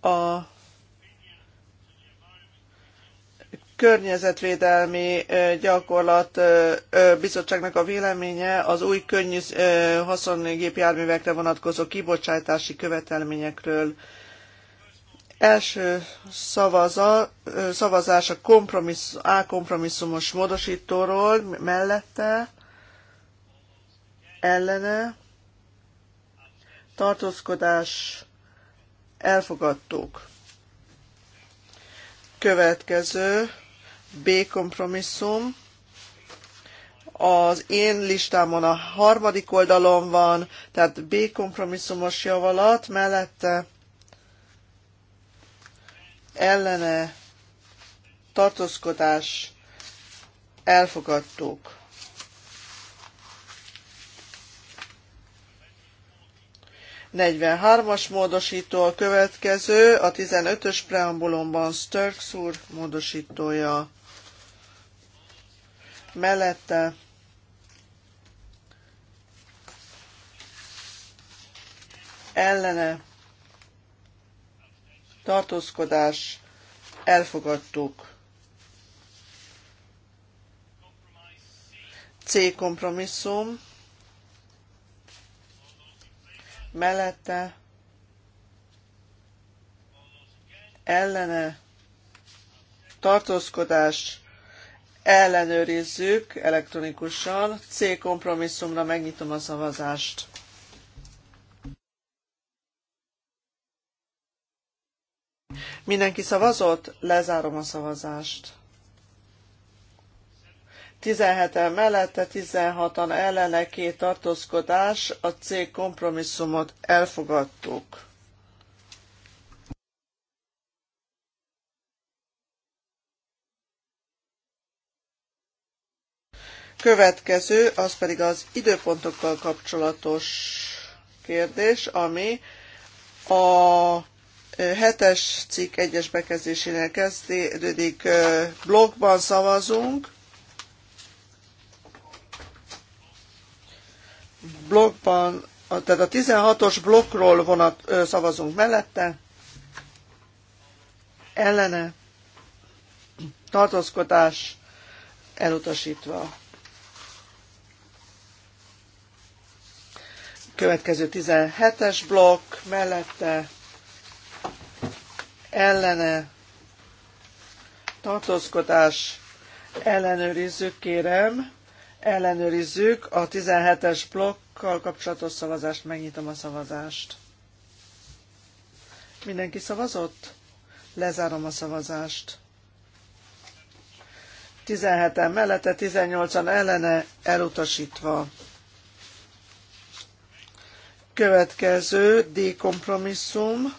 a környezetvédelmi gyakorlat bizottságnak a véleménye az új könnyű haszongépjárművekre vonatkozó kibocsátási követelményekről. Első szavaza, szavazás a kompromissz, kompromisszumos módosítóról mellette, ellene, tartózkodás elfogadtuk. Következő B kompromisszum. Az én listámon a harmadik oldalon van, tehát B kompromisszumos javalat, mellette ellene tartózkodás elfogadtuk. 43-as módosító a következő, a 15-ös preambulumban Sturks úr módosítója mellette. Ellene tartózkodás elfogadtuk. C kompromisszum mellette, ellene, tartózkodás, ellenőrizzük elektronikusan. C kompromisszumra megnyitom a szavazást. Mindenki szavazott? Lezárom a szavazást. 17-en mellette, 16-an ellene, két tartózkodás, a C kompromisszumot elfogadtuk. Következő, az pedig az időpontokkal kapcsolatos kérdés, ami a hetes cikk egyes bekezdésénél kezdődik. Blokkban szavazunk, blokkban, tehát a 16-os blokkról vonat szavazunk mellette, ellene, tartózkodás elutasítva. Következő 17-es blokk mellette, ellene, tartózkodás ellenőrizzük, kérem, ellenőrizzük a 17-es blokk kal kapcsolatos szavazást, megnyitom a szavazást. Mindenki szavazott? Lezárom a szavazást. 17-en mellette, 18-an ellene, elutasítva. Következő D kompromisszum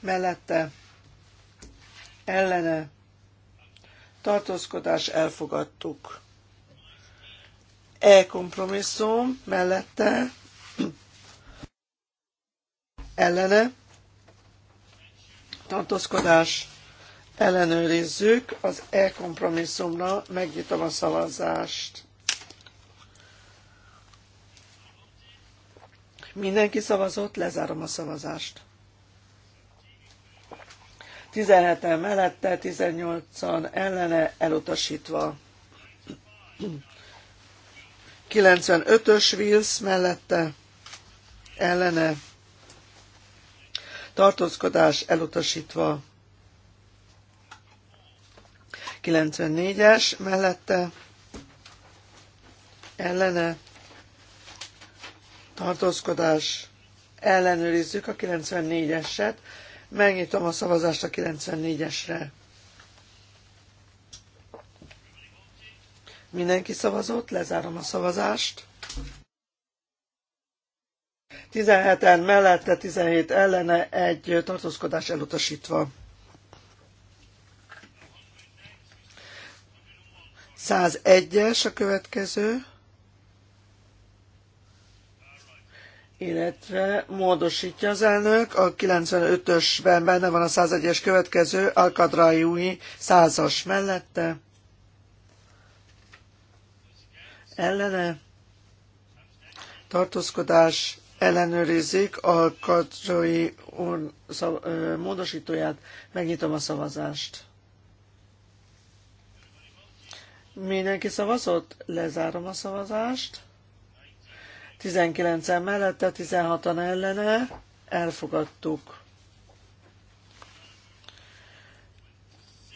mellette ellene tartózkodás elfogadtuk. E kompromisszum mellette ellene tartózkodás ellenőrizzük az E kompromisszumra, megnyitom a szavazást. Mindenki szavazott, lezárom a szavazást. 17-en mellette, 18-an ellene elutasítva. 95-ös Wills mellette ellene tartózkodás elutasítva. 94-es mellette ellene tartózkodás ellenőrizzük a 94-eset. Megnyitom a szavazást a 94-esre. Mindenki szavazott, lezárom a szavazást. 17-en mellette, 17 ellene, egy tartózkodás elutasítva. 101-es a következő, illetve módosítja az elnök, a 95-ösben benne van a 101-es következő, Alcadrájúi 100-as mellette, ellene tartózkodás ellenőrizzék a kacsai úr szav, ö, módosítóját. Megnyitom a szavazást. Mindenki szavazott? Lezárom a szavazást. 19-en mellette, 16-an ellene. Elfogadtuk.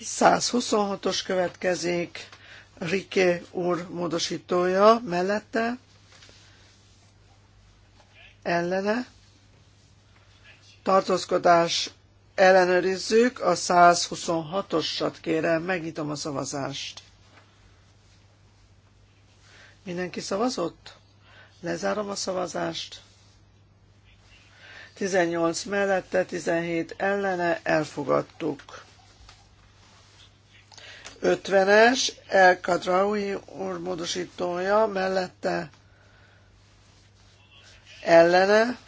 126-os következik Rike úr módosítója mellette, ellene, tartózkodás ellenőrizzük, a 126-osat kérem, megnyitom a szavazást. Mindenki szavazott? Lezárom a szavazást. 18 mellette, 17 ellene, elfogadtuk. 50-es, El Kadraui úr módosítója mellette ellene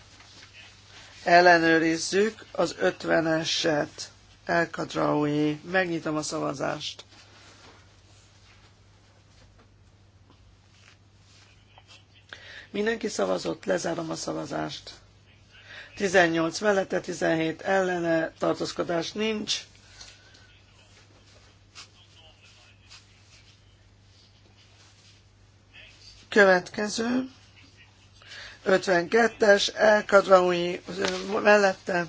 ellenőrizzük az 50-eset. El Kadraui. Megnyitom a szavazást. Mindenki szavazott, lezárom a szavazást. 18 mellette, 17 ellene, tartózkodás nincs. Következő. 52-es, elkadraui mellette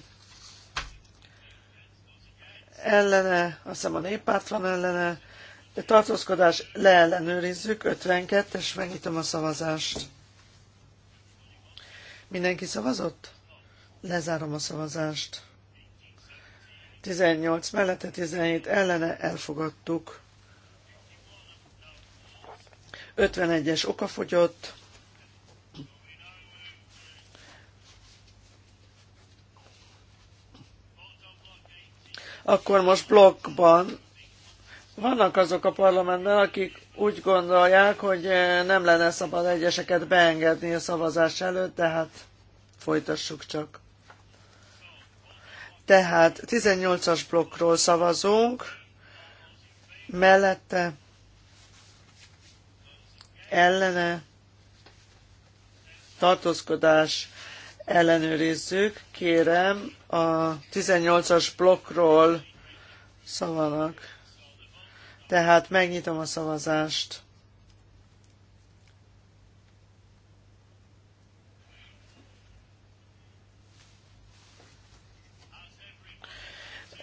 ellene, azt hiszem a néppárt van ellene, de tartózkodás leellenőrizzük, 52-es, megnyitom a szavazást. Mindenki szavazott? Lezárom a szavazást. 18 mellette, 17 ellene elfogadtuk. 51-es okafogyott. Akkor most blokkban vannak azok a parlamentben, akik úgy gondolják, hogy eh, nem lenne szabad egyeseket beengedni a szavazás előtt, tehát folytassuk csak. Tehát 18-as blokkról szavazunk, mellette ellene tartózkodás ellenőrizzük. Kérem, a 18-as blokkról szavanak. Tehát megnyitom a szavazást.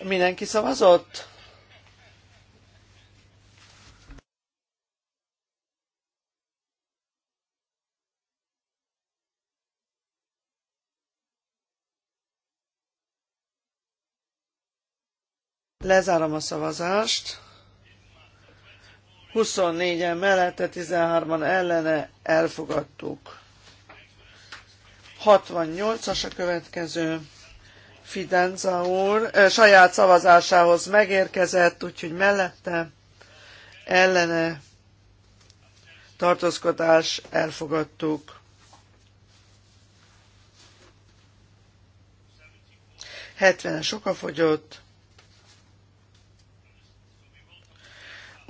Mindenki szavazott? Lezárom a szavazást. 24-en mellette, 13-an ellene elfogadtuk. 68-as a következő. Fidenza úr ö, saját szavazásához megérkezett, úgyhogy mellette ellene tartózkodás elfogadtuk. 70-en sokafogyott.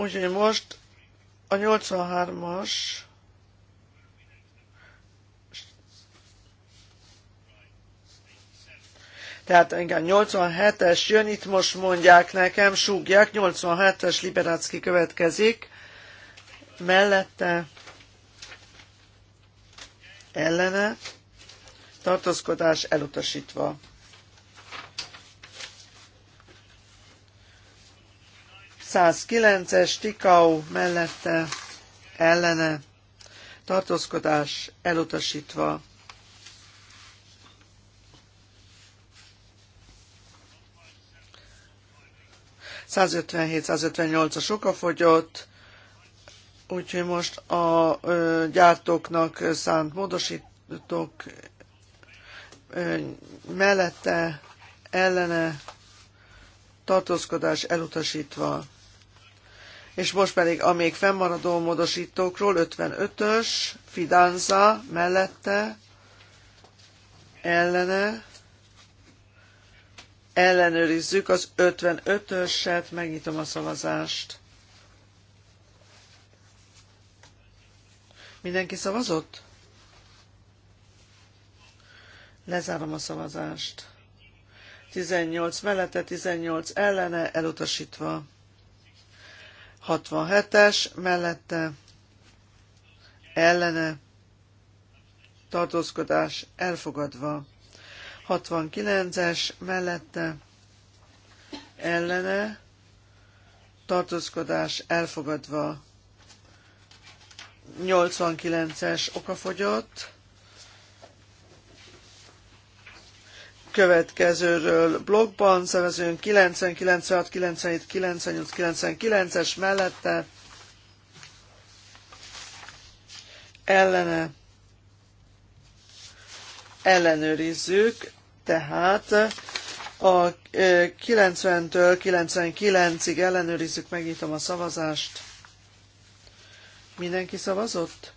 Úgyhogy most a 83-as Tehát igen, 87-es jön, itt most mondják nekem, súgják, 87-es Liberácki következik, mellette ellene tartózkodás elutasítva. 109-es Tikau mellette ellene tartózkodás elutasítva. 157 158 soka fogyott, úgyhogy most a ö, gyártóknak szánt módosítók ö, mellette ellene tartózkodás elutasítva és most pedig a még fennmaradó módosítókról 55-ös, Fidanza mellette, ellene, ellenőrizzük az 55-öset, megnyitom a szavazást. Mindenki szavazott? Lezárom a szavazást. 18 mellette, 18 ellene, elutasítva. 67-es mellette ellene tartózkodás elfogadva. 69-es mellette ellene tartózkodás elfogadva. 89-es okafogyott. következőről blogban szavazunk 90, 96, 97, 98, 99-es mellette ellene ellenőrizzük, tehát a 90-től 99-ig ellenőrizzük, megnyitom a szavazást. Mindenki szavazott?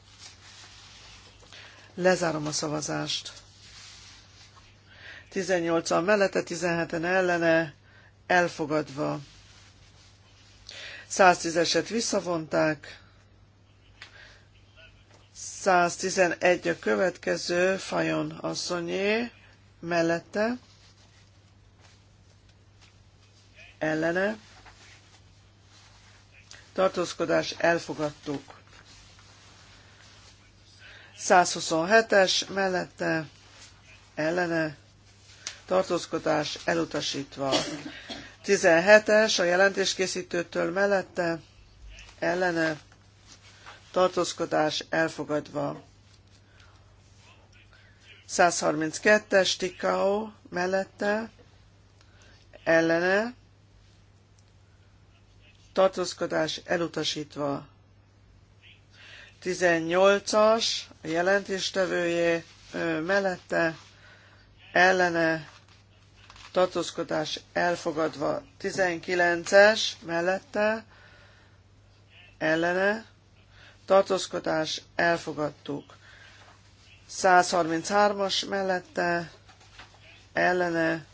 Lezárom a szavazást. 18-an mellette, 17-en ellene, elfogadva. 110-eset visszavonták, 111 a következő, Fajon asszonyé, mellette, ellene, tartózkodás elfogadtuk. 127-es mellette, ellene, tartózkodás elutasítva. 17-es a jelentéskészítőtől mellette ellene tartózkodás elfogadva. 132-es Tikao mellette ellene tartózkodás elutasítva. 18-as a jelentéstevője mellette ellene tartózkodás elfogadva. 19-es mellette ellene tartózkodás elfogadtuk. 133-as mellette ellene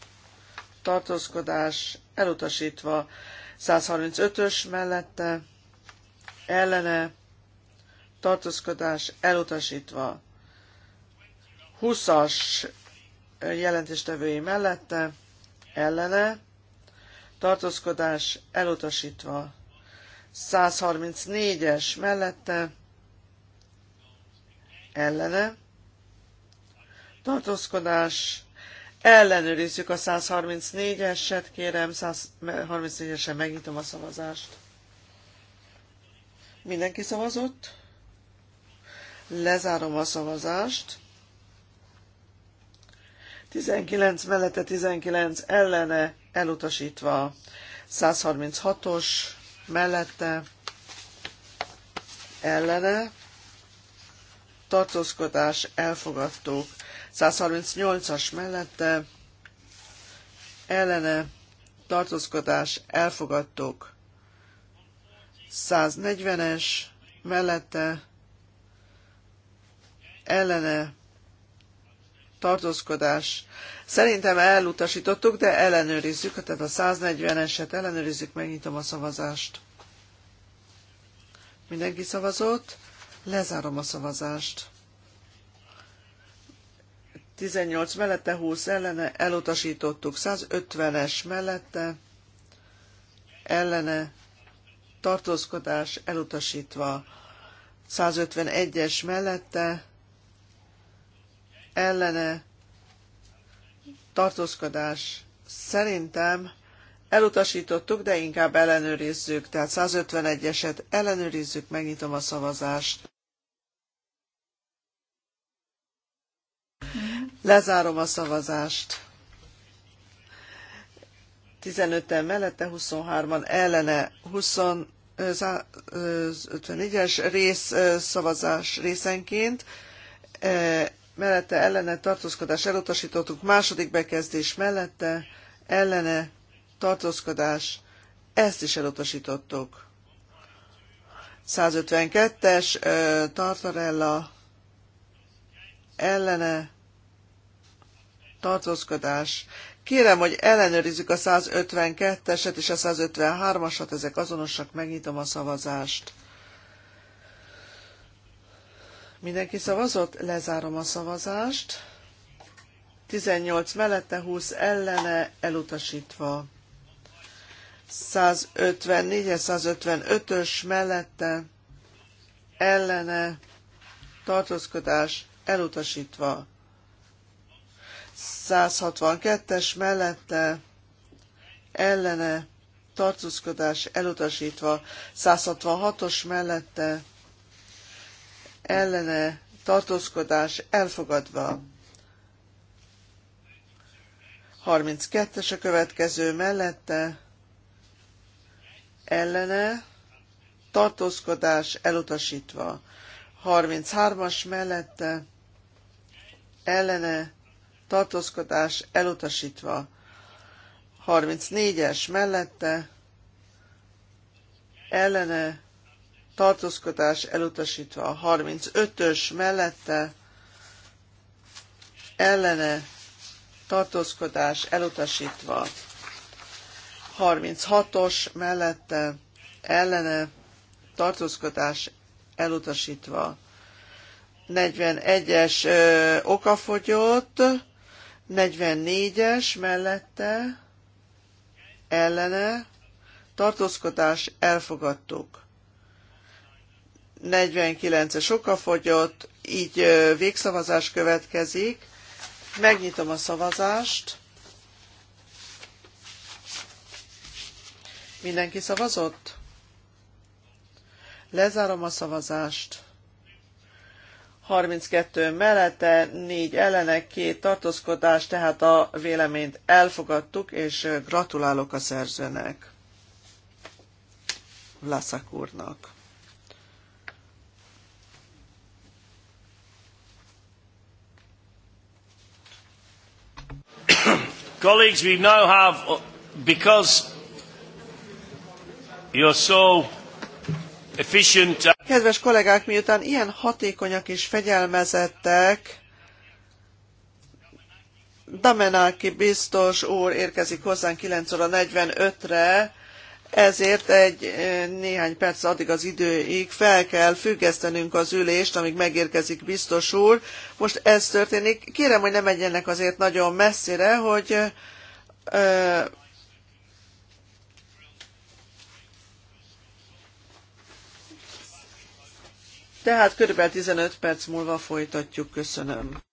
tartózkodás elutasítva. 135-ös mellette ellene tartózkodás elutasítva. 20-as jelentéstevői mellette ellene, tartózkodás elutasítva. 134-es mellette, ellene, tartózkodás Ellenőrizzük a 134-eset, kérem, 134-esen megnyitom a szavazást. Mindenki szavazott? Lezárom a szavazást. 19 mellette 19 ellene elutasítva. 136-os mellette ellene tartózkodás elfogadtuk. 138-as mellette ellene tartózkodás elfogadtuk. 140-es mellette ellene tartózkodás. Szerintem elutasítottuk, de ellenőrizzük, hát tehát a 140-eset ellenőrizzük, megnyitom a szavazást. Mindenki szavazott, lezárom a szavazást. 18 mellette, 20 ellene, elutasítottuk. 150-es mellette, ellene, tartózkodás elutasítva. 151-es mellette, ellene tartózkodás szerintem elutasítottuk, de inkább ellenőrizzük. Tehát 151-eset ellenőrizzük, megnyitom a szavazást. Lezárom a szavazást. 15-en mellette, 23-an ellene, 20 54-es rész szavazás részenként mellette ellene tartózkodás elutasítottuk, második bekezdés mellette ellene tartózkodás, ezt is elutasítottuk. 152-es Tartarella ellene tartózkodás. Kérem, hogy ellenőrizzük a 152-eset és a 153-asat, ezek azonosak, megnyitom a szavazást. Mindenki szavazott? Lezárom a szavazást. 18 mellette, 20 ellene, elutasítva. 154 155-ös mellette, ellene, tartózkodás, elutasítva. 162-es mellette, ellene, tartózkodás, elutasítva. 166-os mellette, ellene tartózkodás elfogadva. 32-es a következő mellette ellene tartózkodás elutasítva. 33-as mellette ellene tartózkodás elutasítva. 34-es mellette ellene tartózkodás elutasítva. 35-ös mellette ellene tartózkodás elutasítva. 36-os mellette ellene tartózkodás elutasítva. 41-es okafogyott, 44-es mellette ellene tartózkodás elfogadtuk. 49-es fogyott, így végszavazás következik. Megnyitom a szavazást. Mindenki szavazott? Lezárom a szavazást. 32 mellette, 4 ellenek, 2 tartózkodás, tehát a véleményt elfogadtuk, és gratulálok a szerzőnek, Vlaszak úrnak. Colleagues, we now have, uh, because you're so efficient. Uh, Kedves kollégák, miután ilyen hatékonyak és fegyelmezettek, Damenáki biztos úr érkezik hozzánk 9 óra 45-re, ezért egy néhány perc addig az időig fel kell függesztenünk az ülést, amíg megérkezik biztos úr. Most ez történik. Kérem, hogy ne menjenek azért nagyon messzire, hogy ö, Tehát körülbelül 15 perc múlva folytatjuk. Köszönöm.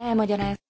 elmagyarázta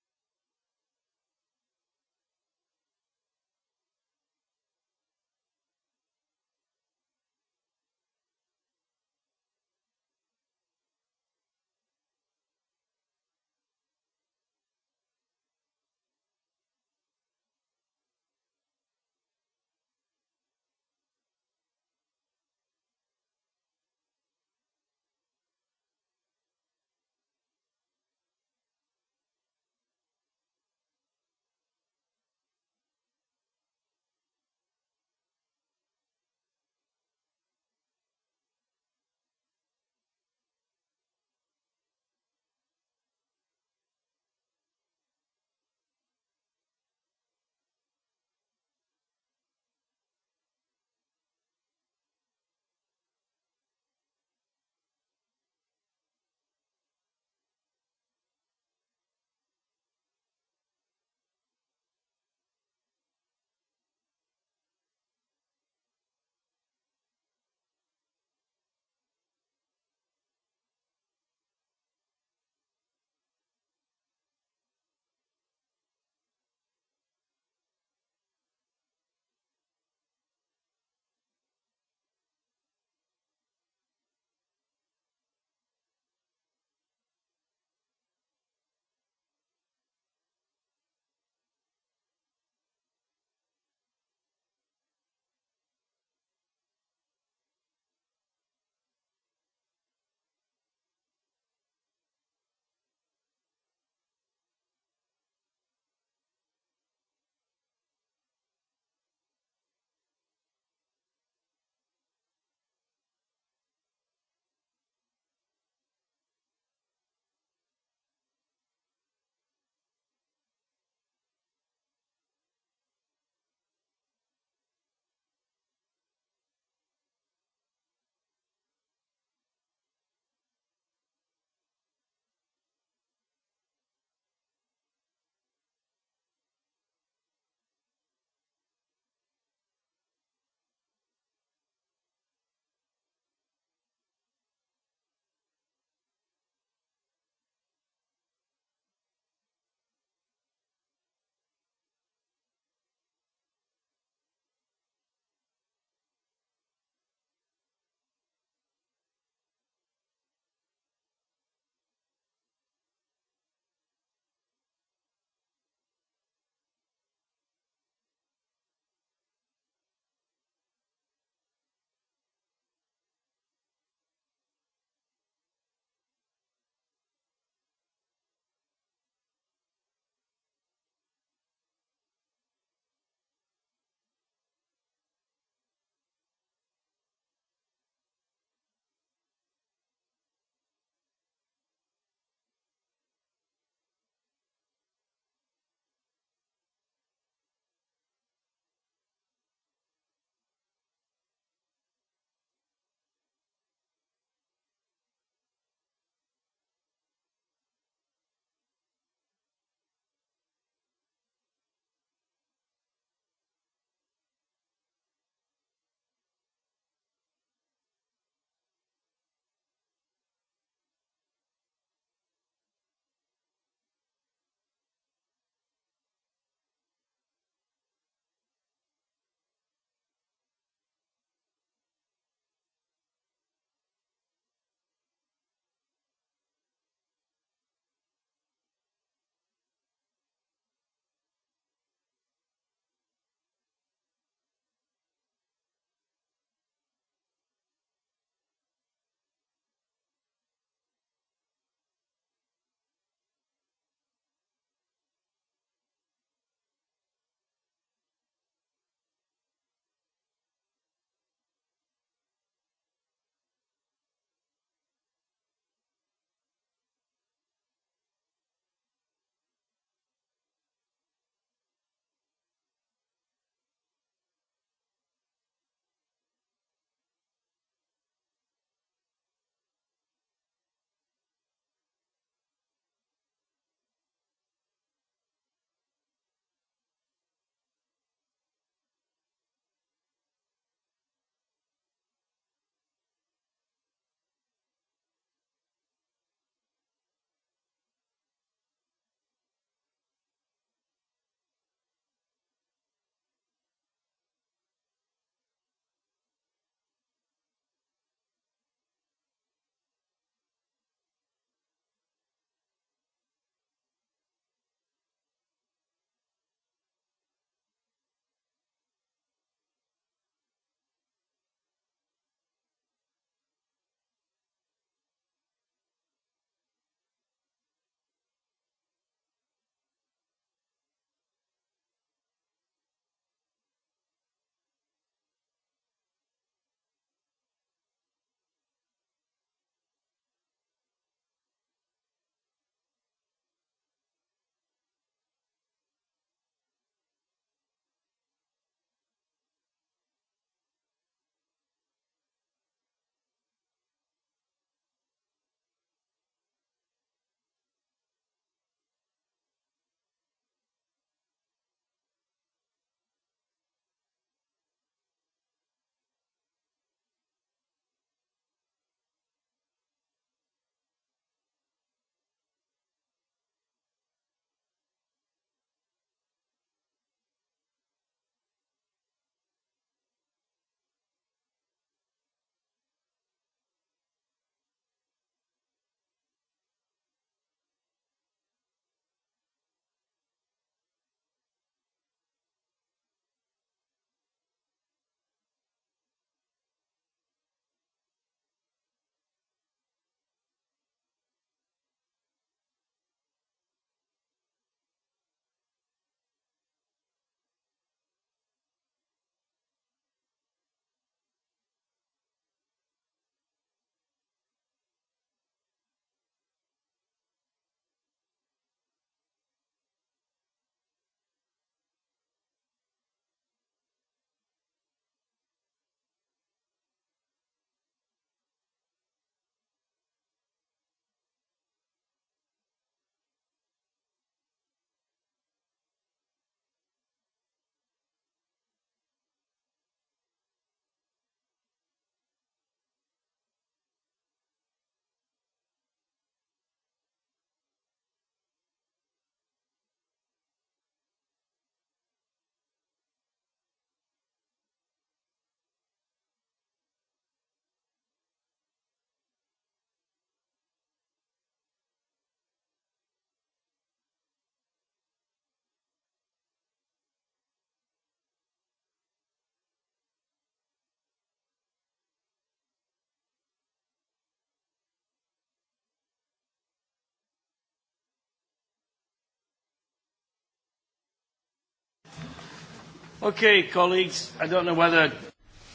Okay, colleagues, I don't know whether...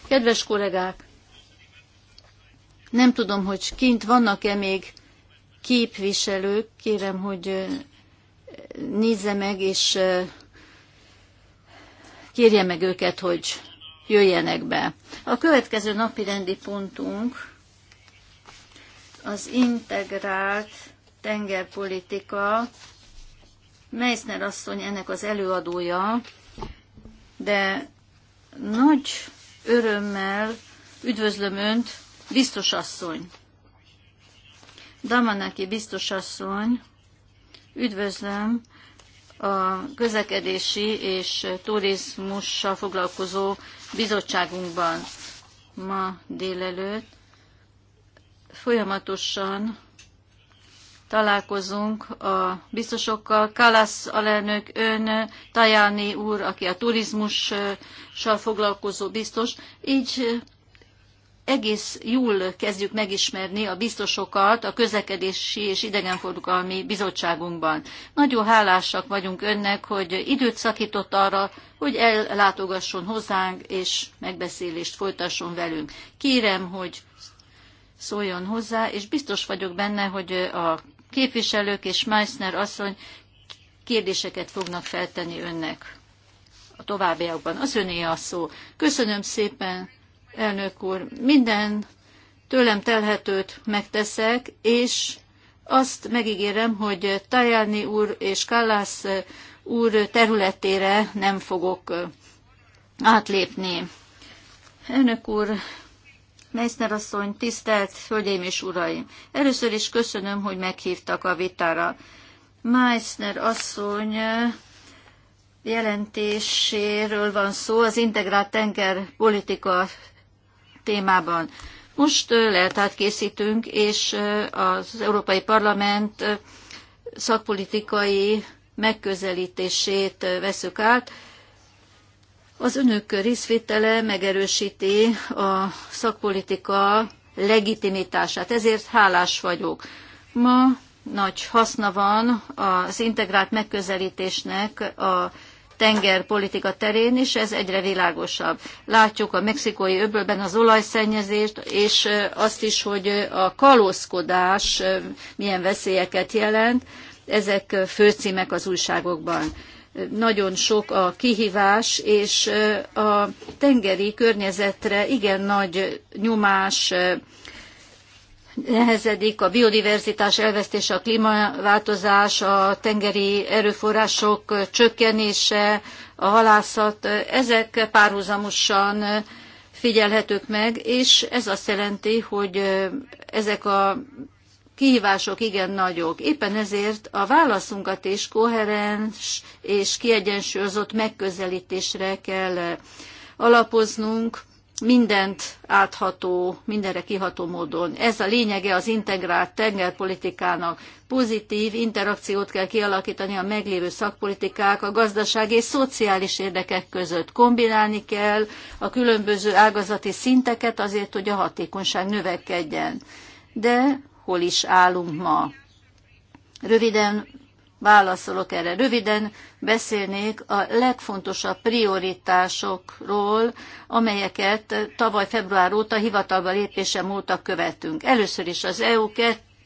Kedves kollégák, nem tudom, hogy kint vannak-e még képviselők, kérem, hogy nézze meg, és kérje meg őket, hogy jöjjenek be. A következő napi rendi pontunk az integrált tengerpolitika. Meissner asszony ennek az előadója, de nagy örömmel üdvözlöm Önt, biztos asszony. Damanaki biztos asszony, üdvözlöm a közlekedési és turizmussal foglalkozó bizottságunkban ma délelőtt. Folyamatosan találkozunk a biztosokkal. Kalasz alelnök, ön, Tajáni úr, aki a turizmussal foglalkozó biztos. Így egész jól kezdjük megismerni a biztosokat a közlekedési és idegenforgalmi bizottságunkban. Nagyon hálásak vagyunk önnek, hogy időt szakított arra, hogy ellátogasson hozzánk és megbeszélést folytasson velünk. Kérem, hogy szóljon hozzá, és biztos vagyok benne, hogy a képviselők és Meissner asszony kérdéseket fognak feltenni önnek a továbbiakban. Az öné a szó. Köszönöm szépen, elnök úr. Minden tőlem telhetőt megteszek, és azt megígérem, hogy Tajáni úr és Kallász úr területére nem fogok átlépni. Elnök úr, Meissner asszony, tisztelt Hölgyeim és Uraim! Először is köszönöm, hogy meghívtak a vitára. Meissner asszony jelentéséről van szó az integrált tenger politika témában. Most leltát készítünk, és az Európai Parlament szakpolitikai megközelítését veszük át, az önök részvétele megerősíti a szakpolitika legitimitását, ezért hálás vagyok. Ma nagy haszna van az integrált megközelítésnek a tengerpolitika terén, és ez egyre világosabb. Látjuk a mexikói öbölben az olajszennyezést, és azt is, hogy a kalózkodás milyen veszélyeket jelent. Ezek főcímek az újságokban nagyon sok a kihívás, és a tengeri környezetre igen nagy nyomás nehezedik, a biodiverzitás elvesztése, a klímaváltozás, a tengeri erőforrások csökkenése, a halászat, ezek párhuzamosan figyelhetők meg, és ez azt jelenti, hogy ezek a kihívások igen nagyok. Éppen ezért a válaszunkat is koherens és kiegyensúlyozott megközelítésre kell alapoznunk, mindent átható, mindenre kiható módon. Ez a lényege az integrált tengerpolitikának. Pozitív interakciót kell kialakítani a meglévő szakpolitikák a gazdaság és szociális érdekek között. Kombinálni kell a különböző ágazati szinteket azért, hogy a hatékonyság növekedjen. De hol is állunk ma. Röviden válaszolok erre. Röviden beszélnék a legfontosabb prioritásokról, amelyeket tavaly február óta hivatalba lépésem óta követünk. Először is az EU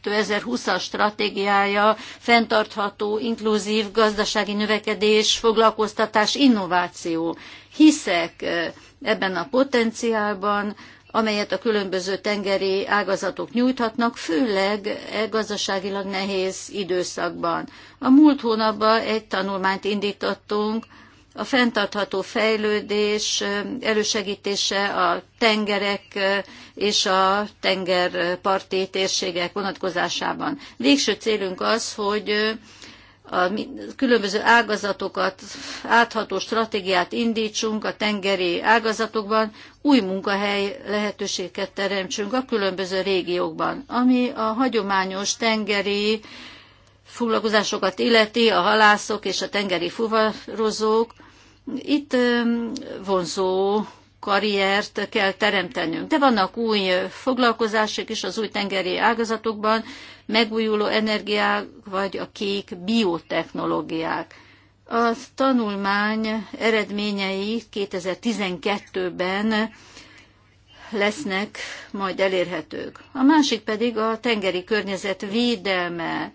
2020-as stratégiája, fenntartható, inkluzív gazdasági növekedés, foglalkoztatás, innováció. Hiszek eh, ebben a potenciálban, amelyet a különböző tengeri ágazatok nyújthatnak, főleg e gazdaságilag nehéz időszakban. A múlt hónapban egy tanulmányt indítottunk, a fenntartható fejlődés elősegítése a tengerek és a tengerparti térségek vonatkozásában. Végső célunk az, hogy a különböző ágazatokat, átható stratégiát indítsunk a tengeri ágazatokban, új munkahely lehetőséget teremtsünk a különböző régiókban, ami a hagyományos tengeri foglalkozásokat illeti, a halászok és a tengeri fuvarozók. Itt vonzó karriert kell teremtenünk. De vannak új foglalkozások is az új tengeri ágazatokban, megújuló energiák vagy a kék biotechnológiák. A tanulmány eredményei 2012-ben lesznek majd elérhetők. A másik pedig a tengeri környezet védelme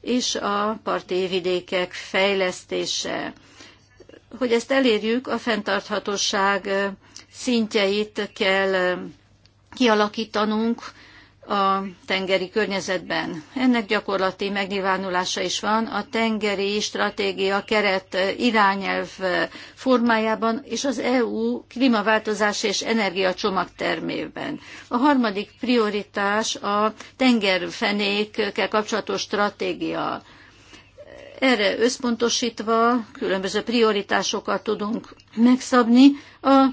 és a parti vidékek fejlesztése. Hogy ezt elérjük, a fenntarthatóság szintjeit kell kialakítanunk a tengeri környezetben. Ennek gyakorlati megnyilvánulása is van a tengeri stratégia keret irányelv formájában és az EU klímaváltozás és energiacsomag termében. A harmadik prioritás a tengerfenékkel kapcsolatos stratégia. Erre összpontosítva különböző prioritásokat tudunk megszabni a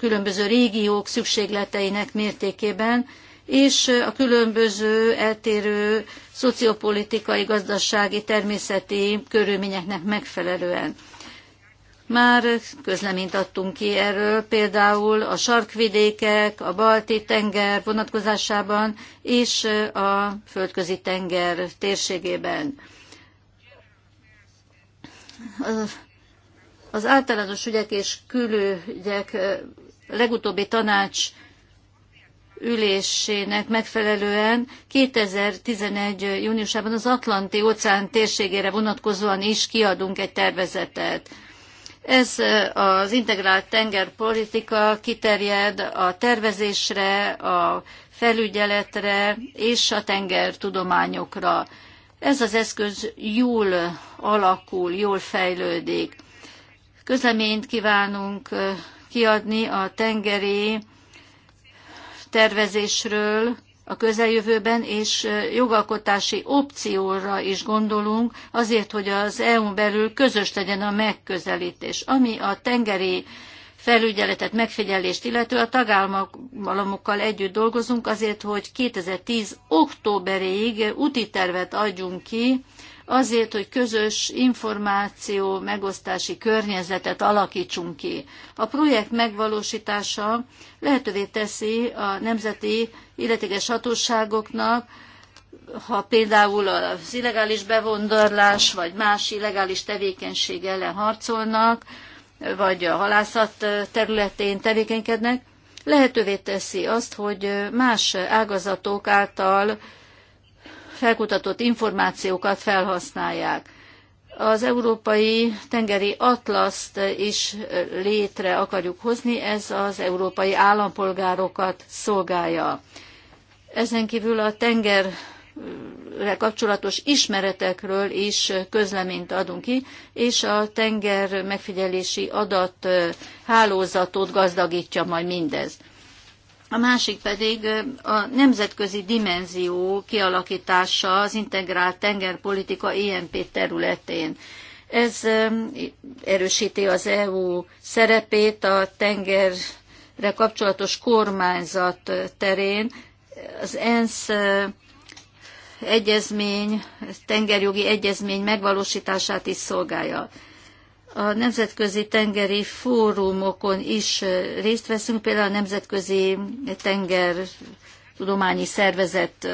különböző régiók szükségleteinek mértékében, és a különböző eltérő szociopolitikai, gazdasági, természeti körülményeknek megfelelően. Már közleményt adtunk ki erről, például a sarkvidékek, a balti tenger vonatkozásában és a földközi tenger térségében. Az általános ügyek és külügyek legutóbbi tanács ülésének megfelelően 2011. júniusában az Atlanti óceán térségére vonatkozóan is kiadunk egy tervezetet. Ez az integrált tengerpolitika kiterjed a tervezésre, a felügyeletre és a tengertudományokra. Ez az eszköz jól alakul, jól fejlődik. Közleményt kívánunk kiadni a tengeri tervezésről a közeljövőben, és jogalkotási opcióra is gondolunk, azért, hogy az eu belül közös legyen a megközelítés. Ami a tengeri felügyeletet, megfigyelést illető a tagállamokkal együtt dolgozunk azért, hogy 2010 októberéig úti tervet adjunk ki azért, hogy közös információ megosztási környezetet alakítsunk ki. A projekt megvalósítása lehetővé teszi a nemzeti illetékes hatóságoknak, ha például az illegális bevondorlás vagy más illegális tevékenység ellen harcolnak, vagy a halászat területén tevékenykednek, lehetővé teszi azt, hogy más ágazatok által felkutatott információkat felhasználják. Az Európai Tengeri Atlaszt is létre akarjuk hozni, ez az európai állampolgárokat szolgálja. Ezen kívül a tenger kapcsolatos ismeretekről is közleményt adunk ki, és a tenger megfigyelési adat hálózatot gazdagítja majd mindez. A másik pedig a nemzetközi dimenzió kialakítása az integrált tengerpolitika INP területén. Ez erősíti az EU szerepét a tengerre kapcsolatos kormányzat terén. Az ENSZ egyezmény, tengerjogi egyezmény megvalósítását is szolgálja a nemzetközi tengeri fórumokon is részt veszünk, például a Nemzetközi tenger tudományi Szervezet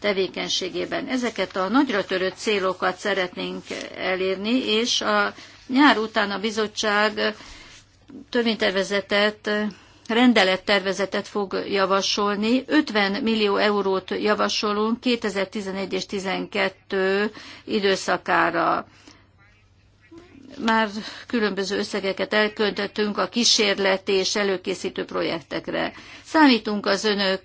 tevékenységében. Ezeket a nagyra törött célokat szeretnénk elérni, és a nyár után a bizottság törvénytervezetet, rendelettervezetet fog javasolni. 50 millió eurót javasolunk 2011 és 2012 időszakára már különböző összegeket elköltöttünk a kísérleti és előkészítő projektekre. Számítunk az önök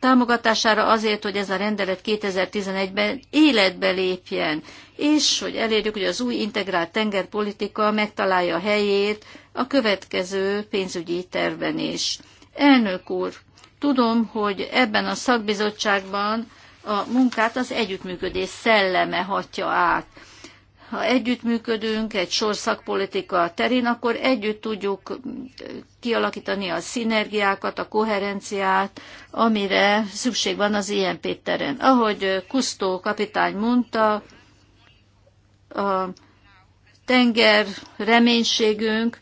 támogatására azért, hogy ez a rendelet 2011-ben életbe lépjen, és hogy elérjük, hogy az új integrált tengerpolitika megtalálja helyét a következő pénzügyi tervben is. Elnök úr, tudom, hogy ebben a szakbizottságban a munkát az együttműködés szelleme hatja át ha együttműködünk egy sor szakpolitika terén, akkor együtt tudjuk kialakítani a szinergiákat, a koherenciát, amire szükség van az INP terén. Ahogy Kusztó kapitány mondta, a tenger reménységünk,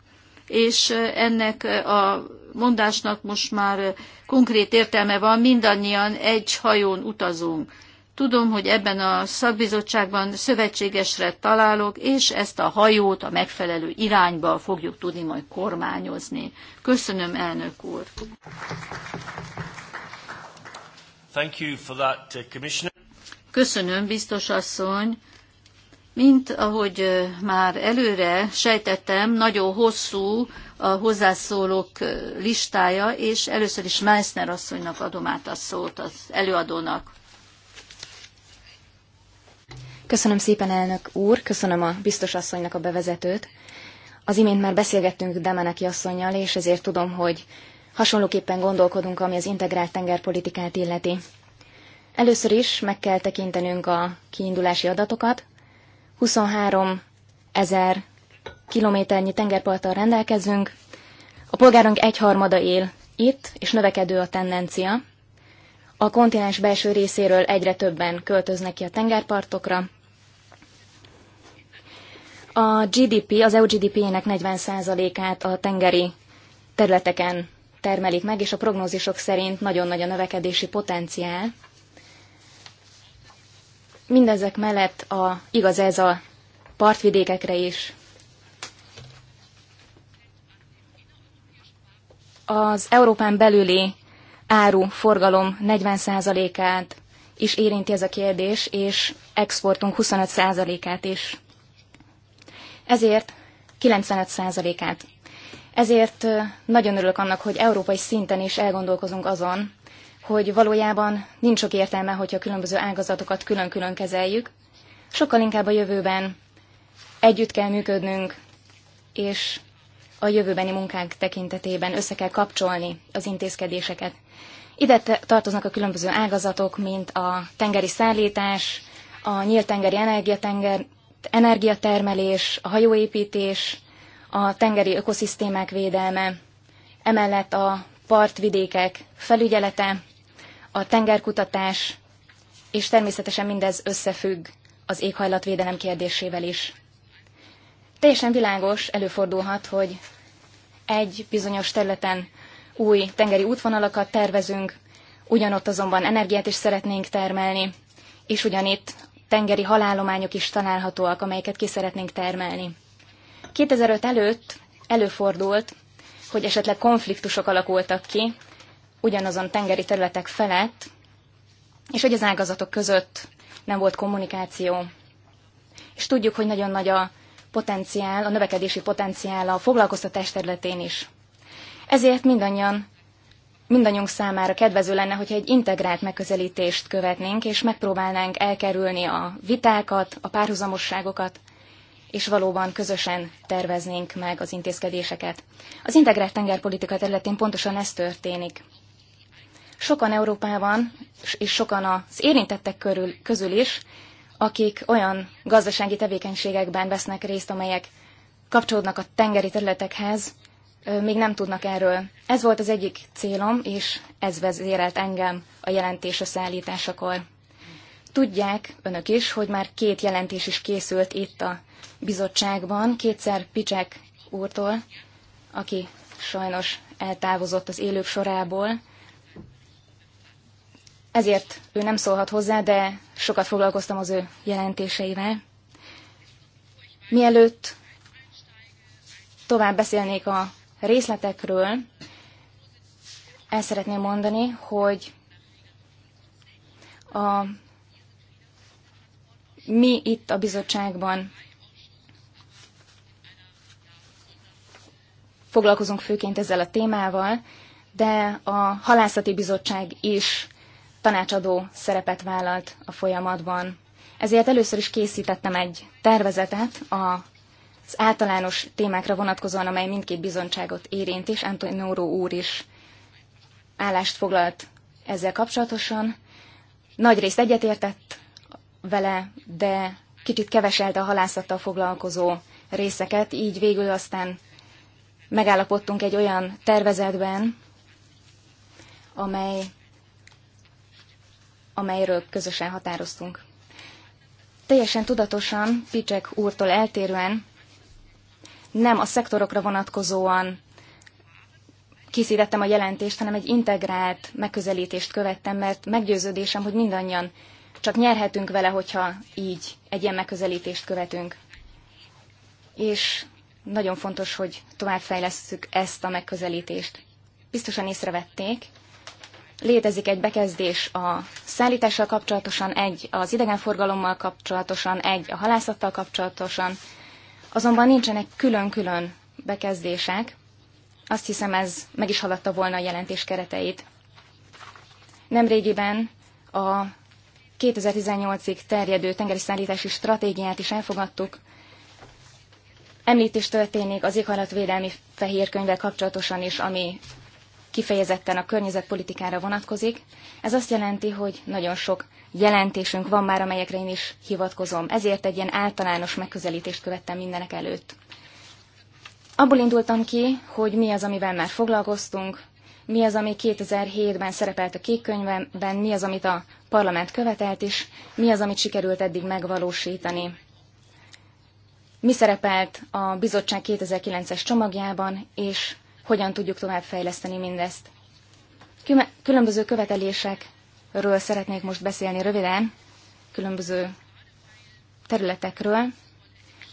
és ennek a mondásnak most már konkrét értelme van, mindannyian egy hajón utazunk. Tudom, hogy ebben a szakbizottságban szövetségesre találok, és ezt a hajót a megfelelő irányba fogjuk tudni majd kormányozni. Köszönöm, elnök úr! Thank you for that, uh, Commissioner. Köszönöm, biztos asszony! Mint ahogy uh, már előre sejtettem, nagyon hosszú a hozzászólók uh, listája, és először is Meissner asszonynak adom át a szót az előadónak. Köszönöm szépen, elnök úr, köszönöm a biztos asszonynak a bevezetőt. Az imént már beszélgettünk Demeneki asszonynal, és ezért tudom, hogy hasonlóképpen gondolkodunk, ami az integrált tengerpolitikát illeti. Először is meg kell tekintenünk a kiindulási adatokat. 23 ezer kilométernyi tengerparttal rendelkezünk, a polgárunk egyharmada él itt, és növekedő a tendencia. A kontinens belső részéről egyre többen költöznek ki a tengerpartokra, a GDP, az EU GDP-jének 40%-át a tengeri területeken termelik meg, és a prognózisok szerint nagyon nagy a növekedési potenciál. Mindezek mellett a, igaz ez a partvidékekre is. Az Európán belüli áru forgalom 40%-át is érinti ez a kérdés, és exportunk 25%-át is ezért 95%-át. Ezért nagyon örülök annak, hogy európai szinten is elgondolkozunk azon, hogy valójában nincs sok értelme, hogyha különböző ágazatokat külön-külön kezeljük. Sokkal inkább a jövőben együtt kell működnünk, és a jövőbeni munkánk tekintetében össze kell kapcsolni az intézkedéseket. Ide tartoznak a különböző ágazatok, mint a tengeri szállítás, a nyílt tengeri energiatenger, energiatermelés, a hajóépítés, a tengeri ökoszisztémák védelme, emellett a partvidékek felügyelete, a tengerkutatás, és természetesen mindez összefügg az éghajlatvédelem kérdésével is. Teljesen világos előfordulhat, hogy egy bizonyos területen új tengeri útvonalakat tervezünk, ugyanott azonban energiát is szeretnénk termelni, és ugyanitt tengeri halállományok is találhatóak, amelyeket ki szeretnénk termelni. 2005 előtt előfordult, hogy esetleg konfliktusok alakultak ki ugyanazon tengeri területek felett, és hogy az ágazatok között nem volt kommunikáció. És tudjuk, hogy nagyon nagy a potenciál, a növekedési potenciál a foglalkoztatás területén is. Ezért mindannyian mindannyiunk számára kedvező lenne, hogyha egy integrált megközelítést követnénk, és megpróbálnánk elkerülni a vitákat, a párhuzamosságokat, és valóban közösen terveznénk meg az intézkedéseket. Az integrált tengerpolitika területén pontosan ez történik. Sokan Európában, és sokan az érintettek körül, közül is, akik olyan gazdasági tevékenységekben vesznek részt, amelyek kapcsolódnak a tengeri területekhez, még nem tudnak erről. Ez volt az egyik célom, és ez vezérelt engem a jelentés összeállításakor. Tudják önök is, hogy már két jelentés is készült itt a bizottságban, kétszer Picsek úrtól, aki sajnos eltávozott az élők sorából. Ezért ő nem szólhat hozzá, de sokat foglalkoztam az ő jelentéseivel. Mielőtt tovább beszélnék a részletekről el szeretném mondani, hogy a, mi itt a bizottságban foglalkozunk főként ezzel a témával, de a halászati bizottság is tanácsadó szerepet vállalt a folyamatban. Ezért először is készítettem egy tervezetet a az általános témákra vonatkozóan, amely mindkét bizonyságot érint, és Antonio úr is állást foglalt ezzel kapcsolatosan. Nagy részt egyetértett vele, de kicsit keveselte a halászattal foglalkozó részeket, így végül aztán megállapodtunk egy olyan tervezetben, amely, amelyről közösen határoztunk. Teljesen tudatosan Picsek úrtól eltérően nem a szektorokra vonatkozóan készítettem a jelentést, hanem egy integrált megközelítést követtem, mert meggyőződésem, hogy mindannyian csak nyerhetünk vele, hogyha így egy ilyen megközelítést követünk. És nagyon fontos, hogy továbbfejlesszük ezt a megközelítést. Biztosan észrevették, létezik egy bekezdés a szállítással kapcsolatosan, egy az idegenforgalommal kapcsolatosan, egy a halászattal kapcsolatosan, azonban nincsenek külön-külön bekezdések. Azt hiszem, ez meg is haladta volna a jelentés kereteit. Nemrégiben a 2018-ig terjedő tengeri szállítási stratégiát is elfogadtuk. Említés történik az éghajlatvédelmi fehérkönyvvel kapcsolatosan is, ami kifejezetten a környezetpolitikára vonatkozik. Ez azt jelenti, hogy nagyon sok jelentésünk van már, amelyekre én is hivatkozom. Ezért egy ilyen általános megközelítést követtem mindenek előtt. Abból indultam ki, hogy mi az, amivel már foglalkoztunk, mi az, ami 2007-ben szerepelt a kék könyvben, mi az, amit a parlament követelt, is, mi az, amit sikerült eddig megvalósítani. Mi szerepelt a bizottság 2009-es csomagjában, és hogyan tudjuk továbbfejleszteni mindezt. Különböző követelésekről szeretnék most beszélni röviden, különböző területekről.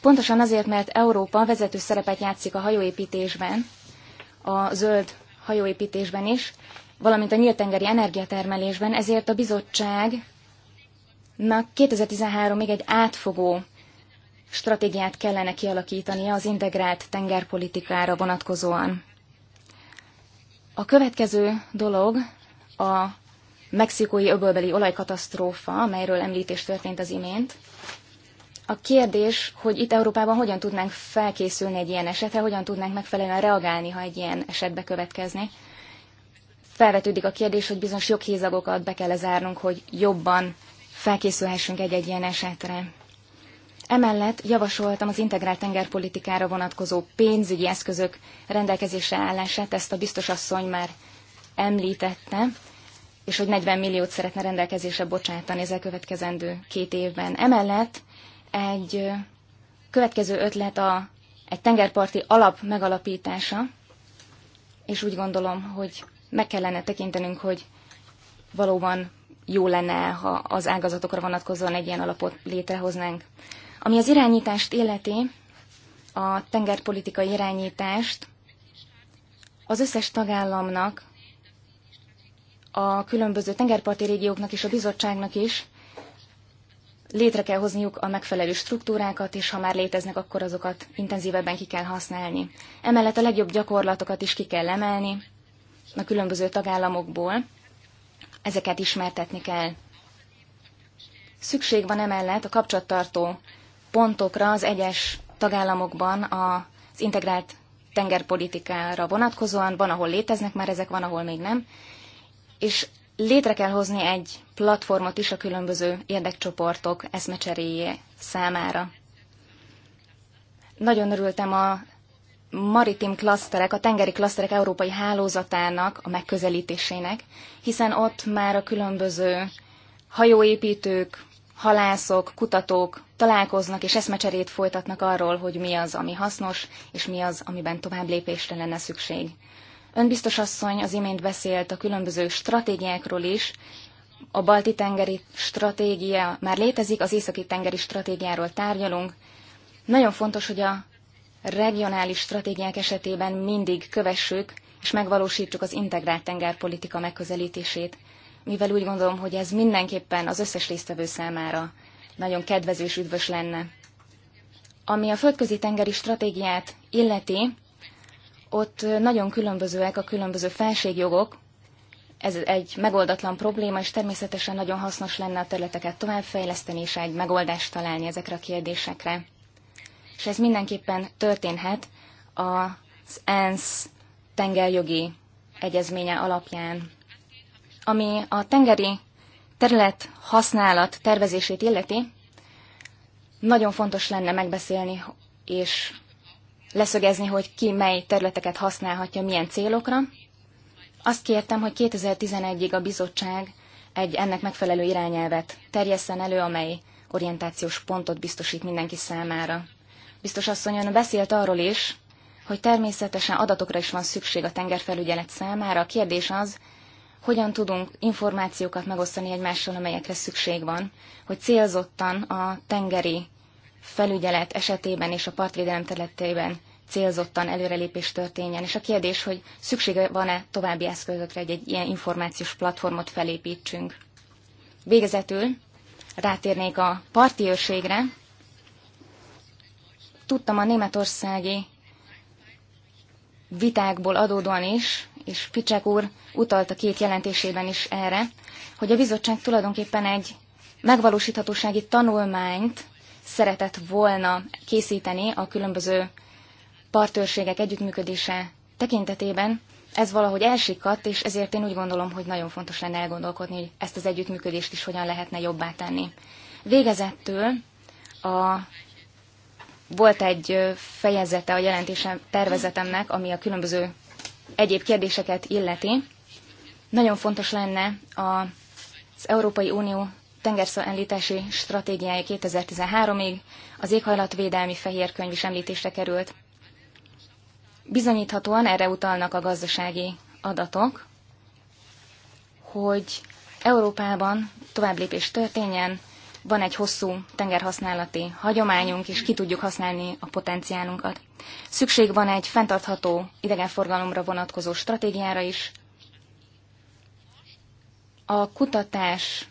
Pontosan azért, mert Európa vezető szerepet játszik a hajóépítésben, a zöld hajóépítésben is, valamint a nyíltengeri energiatermelésben, ezért a bizottságnak 2013 még egy átfogó stratégiát kellene kialakítania az integrált tengerpolitikára vonatkozóan. A következő dolog a mexikói öbölbeli olajkatasztrófa, amelyről említés történt az imént. A kérdés, hogy itt Európában hogyan tudnánk felkészülni egy ilyen esetre, hogyan tudnánk megfelelően reagálni, ha egy ilyen esetbe következni. Felvetődik a kérdés, hogy bizonyos joghézagokat be kell zárnunk, hogy jobban felkészülhessünk egy-egy ilyen esetre. Emellett javasoltam az integrált tengerpolitikára vonatkozó pénzügyi eszközök rendelkezésre állását, ezt a asszony már említette, és hogy 40 milliót szeretne rendelkezésre bocsátani ezzel következendő két évben. Emellett egy következő ötlet a, egy tengerparti alap megalapítása, és úgy gondolom, hogy meg kellene tekintenünk, hogy valóban jó lenne, ha az ágazatokra vonatkozóan egy ilyen alapot létrehoznánk. Ami az irányítást illeti, a tengerpolitikai irányítást, az összes tagállamnak, a különböző tengerparti régióknak és a bizottságnak is létre kell hozniuk a megfelelő struktúrákat, és ha már léteznek, akkor azokat intenzívebben ki kell használni. Emellett a legjobb gyakorlatokat is ki kell emelni a különböző tagállamokból, ezeket ismertetni kell. Szükség van emellett a kapcsolattartó pontokra az egyes tagállamokban az integrált tengerpolitikára vonatkozóan, van, ahol léteznek már ezek, van, ahol még nem, és létre kell hozni egy platformot is a különböző érdekcsoportok eszmecseréje számára. Nagyon örültem a maritim klaszterek, a tengeri klaszterek európai hálózatának a megközelítésének, hiszen ott már a különböző hajóépítők, halászok, kutatók találkoznak és eszmecserét folytatnak arról, hogy mi az, ami hasznos, és mi az, amiben tovább lépésre lenne szükség. Ön biztos asszony az imént beszélt a különböző stratégiákról is, a balti tengeri stratégia már létezik, az északi tengeri stratégiáról tárgyalunk. Nagyon fontos, hogy a regionális stratégiák esetében mindig kövessük és megvalósítsuk az integrált tengerpolitika megközelítését, mivel úgy gondolom, hogy ez mindenképpen az összes résztvevő számára nagyon kedvező és üdvös lenne. Ami a földközi tengeri stratégiát illeti, ott nagyon különbözőek a különböző felségjogok, ez egy megoldatlan probléma, és természetesen nagyon hasznos lenne a területeket továbbfejleszteni, és egy megoldást találni ezekre a kérdésekre. És ez mindenképpen történhet az ENSZ tengerjogi egyezménye alapján. Ami a tengeri terület használat tervezését illeti, nagyon fontos lenne megbeszélni és leszögezni, hogy ki mely területeket használhatja milyen célokra. Azt kértem, hogy 2011-ig a bizottság egy ennek megfelelő irányelvet terjesszen elő, amely orientációs pontot biztosít mindenki számára. Biztos asszony ön beszélt arról is, hogy természetesen adatokra is van szükség a tengerfelügyelet számára. A kérdés az, hogyan tudunk információkat megosztani egymással, amelyekre szükség van, hogy célzottan a tengeri felügyelet esetében és a partvédelem területében célzottan előrelépés történjen. És a kérdés, hogy szüksége van-e további eszközökre, hogy egy ilyen információs platformot felépítsünk. Végezetül rátérnék a parti őrségre. Tudtam a németországi vitákból adódóan is, és Picsek úr utalt a két jelentésében is erre, hogy a bizottság tulajdonképpen egy megvalósíthatósági tanulmányt szeretett volna készíteni a különböző partőrségek együttműködése tekintetében, ez valahogy elsikadt, és ezért én úgy gondolom, hogy nagyon fontos lenne elgondolkodni, hogy ezt az együttműködést is hogyan lehetne jobbá tenni. Végezettől a, volt egy fejezete a jelentésem tervezetemnek, ami a különböző egyéb kérdéseket illeti, nagyon fontos lenne az Európai Unió tengerszállítási stratégiája 2013-ig, az éghajlatvédelmi könyv is említésre került. Bizonyíthatóan erre utalnak a gazdasági adatok, hogy Európában tovább lépés történjen, van egy hosszú tengerhasználati hagyományunk, és ki tudjuk használni a potenciálunkat. Szükség van egy fenntartható idegenforgalomra vonatkozó stratégiára is. A kutatás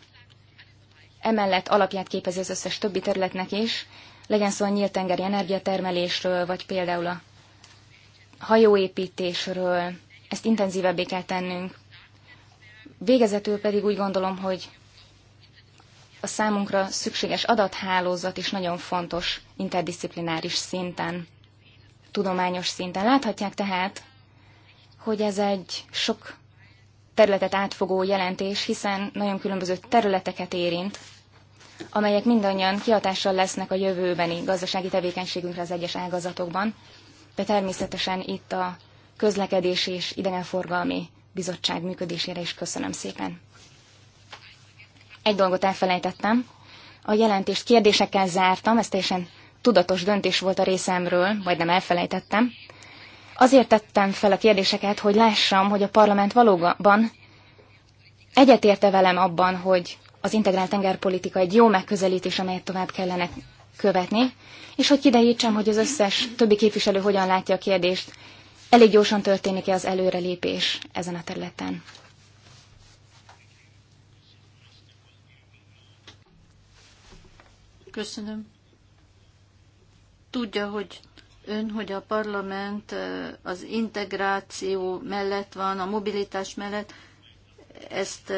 emellett alapját képezi az összes többi területnek is, legyen szó a nyílt tengeri energiatermelésről, vagy például a hajóépítésről, ezt intenzívebbé kell tennünk. Végezetül pedig úgy gondolom, hogy a számunkra szükséges adathálózat is nagyon fontos interdisziplináris szinten, tudományos szinten. Láthatják tehát, hogy ez egy sok területet átfogó jelentés, hiszen nagyon különböző területeket érint, amelyek mindannyian kihatással lesznek a jövőbeni gazdasági tevékenységünkre az egyes ágazatokban, de természetesen itt a közlekedés és idegenforgalmi bizottság működésére is köszönöm szépen. Egy dolgot elfelejtettem. A jelentést kérdésekkel zártam, ez teljesen tudatos döntés volt a részemről, vagy nem elfelejtettem. Azért tettem fel a kérdéseket, hogy lássam, hogy a parlament valóban egyetérte velem abban, hogy az integrált tengerpolitika egy jó megközelítés, amelyet tovább kellene követni, és hogy kidejítsem, hogy az összes többi képviselő hogyan látja a kérdést, elég gyorsan történik-e az előrelépés ezen a területen. Köszönöm. Tudja, hogy ön, hogy a parlament az integráció mellett van, a mobilitás mellett, ezt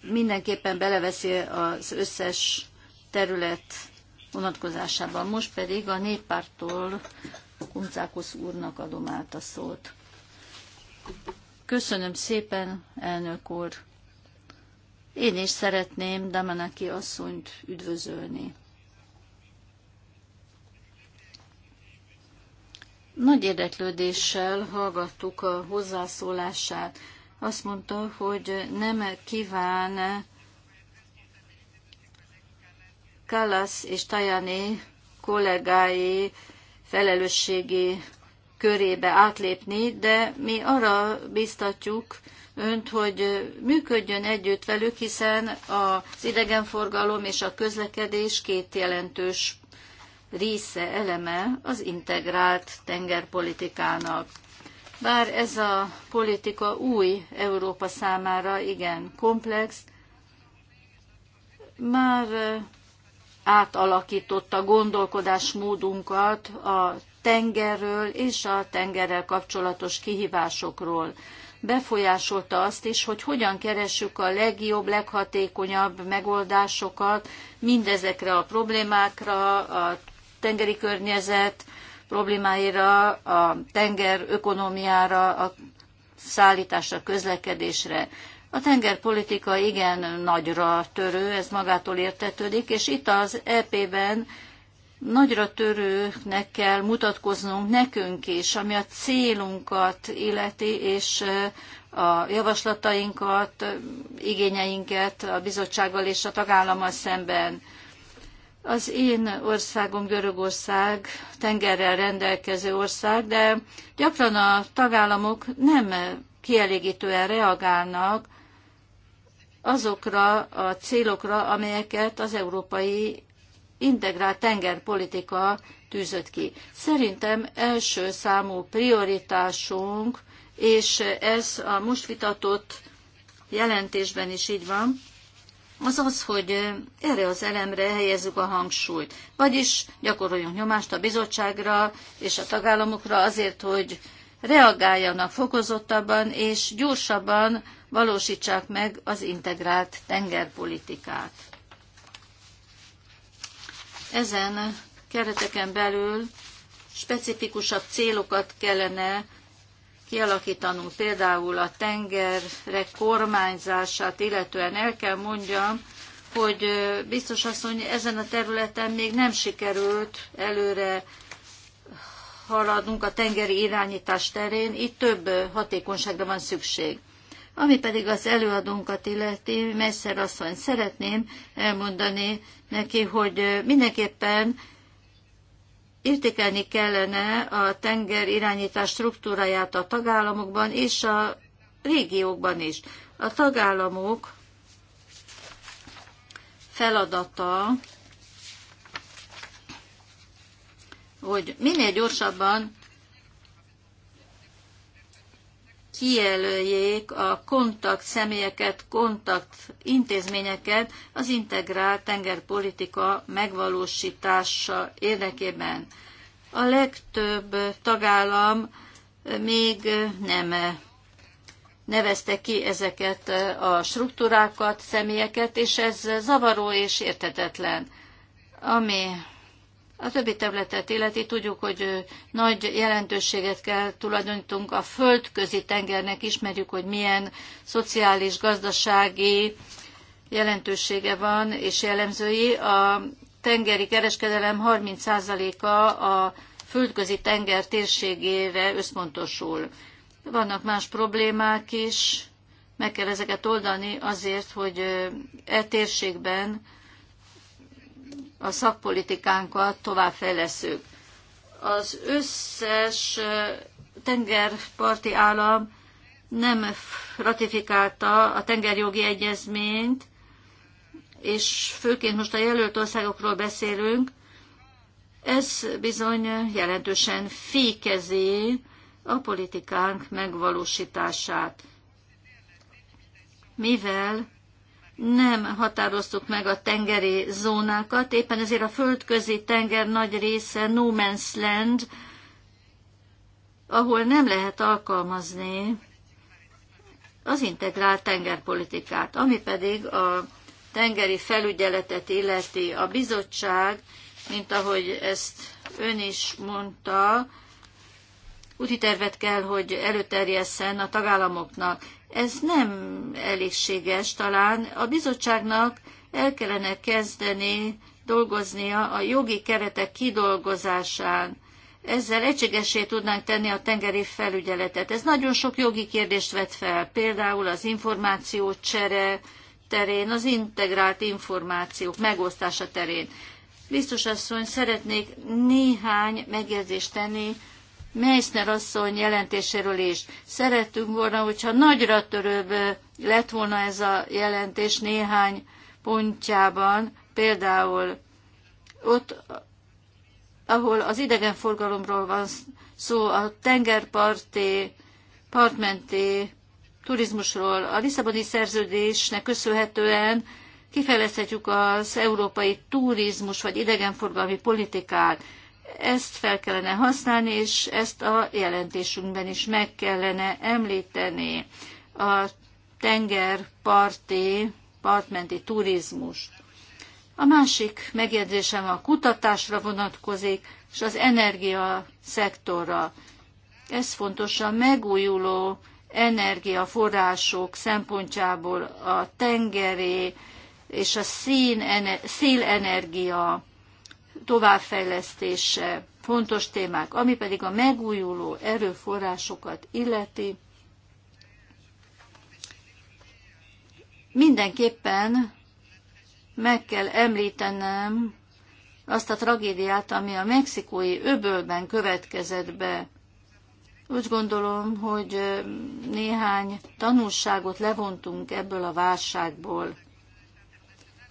mindenképpen beleveszi az összes terület vonatkozásában. Most pedig a néppártól Kumcákusz úrnak adom át a szót. Köszönöm szépen, elnök úr. Én is szeretném Damanaki asszonyt üdvözölni. Nagy érdeklődéssel hallgattuk a hozzászólását. Azt mondta, hogy nem kíván Kalasz és Tajani kollégái felelősségi körébe átlépni, de mi arra biztatjuk önt, hogy működjön együtt velük, hiszen az idegenforgalom és a közlekedés két jelentős része, eleme az integrált tengerpolitikának. Bár ez a politika új Európa számára igen komplex, már átalakította gondolkodásmódunkat a tengerről és a tengerrel kapcsolatos kihívásokról befolyásolta azt is, hogy hogyan keressük a legjobb, leghatékonyabb megoldásokat mindezekre a problémákra, a tengeri környezet problémáira, a tenger ökonomiára, a szállításra, közlekedésre. A tengerpolitika igen nagyra törő, ez magától értetődik, és itt az EP-ben nagyra törőknek kell mutatkoznunk nekünk is, ami a célunkat illeti, és a javaslatainkat, igényeinket a bizottsággal és a tagállammal szemben. Az én országom Görögország, tengerrel rendelkező ország, de gyakran a tagállamok nem kielégítően reagálnak azokra a célokra, amelyeket az Európai integrált tengerpolitika tűzött ki. Szerintem első számú prioritásunk, és ez a most vitatott jelentésben is így van, az az, hogy erre az elemre helyezzük a hangsúlyt. Vagyis gyakoroljunk nyomást a bizottságra és a tagállamokra azért, hogy reagáljanak fokozottabban és gyorsabban valósítsák meg az integrált tengerpolitikát. Ezen kereteken belül specifikusabb célokat kellene kialakítanunk, például a tengerre kormányzását, illetően el kell mondjam, hogy biztos asszony ezen a területen még nem sikerült előre haladnunk a tengeri irányítás terén, itt több hatékonyságra van szükség. Ami pedig az előadónkat illeti, Messzer asszony, szeretném elmondani neki, hogy mindenképpen értékelni kellene a tenger irányítás struktúráját a tagállamokban és a régiókban is. A tagállamok feladata, hogy minél gyorsabban kijelöljék a kontakt személyeket, kontakt intézményeket az integrált tengerpolitika megvalósítása érdekében. A legtöbb tagállam még nem nevezte ki ezeket a struktúrákat, személyeket, és ez zavaró és értetetlen. Ami a többi területet illeti tudjuk, hogy nagy jelentőséget kell tulajdonítunk a földközi tengernek, ismerjük, hogy milyen szociális, gazdasági jelentősége van és jellemzői. A tengeri kereskedelem 30%-a a földközi tenger térségére összpontosul. Vannak más problémák is, meg kell ezeket oldani azért, hogy e térségben a szakpolitikánkat továbbfejleszünk. Az összes tengerparti állam nem ratifikálta a tengerjogi egyezményt, és főként most a jelölt országokról beszélünk, ez bizony jelentősen fékezi a politikánk megvalósítását, mivel nem határoztuk meg a tengeri zónákat, éppen ezért a földközi tenger nagy része no man's land, ahol nem lehet alkalmazni az integrált tengerpolitikát, ami pedig a tengeri felügyeletet illeti a bizottság, mint ahogy ezt ön is mondta, úti tervet kell, hogy előterjesszen a tagállamoknak. Ez nem elégséges talán. A bizottságnak el kellene kezdeni dolgoznia a jogi keretek kidolgozásán. Ezzel egységesé tudnánk tenni a tengeri felügyeletet. Ez nagyon sok jogi kérdést vet fel, például az információ csere terén, az integrált információk megosztása terén. Biztos asszony, szeretnék néhány megjegyzést tenni Meissner asszony jelentéséről is. Szerettünk volna, hogyha nagyra törőbb lett volna ez a jelentés néhány pontjában, például ott, ahol az idegenforgalomról van szó, a tengerparti, partmenti turizmusról, a Lisszaboni szerződésnek köszönhetően kifejezhetjük az európai turizmus vagy idegenforgalmi politikát. Ezt fel kellene használni, és ezt a jelentésünkben is meg kellene említeni. A tengerparti, partmenti turizmust. A másik megjegyzésem a kutatásra vonatkozik, és az energia szektorra. Ez fontos a megújuló energiaforrások szempontjából a tengeri és a szín, szélenergia továbbfejlesztése, fontos témák, ami pedig a megújuló erőforrásokat illeti, mindenképpen meg kell említenem azt a tragédiát, ami a mexikói öbölben következett be. Úgy gondolom, hogy néhány tanulságot levontunk ebből a válságból.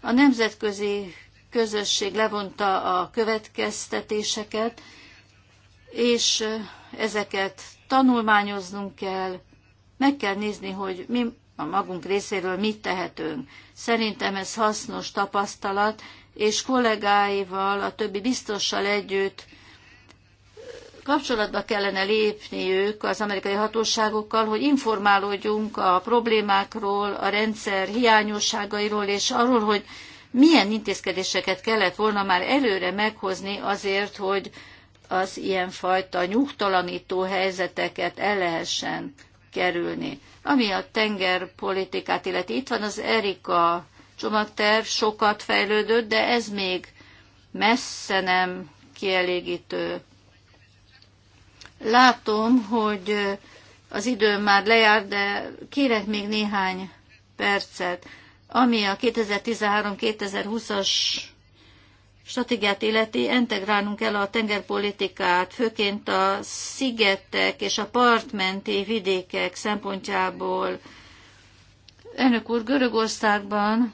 A nemzetközi közösség levonta a következtetéseket, és ezeket tanulmányoznunk kell, meg kell nézni, hogy mi a magunk részéről mit tehetünk. Szerintem ez hasznos tapasztalat, és kollégáival, a többi biztossal együtt kapcsolatba kellene lépni ők az amerikai hatóságokkal, hogy informálódjunk a problémákról, a rendszer hiányosságairól, és arról, hogy milyen intézkedéseket kellett volna már előre meghozni azért, hogy az ilyenfajta nyugtalanító helyzeteket el lehessen kerülni. Ami a tengerpolitikát illeti, itt van az Erika csomagterv, sokat fejlődött, de ez még messze nem kielégítő. Látom, hogy az időm már lejár, de kérek még néhány percet. Ami a 2013-2020-as stratégiát illeti, integrálnunk kell a tengerpolitikát, főként a szigetek és a partmenti vidékek szempontjából. Elnök úr, Görögországban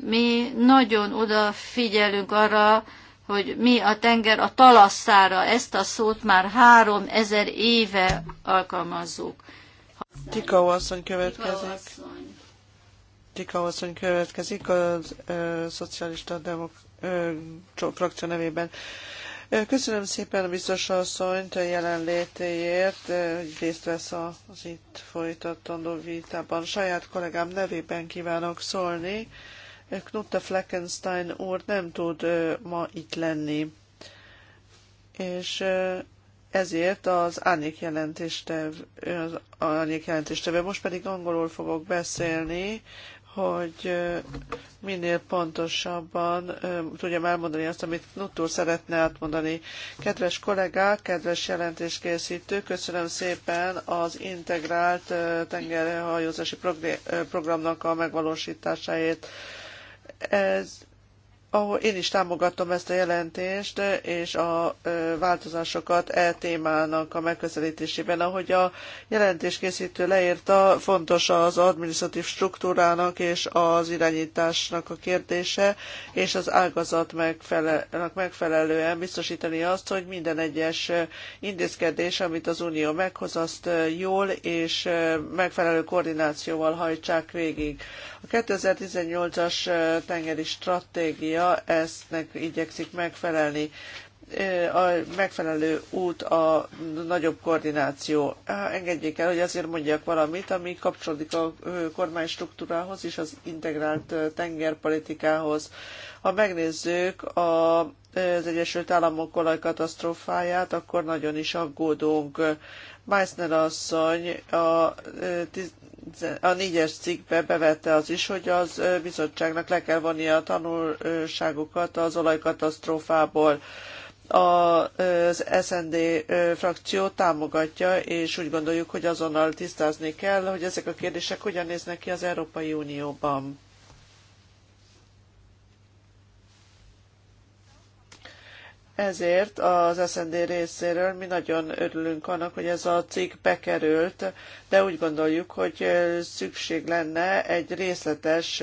mi nagyon odafigyelünk arra, hogy mi a tenger a talasszára, ezt a szót már három ezer éve alkalmazzuk. Tikau asszony következik. Tikau asszony. Tika asszony következik a szocialista demok frakció nevében. Köszönöm szépen a biztos asszonyt a jelenlétéért, hogy részt vesz az itt folytatandó vitában. Saját kollégám nevében kívánok szólni. Knutte Fleckenstein úr nem tud ma itt lenni. És ezért az árnyék jelentéstev, az árnyék jelentéstevő. Most pedig angolul fogok beszélni, hogy minél pontosabban tudjam elmondani azt, amit Nuttúr szeretne átmondani. Kedves kollégák, kedves jelentéskészítő, köszönöm szépen az integrált tengerhajózási programnak a megvalósításáért. Ez ahol én is támogatom ezt a jelentést és a változásokat e témának a megközelítésében. Ahogy a jelentéskészítő leírta, fontos az administratív struktúrának és az irányításnak a kérdése, és az ágazat megfelelően, megfelelően biztosítani azt, hogy minden egyes intézkedés, amit az Unió meghoz, azt jól és megfelelő koordinációval hajtsák végig. A 2018-as tengeri stratégia ezt eztnek igyekszik megfelelni. A megfelelő út a nagyobb koordináció. Engedjék el, hogy azért mondjak valamit, ami kapcsolódik a kormánystruktúrához és az integrált tengerpolitikához. Ha megnézzük a, az Egyesült Államok olajkatasztrófáját, akkor nagyon is aggódunk. Meissner asszony a a négyes cikkbe bevette az is, hogy az bizottságnak le kell vonnia a tanulságokat az olajkatasztrófából. Az SND frakció támogatja, és úgy gondoljuk, hogy azonnal tisztázni kell, hogy ezek a kérdések hogyan néznek ki az Európai Unióban. Ezért az SND részéről mi nagyon örülünk annak, hogy ez a cikk bekerült, de úgy gondoljuk, hogy szükség lenne egy részletes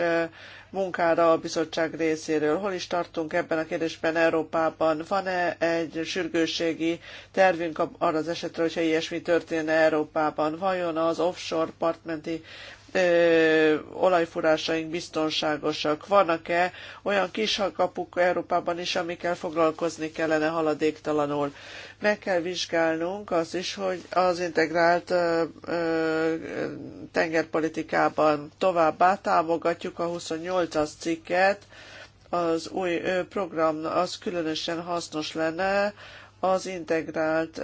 munkára a bizottság részéről. Hol is tartunk ebben a kérdésben Európában? Van-e egy sürgőségi tervünk arra az esetre, hogyha ilyesmi történne Európában? Vajon az offshore partmenti olajforrásaink biztonságosak? Vannak-e olyan kis kapuk Európában is, amikkel foglalkozni kellene haladéktalanul? Meg kell vizsgálnunk az is, hogy az integrált ö, ö, tengerpolitikában továbbá támogatjuk a 28-as cikket, az új program az különösen hasznos lenne, az integrált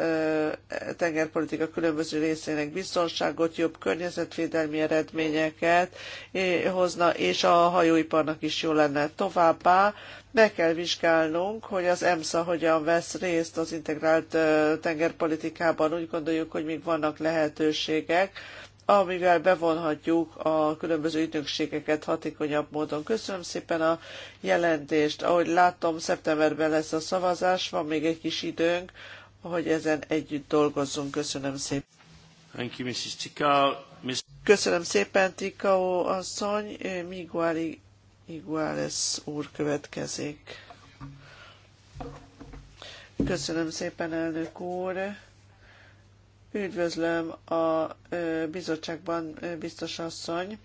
tengerpolitika különböző részének biztonságot, jobb környezetvédelmi eredményeket hozna, és a hajóiparnak is jó lenne. Továbbá meg kell vizsgálnunk, hogy az EMSA hogyan vesz részt az integrált tengerpolitikában. Úgy gondoljuk, hogy még vannak lehetőségek, amivel bevonhatjuk a különböző ügynökségeket hatékonyabb módon. Köszönöm szépen a jelentést. Ahogy látom, szeptemberben lesz a szavazás, van még egy kis időnk, hogy ezen együtt dolgozzunk. Köszönöm szépen. Thank you, Mrs. Tikau. Ms. Köszönöm szépen, Tikao asszony. Miguel Iguales úr következik. Köszönöm szépen, elnök úr. Üdvözlöm a bizottságban biztos asszony.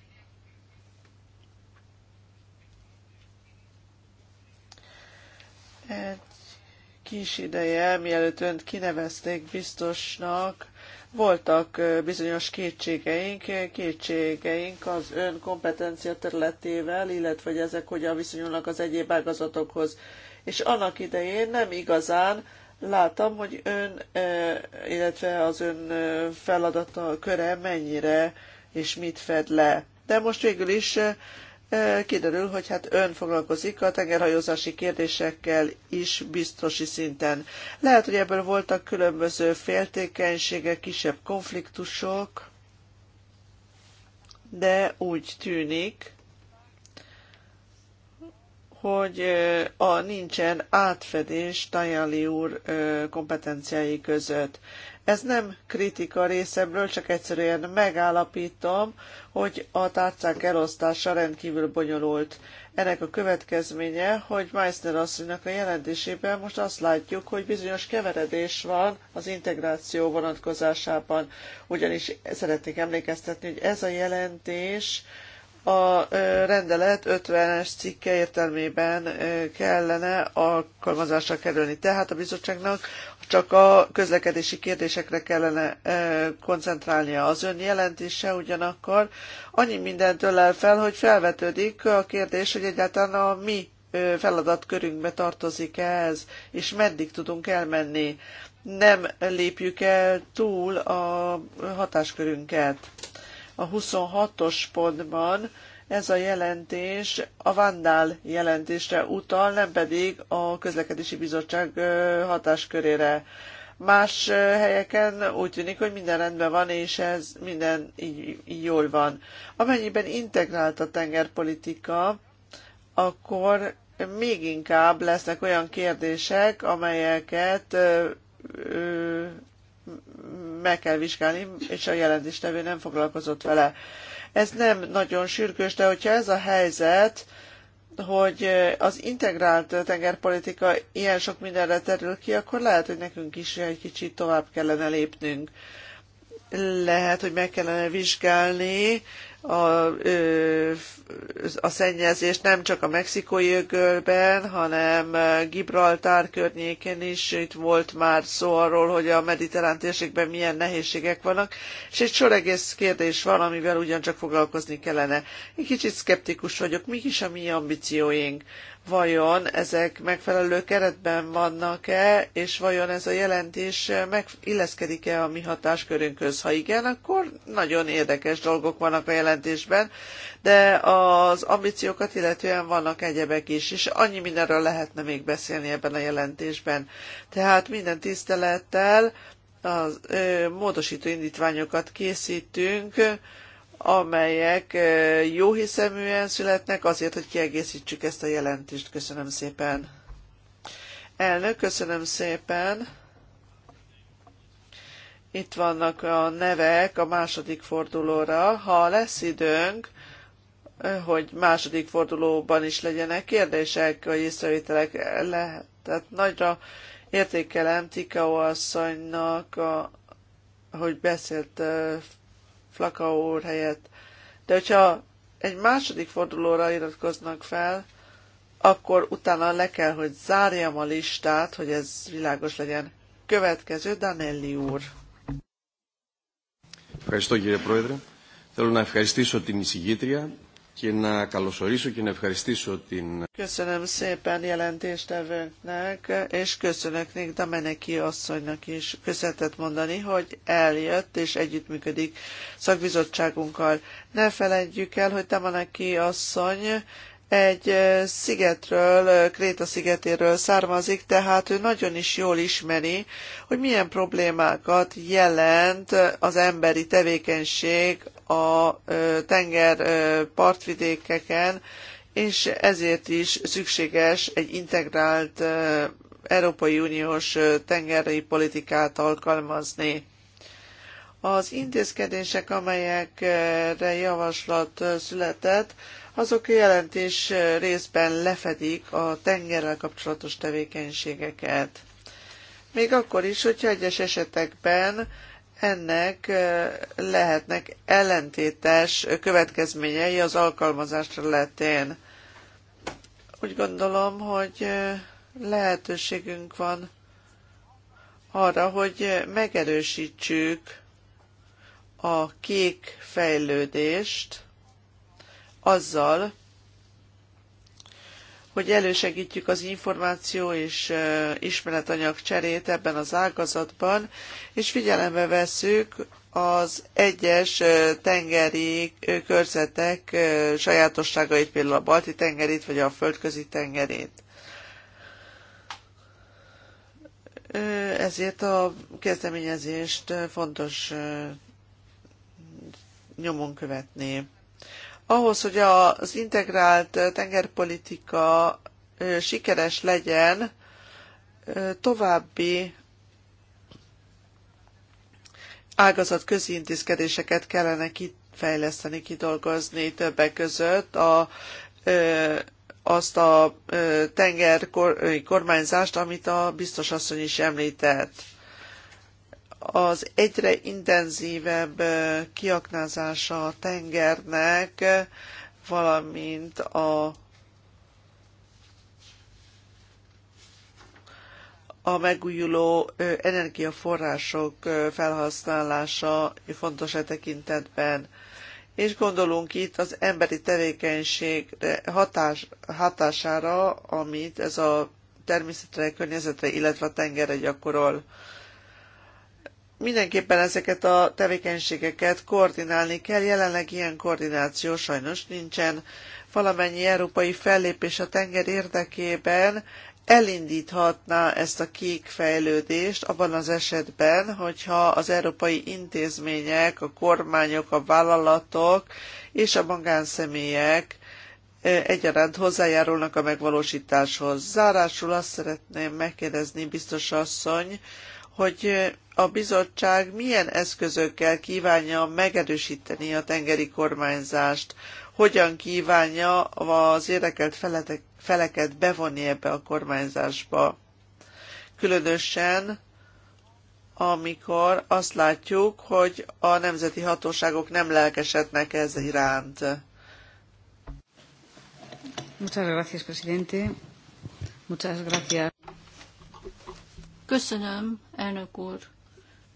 Egy kis ideje, mielőtt önt kinevezték biztosnak, voltak bizonyos kétségeink, kétségeink az ön kompetencia területével, illetve hogy ezek hogyan viszonyulnak az egyéb ágazatokhoz. És annak idején nem igazán látom, hogy ön, illetve az ön feladata köre mennyire és mit fed le. De most végül is kiderül, hogy hát ön foglalkozik a tengerhajózási kérdésekkel is biztosi szinten. Lehet, hogy ebből voltak különböző féltékenységek, kisebb konfliktusok, de úgy tűnik, hogy a nincsen átfedés Tajali úr kompetenciái között. Ez nem kritika részemről, csak egyszerűen megállapítom, hogy a tárcák elosztása rendkívül bonyolult. Ennek a következménye, hogy Meissner asszonynak a jelentésében most azt látjuk, hogy bizonyos keveredés van az integráció vonatkozásában, ugyanis szeretnék emlékeztetni, hogy ez a jelentés a rendelet 50-es cikke értelmében kellene alkalmazásra kerülni. Tehát a bizottságnak csak a közlekedési kérdésekre kellene koncentrálnia. Az ön jelentése ugyanakkor annyi mindentől lel fel, hogy felvetődik a kérdés, hogy egyáltalán a mi feladatkörünkbe tartozik ez, és meddig tudunk elmenni. Nem lépjük el túl a hatáskörünket a 26-os pontban ez a jelentés a Vandál jelentésre utal, nem pedig a közlekedési bizottság hatáskörére. Más helyeken úgy tűnik, hogy minden rendben van, és ez minden így, így jól van. Amennyiben integrált a tengerpolitika, akkor még inkább lesznek olyan kérdések, amelyeket meg kell vizsgálni, és a jelentéstevő nem foglalkozott vele. Ez nem nagyon sürgős, de hogyha ez a helyzet, hogy az integrált tengerpolitika ilyen sok mindenre terül ki, akkor lehet, hogy nekünk is egy kicsit tovább kellene lépnünk. Lehet, hogy meg kellene vizsgálni a, a szennyezés nem csak a mexikói ögölben, hanem Gibraltár környékén is. Itt volt már szó arról, hogy a mediterrán térségben milyen nehézségek vannak, és egy sor egész kérdés van, amivel ugyancsak foglalkozni kellene. Én kicsit szkeptikus vagyok, mik is a mi ambícióink vajon ezek megfelelő keretben vannak-e, és vajon ez a jelentés illeszkedik-e a mi hatáskörünkhöz. Ha igen, akkor nagyon érdekes dolgok vannak a jelentésben, de az ambíciókat illetően vannak egyebek is, és annyi mindenről lehetne még beszélni ebben a jelentésben. Tehát minden tisztelettel a módosító indítványokat készítünk, amelyek jóhiszeműen születnek azért, hogy kiegészítsük ezt a jelentést. Köszönöm szépen. Elnök, köszönöm szépen. Itt vannak a nevek a második fordulóra. Ha lesz időnk, hogy második fordulóban is legyenek kérdések vagy észrevételek, lehet. Tehát nagyra értékelem Tikao asszonynak, a, hogy beszélt Flakao úr helyett. De hogyha egy második fordulóra iratkoznak fel, akkor utána le kell, hogy zárjam a listát, hogy ez világos legyen. Következő Danelli úr. Köszönöm, kérdező. Köszönöm, kérdező. Köszönöm, kérdező και να καλωσορίσω και να ευχαριστήσω την... Köszönöm szépen jelentéstevőnknek, és köszönök még Dameneki asszonynak is köszönetet mondani, hogy eljött és együttműködik szakbizottságunkkal. Ne felejtjük el, hogy Dameneki asszony egy szigetről, Kréta szigetéről származik, tehát ő nagyon is jól ismeri, hogy milyen problémákat jelent az emberi tevékenység a tenger partvidékeken, és ezért is szükséges egy integrált Európai Uniós tengeri politikát alkalmazni. Az intézkedések, amelyekre javaslat született, azok jelentés részben lefedik a tengerrel kapcsolatos tevékenységeket. Még akkor is, hogyha egyes esetekben ennek lehetnek ellentétes következményei az alkalmazás területén. Úgy gondolom, hogy lehetőségünk van arra, hogy megerősítsük a kék fejlődést, azzal, hogy elősegítjük az információ és ismeretanyag cserét ebben az ágazatban, és figyelembe vesszük az egyes tengeri körzetek sajátosságait, például a balti tengerét vagy a földközi tengerét. Ezért a kezdeményezést fontos nyomon követni. Ahhoz, hogy az integrált tengerpolitika sikeres legyen, további ágazat közintézkedéseket kellene kifejleszteni, kidolgozni többek között a, azt a tengeri tenger kormányzást, amit a biztos asszony is említett az egyre intenzívebb kiaknázása a tengernek, valamint a a megújuló energiaforrások felhasználása fontos e tekintetben. És gondolunk itt az emberi tevékenység hatás, hatására, amit ez a természetre, környezetre, illetve a tengerre gyakorol. Mindenképpen ezeket a tevékenységeket koordinálni kell, jelenleg ilyen koordináció sajnos nincsen. Valamennyi európai fellépés a tenger érdekében elindíthatná ezt a kék fejlődést abban az esetben, hogyha az európai intézmények, a kormányok, a vállalatok és a magánszemélyek egyaránt hozzájárulnak a megvalósításhoz. Zárásul azt szeretném megkérdezni, biztos asszony, hogy a bizottság milyen eszközökkel kívánja megerősíteni a tengeri kormányzást, hogyan kívánja az érdekelt feleket bevonni ebbe a kormányzásba. Különösen amikor azt látjuk, hogy a nemzeti hatóságok nem lelkesednek ez iránt. Muchas gracias, presidente. Muchas gracias. Köszönöm, elnök úr.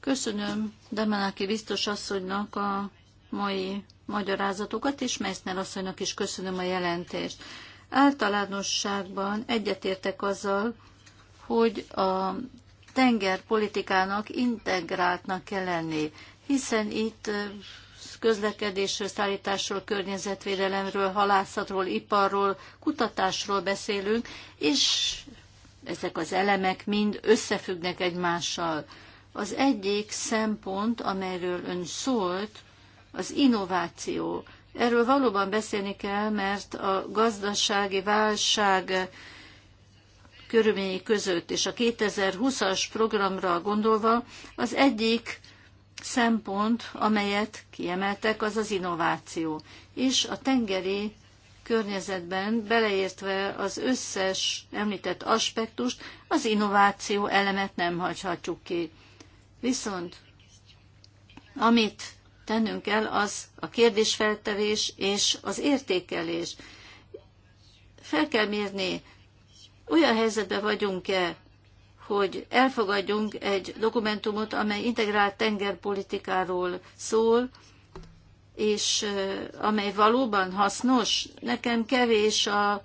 Köszönöm Demeláki biztos asszonynak a mai magyarázatokat, és Meissner asszonynak is köszönöm a jelentést. Általánosságban egyetértek azzal, hogy a tengerpolitikának integráltnak kell lenni, hiszen itt közlekedésről, szállításról, környezetvédelemről, halászatról, iparról, kutatásról beszélünk, és ezek az elemek mind összefüggnek egymással. Az egyik szempont, amelyről ön szólt, az innováció. Erről valóban beszélni kell, mert a gazdasági válság körülményi között és a 2020-as programra gondolva az egyik szempont, amelyet kiemeltek, az az innováció. És a tengeri környezetben, beleértve az összes említett aspektust, az innováció elemet nem hagyhatjuk ki. Viszont amit tennünk kell, az a kérdésfeltevés és az értékelés. Fel kell mérni, olyan helyzetben vagyunk-e, hogy elfogadjunk egy dokumentumot, amely integrált tengerpolitikáról szól, és amely valóban hasznos. Nekem kevés a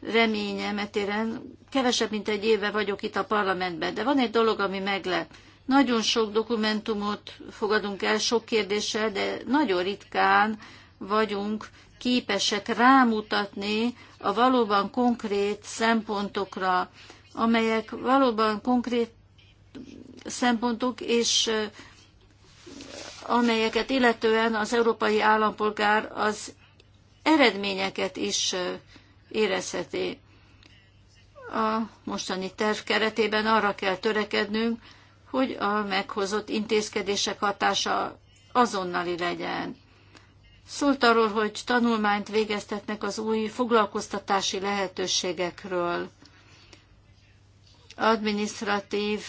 reményem etéren, kevesebb, mint egy éve vagyok itt a parlamentben, de van egy dolog, ami meglep. Nagyon sok dokumentumot fogadunk el, sok kérdéssel, de nagyon ritkán vagyunk képesek rámutatni a valóban konkrét szempontokra, amelyek valóban konkrét szempontok, és amelyeket illetően az európai állampolgár az eredményeket is érezheti. A mostani terv keretében arra kell törekednünk, hogy a meghozott intézkedések hatása azonnali legyen. Szólt arról, hogy tanulmányt végeztetnek az új foglalkoztatási lehetőségekről. Administratív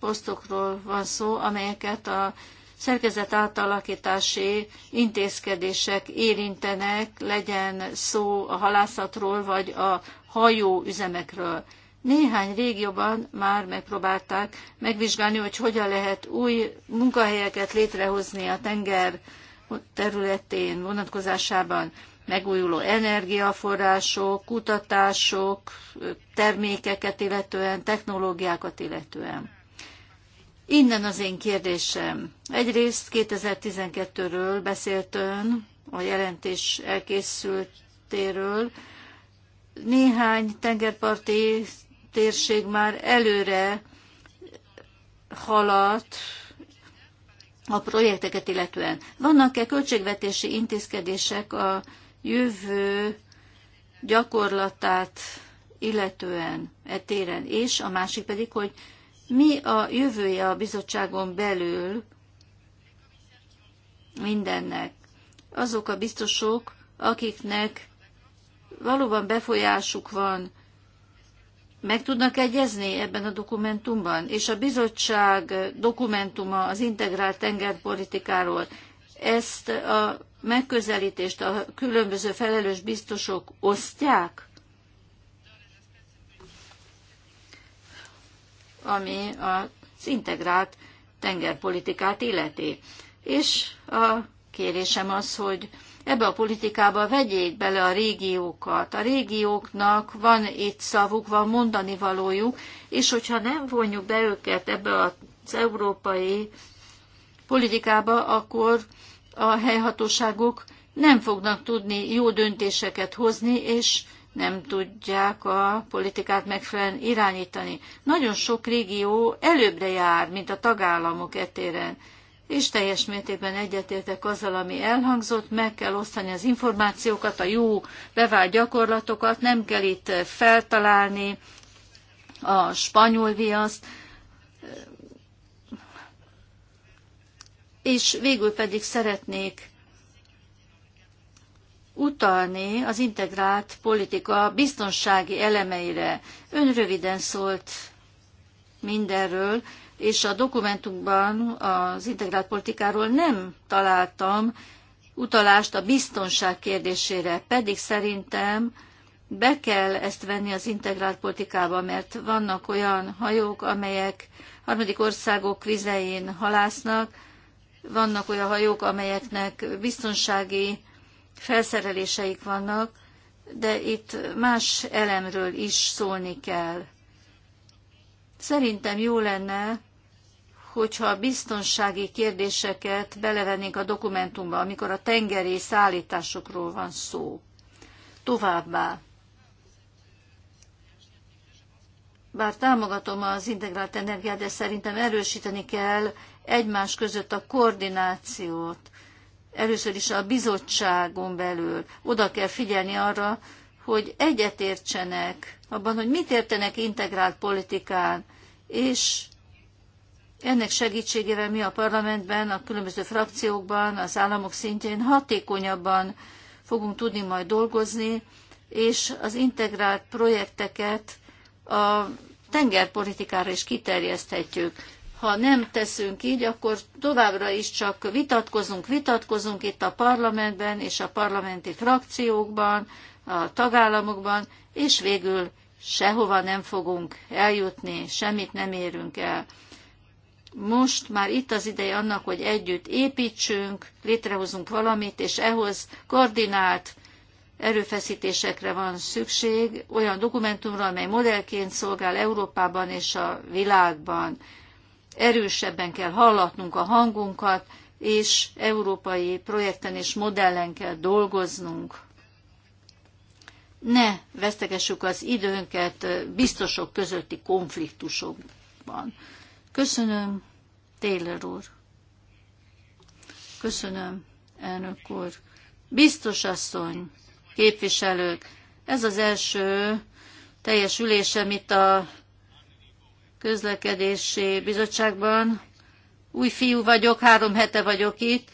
posztokról van szó, amelyeket a szerkezet átalakítási intézkedések érintenek, legyen szó a halászatról vagy a üzemekről. Néhány régióban már megpróbálták megvizsgálni, hogy hogyan lehet új munkahelyeket létrehozni a tenger területén vonatkozásában megújuló energiaforrások, kutatások, termékeket illetően, technológiákat illetően. Innen az én kérdésem. Egyrészt 2012-ről beszélt ön, a jelentés elkészültéről. Néhány tengerparti térség már előre haladt a projekteket illetően. Vannak-e költségvetési intézkedések a jövő gyakorlatát illetően e téren, és a másik pedig, hogy mi a jövője a bizottságon belül mindennek. Azok a biztosok, akiknek valóban befolyásuk van, meg tudnak egyezni ebben a dokumentumban? És a bizottság dokumentuma az integrált tengerpolitikáról ezt a megközelítést a különböző felelős biztosok osztják? ami az integrált tengerpolitikát illeti. És a kérésem az, hogy ebbe a politikába vegyék bele a régiókat. A régióknak van itt szavuk, van mondani valójuk, és hogyha nem vonjuk be őket ebbe az európai politikába, akkor a helyhatóságok nem fognak tudni jó döntéseket hozni, és nem tudják a politikát megfelelően irányítani. Nagyon sok régió előbbre jár, mint a tagállamok etéren, és teljes mértékben egyetértek azzal, ami elhangzott, meg kell osztani az információkat, a jó bevált gyakorlatokat, nem kell itt feltalálni a spanyol viaszt, és végül pedig szeretnék utalni az integrált politika biztonsági elemeire. Ön röviden szólt mindenről, és a dokumentumban az integrált politikáról nem találtam utalást a biztonság kérdésére, pedig szerintem be kell ezt venni az integrált politikába, mert vannak olyan hajók, amelyek harmadik országok vizein halásznak, vannak olyan hajók, amelyeknek biztonsági felszereléseik vannak, de itt más elemről is szólni kell. Szerintem jó lenne, hogyha a biztonsági kérdéseket belevennénk a dokumentumba, amikor a tengeri szállításokról van szó. Továbbá, bár támogatom az integrált energiát, de szerintem erősíteni kell egymás között a koordinációt először is a bizottságon belül oda kell figyelni arra, hogy egyetértsenek abban, hogy mit értenek integrált politikán, és ennek segítségével mi a parlamentben, a különböző frakciókban, az államok szintjén hatékonyabban fogunk tudni majd dolgozni, és az integrált projekteket a tengerpolitikára is kiterjeszthetjük ha nem teszünk így, akkor továbbra is csak vitatkozunk, vitatkozunk itt a parlamentben és a parlamenti frakciókban, a tagállamokban, és végül sehova nem fogunk eljutni, semmit nem érünk el. Most már itt az ideje annak, hogy együtt építsünk, létrehozunk valamit, és ehhoz koordinált erőfeszítésekre van szükség, olyan dokumentumra, amely modellként szolgál Európában és a világban erősebben kell hallatnunk a hangunkat, és európai projekten és modellen kell dolgoznunk. Ne vesztegessük az időnket biztosok közötti konfliktusokban. Köszönöm, Taylor úr. Köszönöm, elnök úr. Biztos asszony, képviselők, ez az első teljes ülésem itt a közlekedési bizottságban. Új fiú vagyok, három hete vagyok itt.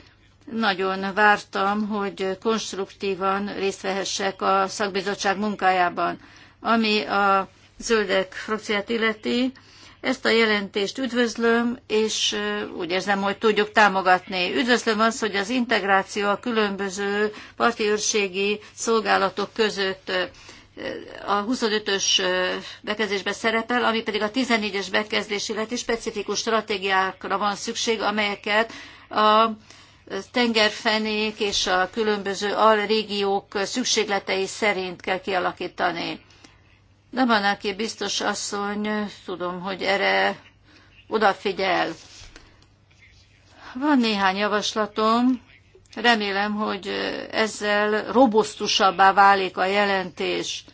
Nagyon vártam, hogy konstruktívan részt vehessek a szakbizottság munkájában. Ami a zöldek frakciát illeti, ezt a jelentést üdvözlöm, és úgy érzem, hogy tudjuk támogatni. Üdvözlöm azt, hogy az integráció a különböző parti őrségi szolgálatok között a 25-ös bekezdésben szerepel, ami pedig a 14-es bekezdés illetve specifikus stratégiákra van szükség, amelyeket a tengerfenék és a különböző alrégiók szükségletei szerint kell kialakítani. Damanáki biztos asszony, tudom, hogy erre odafigyel. Van néhány javaslatom, Remélem, hogy ezzel robosztusabbá válik a jelentés,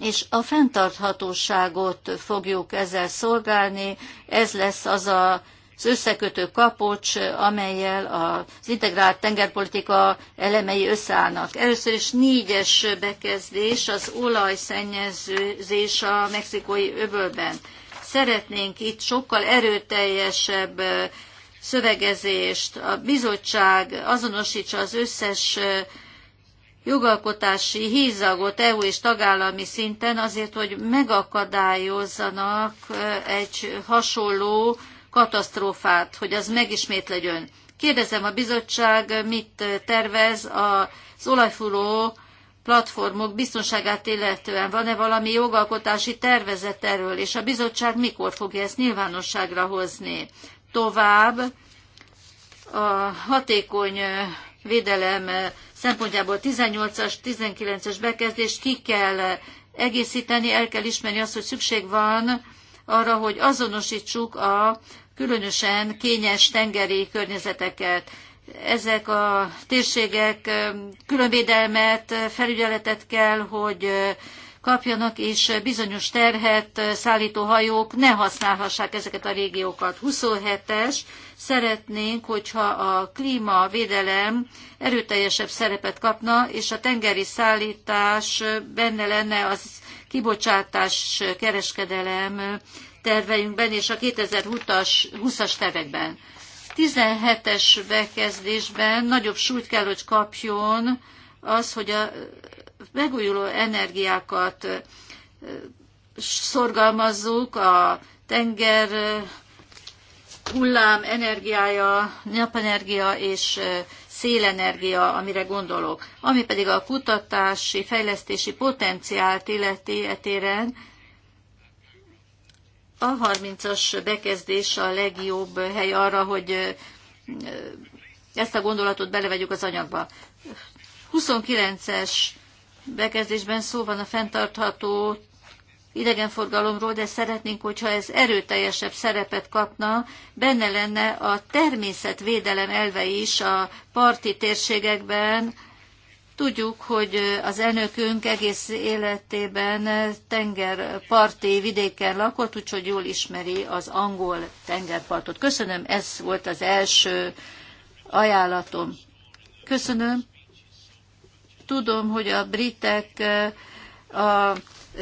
és a fenntarthatóságot fogjuk ezzel szolgálni. Ez lesz az a az összekötő kapocs, amelyel az integrált tengerpolitika elemei összeállnak. Először is négyes bekezdés, az olajszennyezés a mexikói öbölben. Szeretnénk itt sokkal erőteljesebb szövegezést, a bizottság azonosítsa az összes jogalkotási hízagot EU és tagállami szinten azért, hogy megakadályozzanak egy hasonló katasztrófát, hogy az megismétlődjön. Kérdezem, a bizottság mit tervez az olajfúró platformok biztonságát illetően? Van-e valami jogalkotási tervezet erről, és a bizottság mikor fogja ezt nyilvánosságra hozni? tovább a hatékony védelem szempontjából 18-as, 19-es bekezdést ki kell egészíteni, el kell ismerni azt, hogy szükség van arra, hogy azonosítsuk a különösen kényes tengeri környezeteket. Ezek a térségek különvédelmet, felügyeletet kell, hogy kapjanak, és bizonyos terhet szállító hajók ne használhassák ezeket a régiókat. 27-es, szeretnénk, hogyha a klímavédelem erőteljesebb szerepet kapna, és a tengeri szállítás benne lenne az kibocsátás kereskedelem terveinkben és a 2020-as tervekben. 17-es bekezdésben nagyobb súlyt kell, hogy kapjon az, hogy a megújuló energiákat szorgalmazzuk, a tenger hullám energiája, napenergia és szélenergia, amire gondolok. Ami pedig a kutatási, fejlesztési potenciált illeti etéren, a 30-as bekezdés a legjobb hely arra, hogy ezt a gondolatot belevegyük az anyagba. 29-es bekezdésben szó van a fenntartható idegenforgalomról, de szeretnénk, hogyha ez erőteljesebb szerepet kapna, benne lenne a természetvédelem elve is a parti térségekben. Tudjuk, hogy az elnökünk egész életében tengerparti vidéken lakott, úgyhogy jól ismeri az angol tengerpartot. Köszönöm, ez volt az első ajánlatom. Köszönöm. Tudom, hogy a britek eh, a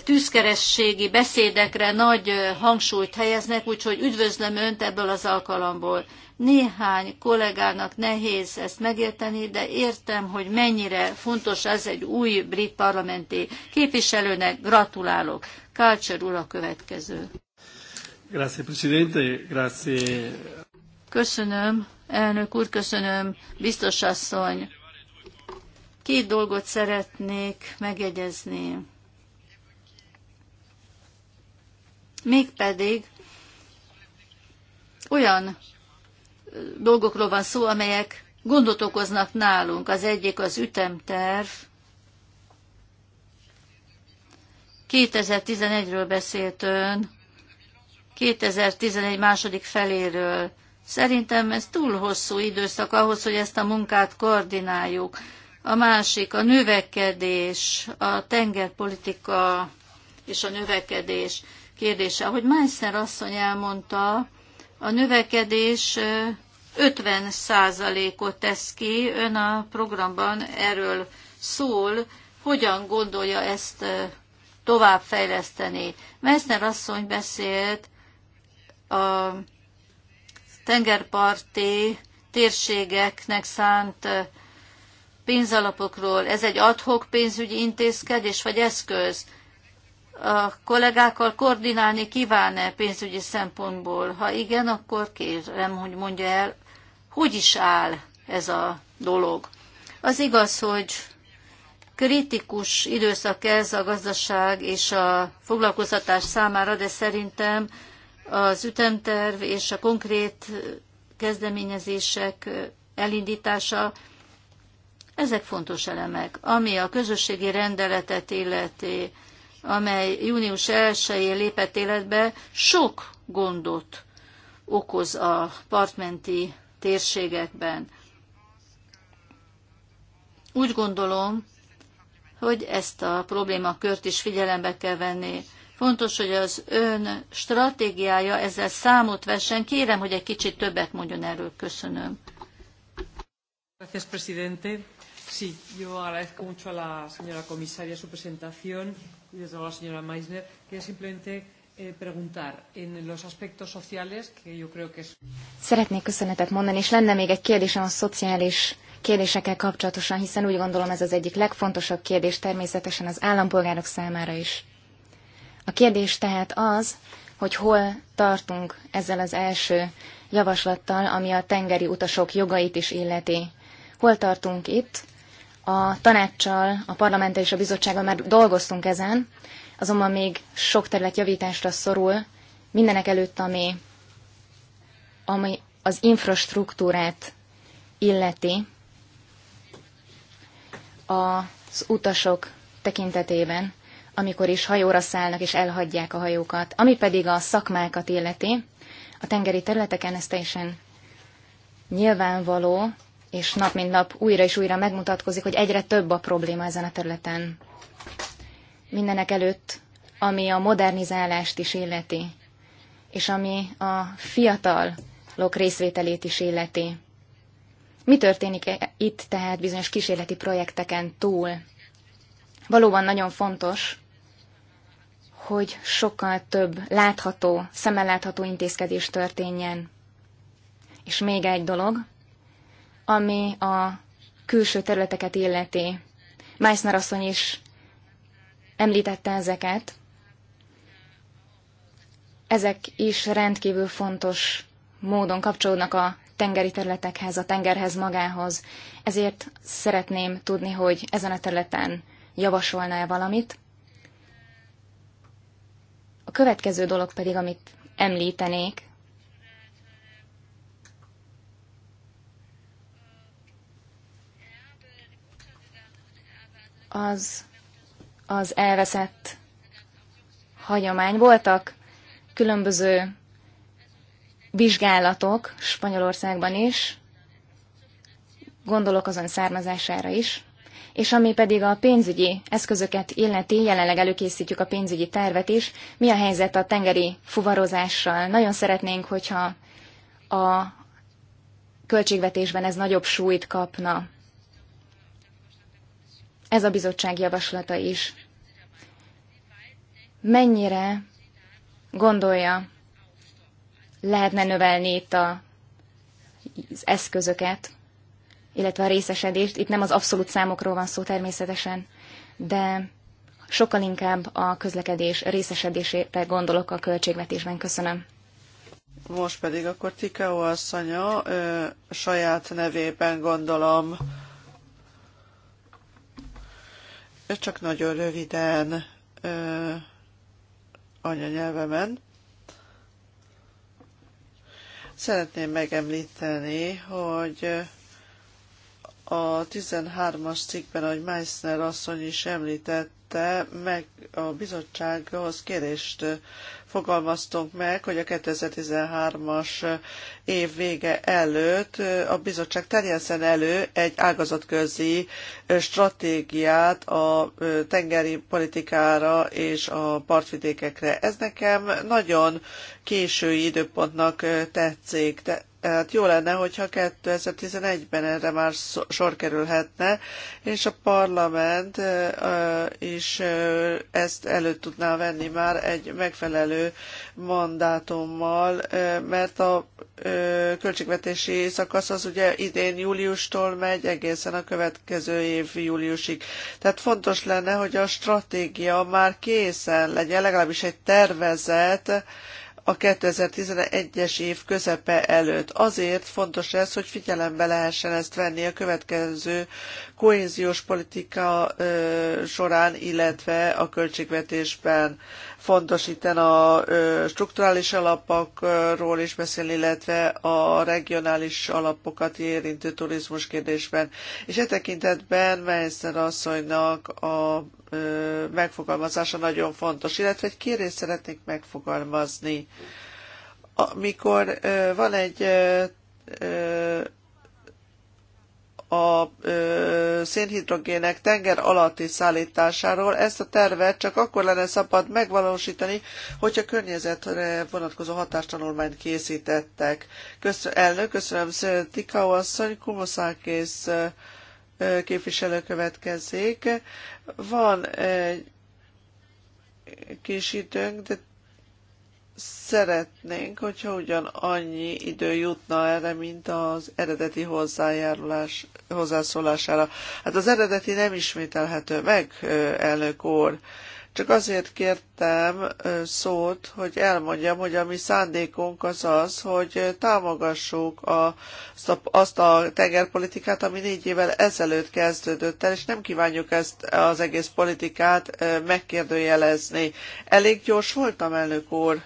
tűzkerességi beszédekre nagy eh, hangsúlyt helyeznek, úgyhogy üdvözlöm Önt ebből az alkalomból. Néhány kollégának nehéz ezt megérteni, de értem, hogy mennyire fontos ez egy új brit parlamenti képviselőnek. Gratulálok. Kálcser úr a következő. Grazie, Presidente. Grazie. Köszönöm, elnök úr, köszönöm, biztos asszony Két dolgot szeretnék megjegyezni. Mégpedig olyan dolgokról van szó, amelyek gondot okoznak nálunk. Az egyik az ütemterv. 2011-ről beszélt ön, 2011 második feléről. Szerintem ez túl hosszú időszak ahhoz, hogy ezt a munkát koordináljuk. A másik a növekedés, a tengerpolitika és a növekedés kérdése. Ahogy Meissner asszony elmondta, a növekedés 50 ot tesz ki, ön a programban erről szól, hogyan gondolja ezt továbbfejleszteni. Meissner asszony beszélt a tengerparti térségeknek szánt pénzalapokról. Ez egy adhok pénzügyi intézkedés vagy eszköz? A kollégákkal koordinálni kíván-e pénzügyi szempontból? Ha igen, akkor kérem, hogy mondja el, hogy is áll ez a dolog. Az igaz, hogy kritikus időszak ez a gazdaság és a foglalkoztatás számára, de szerintem az ütemterv és a konkrét kezdeményezések elindítása ezek fontos elemek. Ami a közösségi rendeletet illeti, amely június 1-én lépett életbe, sok gondot okoz a partmenti térségekben. Úgy gondolom, hogy ezt a problémakört is figyelembe kell venni. Fontos, hogy az ön stratégiája ezzel számot vessen. Kérem, hogy egy kicsit többet mondjon erről. Köszönöm. Gracias, presidente. Sí, yo agradezco mucho a la señora comisaria su presentación y desde luego a la señora Meissner. Quería simplemente eh, preguntar en los aspectos sociales que yo creo que es... Szeretnék köszönetet mondani, és lenne még egy kérdésem a szociális kérdésekkel kapcsolatosan, hiszen úgy gondolom ez az egyik legfontosabb kérdés természetesen az állampolgárok számára is. A kérdés tehát az, hogy hol tartunk ezzel az első javaslattal, ami a tengeri utasok jogait is illeti. Hol tartunk itt? A tanácssal, a parlamenttel és a bizottsággal már dolgoztunk ezen, azonban még sok terület javításra szorul, mindenek előtt, ami, ami az infrastruktúrát illeti az utasok tekintetében, amikor is hajóra szállnak és elhagyják a hajókat. Ami pedig a szakmákat illeti, a tengeri területeken ez teljesen nyilvánvaló, és nap mint nap újra és újra megmutatkozik, hogy egyre több a probléma ezen a területen. Mindenek előtt, ami a modernizálást is illeti, és ami a fiatalok részvételét is illeti. Mi történik -e itt tehát bizonyos kísérleti projekteken túl? Valóban nagyon fontos, hogy sokkal több látható, szemmel látható intézkedés történjen. És még egy dolog, ami a külső területeket illeti. Meissner asszony is említette ezeket. Ezek is rendkívül fontos módon kapcsolódnak a tengeri területekhez, a tengerhez magához. Ezért szeretném tudni, hogy ezen a területen javasolná-e valamit. A következő dolog pedig, amit említenék, az az elveszett hagyomány. Voltak különböző vizsgálatok Spanyolországban is, gondolok azon származására is, és ami pedig a pénzügyi eszközöket illeti, jelenleg előkészítjük a pénzügyi tervet is. Mi a helyzet a tengeri fuvarozással? Nagyon szeretnénk, hogyha a költségvetésben ez nagyobb súlyt kapna ez a bizottság javaslata is. Mennyire gondolja, lehetne növelni itt a, az eszközöket, illetve a részesedést. Itt nem az abszolút számokról van szó természetesen, de sokkal inkább a közlekedés részesedésére gondolok a költségvetésben. Köszönöm. Most pedig akkor Tikeo asszonya ö, saját nevében gondolom csak nagyon röviden ö, anyanyelvemen. Szeretném megemlíteni, hogy a 13-as cikkben, ahogy Meissner asszony is említett, tette, meg a bizottsághoz kérést fogalmaztunk meg, hogy a 2013-as év vége előtt a bizottság terjeszen elő egy ágazatközi stratégiát a tengeri politikára és a partvidékekre. Ez nekem nagyon késői időpontnak tetszik, de Hát jó lenne, hogyha 2011-ben erre már sor kerülhetne, és a parlament is ezt elő tudná venni már egy megfelelő mandátummal, mert a költségvetési szakasz az ugye idén júliustól megy egészen a következő év júliusig. Tehát fontos lenne, hogy a stratégia már készen legyen, legalábbis egy tervezet, a 2011-es év közepe előtt. Azért fontos ez, hogy figyelembe lehessen ezt venni a következő kohéziós politika során, illetve a költségvetésben. Fontos itten a strukturális alapokról is beszélni, illetve a regionális alapokat érintő turizmus kérdésben. És e tekintetben Meissner asszonynak a megfogalmazása nagyon fontos, illetve egy kérést szeretnék megfogalmazni. Amikor van egy a ö, szénhidrogének tenger alatti szállításáról. Ezt a tervet csak akkor lenne szabad megvalósítani, hogyha környezetre vonatkozó hatástanulmányt készítettek. Köszön, elnök, köszönöm szépen, Tikau asszony, Kumoszákész képviselő következik. Van egy kis időnk, de szeretnénk, hogyha ugyan annyi idő jutna erre, mint az eredeti hozzájárulás, hozzászólására. Hát az eredeti nem ismételhető meg, elnök úr. Csak azért kértem szót, hogy elmondjam, hogy a mi szándékunk az az, hogy támogassuk a, azt, a, azt a tengerpolitikát, ami négy évvel ezelőtt kezdődött el, és nem kívánjuk ezt az egész politikát megkérdőjelezni. Elég gyors voltam, elnök úr.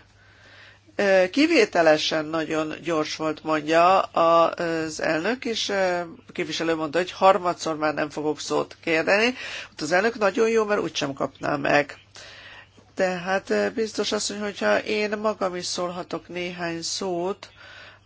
Kivételesen nagyon gyors volt, mondja az elnök, és a képviselő mondta, hogy harmadszor már nem fogok szót kérdeni. Ott az elnök nagyon jó, mert úgysem kapná meg. Tehát biztos azt mondja, hogyha én magam is szólhatok néhány szót,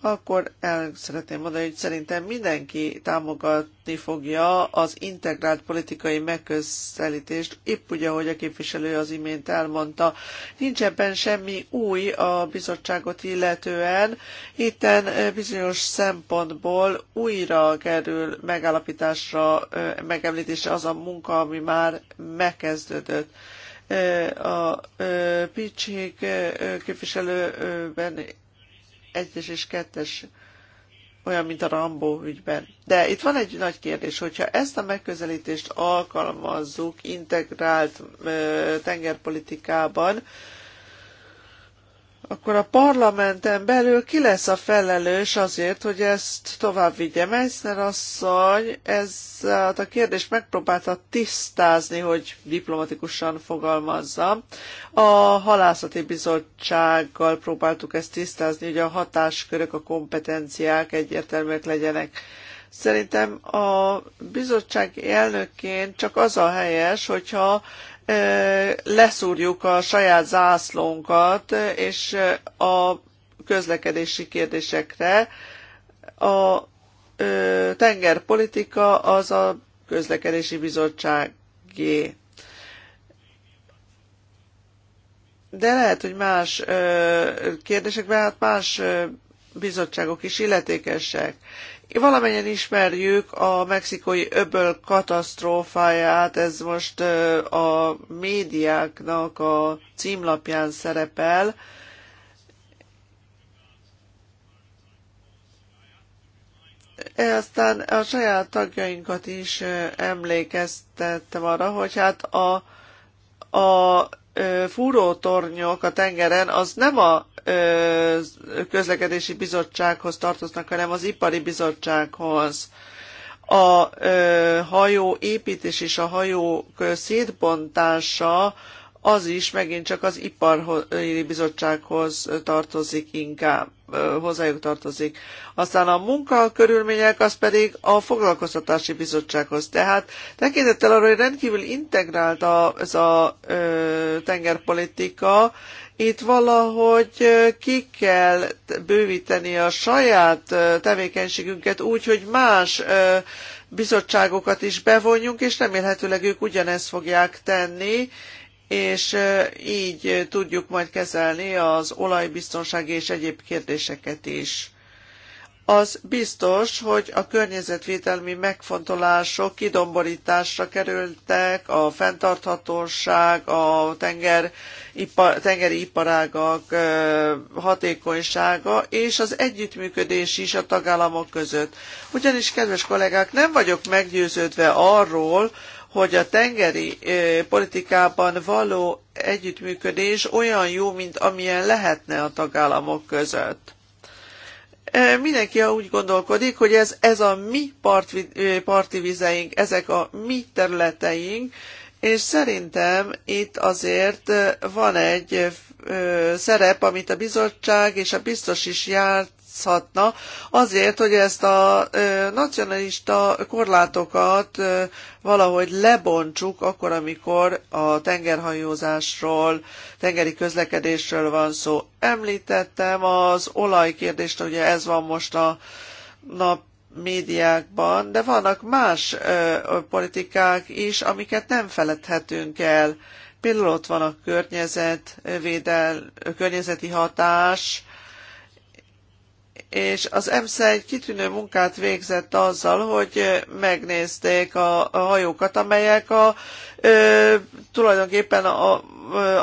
akkor el szeretném mondani, hogy szerintem mindenki támogatni fogja az integrált politikai megközelítést, épp úgy, ahogy a képviselő az imént elmondta. Nincs ebben semmi új a bizottságot illetően. Itten bizonyos szempontból újra kerül megállapításra, megemlítésre az a munka, ami már megkezdődött a Picsik képviselőben egyes és kettes olyan, mint a Rambó ügyben. De itt van egy nagy kérdés, hogyha ezt a megközelítést alkalmazzuk integrált ö, tengerpolitikában, akkor a parlamenten belül ki lesz a felelős azért, hogy ezt tovább vigye? Meissner asszony ez hát a kérdést megpróbálta tisztázni, hogy diplomatikusan fogalmazzam. A halászati bizottsággal próbáltuk ezt tisztázni, hogy a hatáskörök, a kompetenciák egyértelműek legyenek. Szerintem a bizottság elnökként csak az a helyes, hogyha leszúrjuk a saját zászlónkat, és a közlekedési kérdésekre a tengerpolitika az a közlekedési bizottságé. De lehet, hogy más kérdésekben hát más bizottságok is illetékesek. Valamennyien ismerjük a mexikói öböl katasztrófáját, ez most a médiáknak a címlapján szerepel. E, aztán a saját tagjainkat is emlékeztettem arra, hogy hát a, a fúrótornyok a tengeren, az nem a közlekedési bizottsághoz tartoznak, hanem az ipari bizottsághoz. A hajó építés és a hajó szétbontása az is megint csak az ipari bizottsághoz tartozik inkább hozzájuk tartozik. Aztán a munkakörülmények az pedig a foglalkoztatási bizottsághoz. Tehát tekintettel arra, hogy rendkívül integrált a, ez a ö, tengerpolitika, itt valahogy ki kell bővíteni a saját tevékenységünket úgy, hogy más ö, bizottságokat is bevonjunk, és remélhetőleg ők ugyanezt fogják tenni, és így tudjuk majd kezelni az olajbiztonsági és egyéb kérdéseket is. Az biztos, hogy a környezetvédelmi megfontolások kidomborításra kerültek, a fenntarthatóság, a tenger, ipar, tengeri iparágak hatékonysága és az együttműködés is a tagállamok között. Ugyanis, kedves kollégák, nem vagyok meggyőződve arról, hogy a tengeri politikában való együttműködés olyan jó, mint amilyen lehetne a tagállamok között. Mindenki úgy gondolkodik, hogy ez, ez a mi parti, parti vizeink, ezek a mi területeink, és szerintem itt azért van egy szerep, amit a bizottság és a biztos is járt, játszhatna azért, hogy ezt a nacionalista korlátokat valahogy lebontsuk akkor, amikor a tengerhajózásról, tengeri közlekedésről van szó. Említettem az olajkérdést, ugye ez van most a nap médiákban, de vannak más ö, politikák is, amiket nem feledhetünk el. Például ott van a környezetvédel, környezeti hatás, és az EMSZ egy kitűnő munkát végzett azzal, hogy megnézték a, a hajókat, amelyek a, ö, tulajdonképpen a,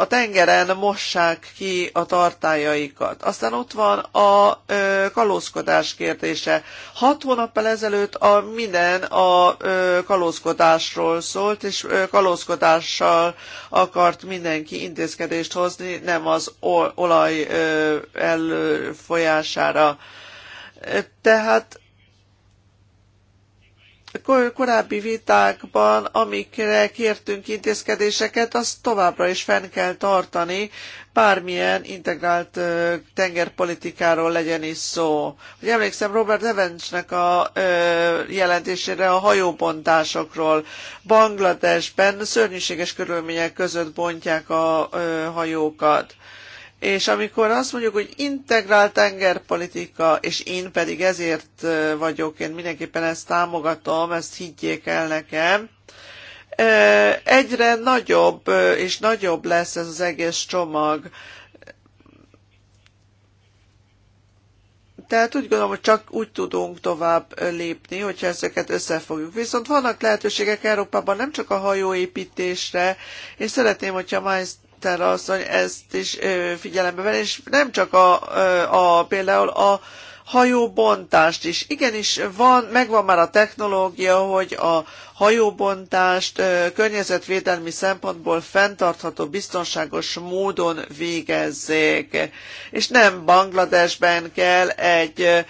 a tengeren mossák ki a tartályaikat. Aztán ott van a ö, kalózkodás kérdése. Hat hónappal ezelőtt a minden a ö, kalózkodásról szólt, és ö, kalózkodással akart mindenki intézkedést hozni, nem az olaj ö, elfolyására tehát korábbi vitákban, amikre kértünk intézkedéseket, azt továbbra is fenn kell tartani, bármilyen integrált tengerpolitikáról legyen is szó. Hogy emlékszem Robert Evansnek a jelentésére a hajóbontásokról. Bangladesben szörnyűséges körülmények között bontják a hajókat. És amikor azt mondjuk, hogy integrált tengerpolitika, és én pedig ezért vagyok, én mindenképpen ezt támogatom, ezt higgyék el nekem, egyre nagyobb és nagyobb lesz ez az egész csomag. Tehát úgy gondolom, hogy csak úgy tudunk tovább lépni, hogyha ezeket összefogjuk. Viszont vannak lehetőségek Európában nem csak a hajóépítésre, és szeretném, hogyha Tera asszony ezt is figyelembe venni, és nem csak a, a például a hajóbontást is. Igenis, van, megvan már a technológia, hogy a hajóbontást környezetvédelmi szempontból fenntartható, biztonságos módon végezzék. És nem Bangladesben kell egy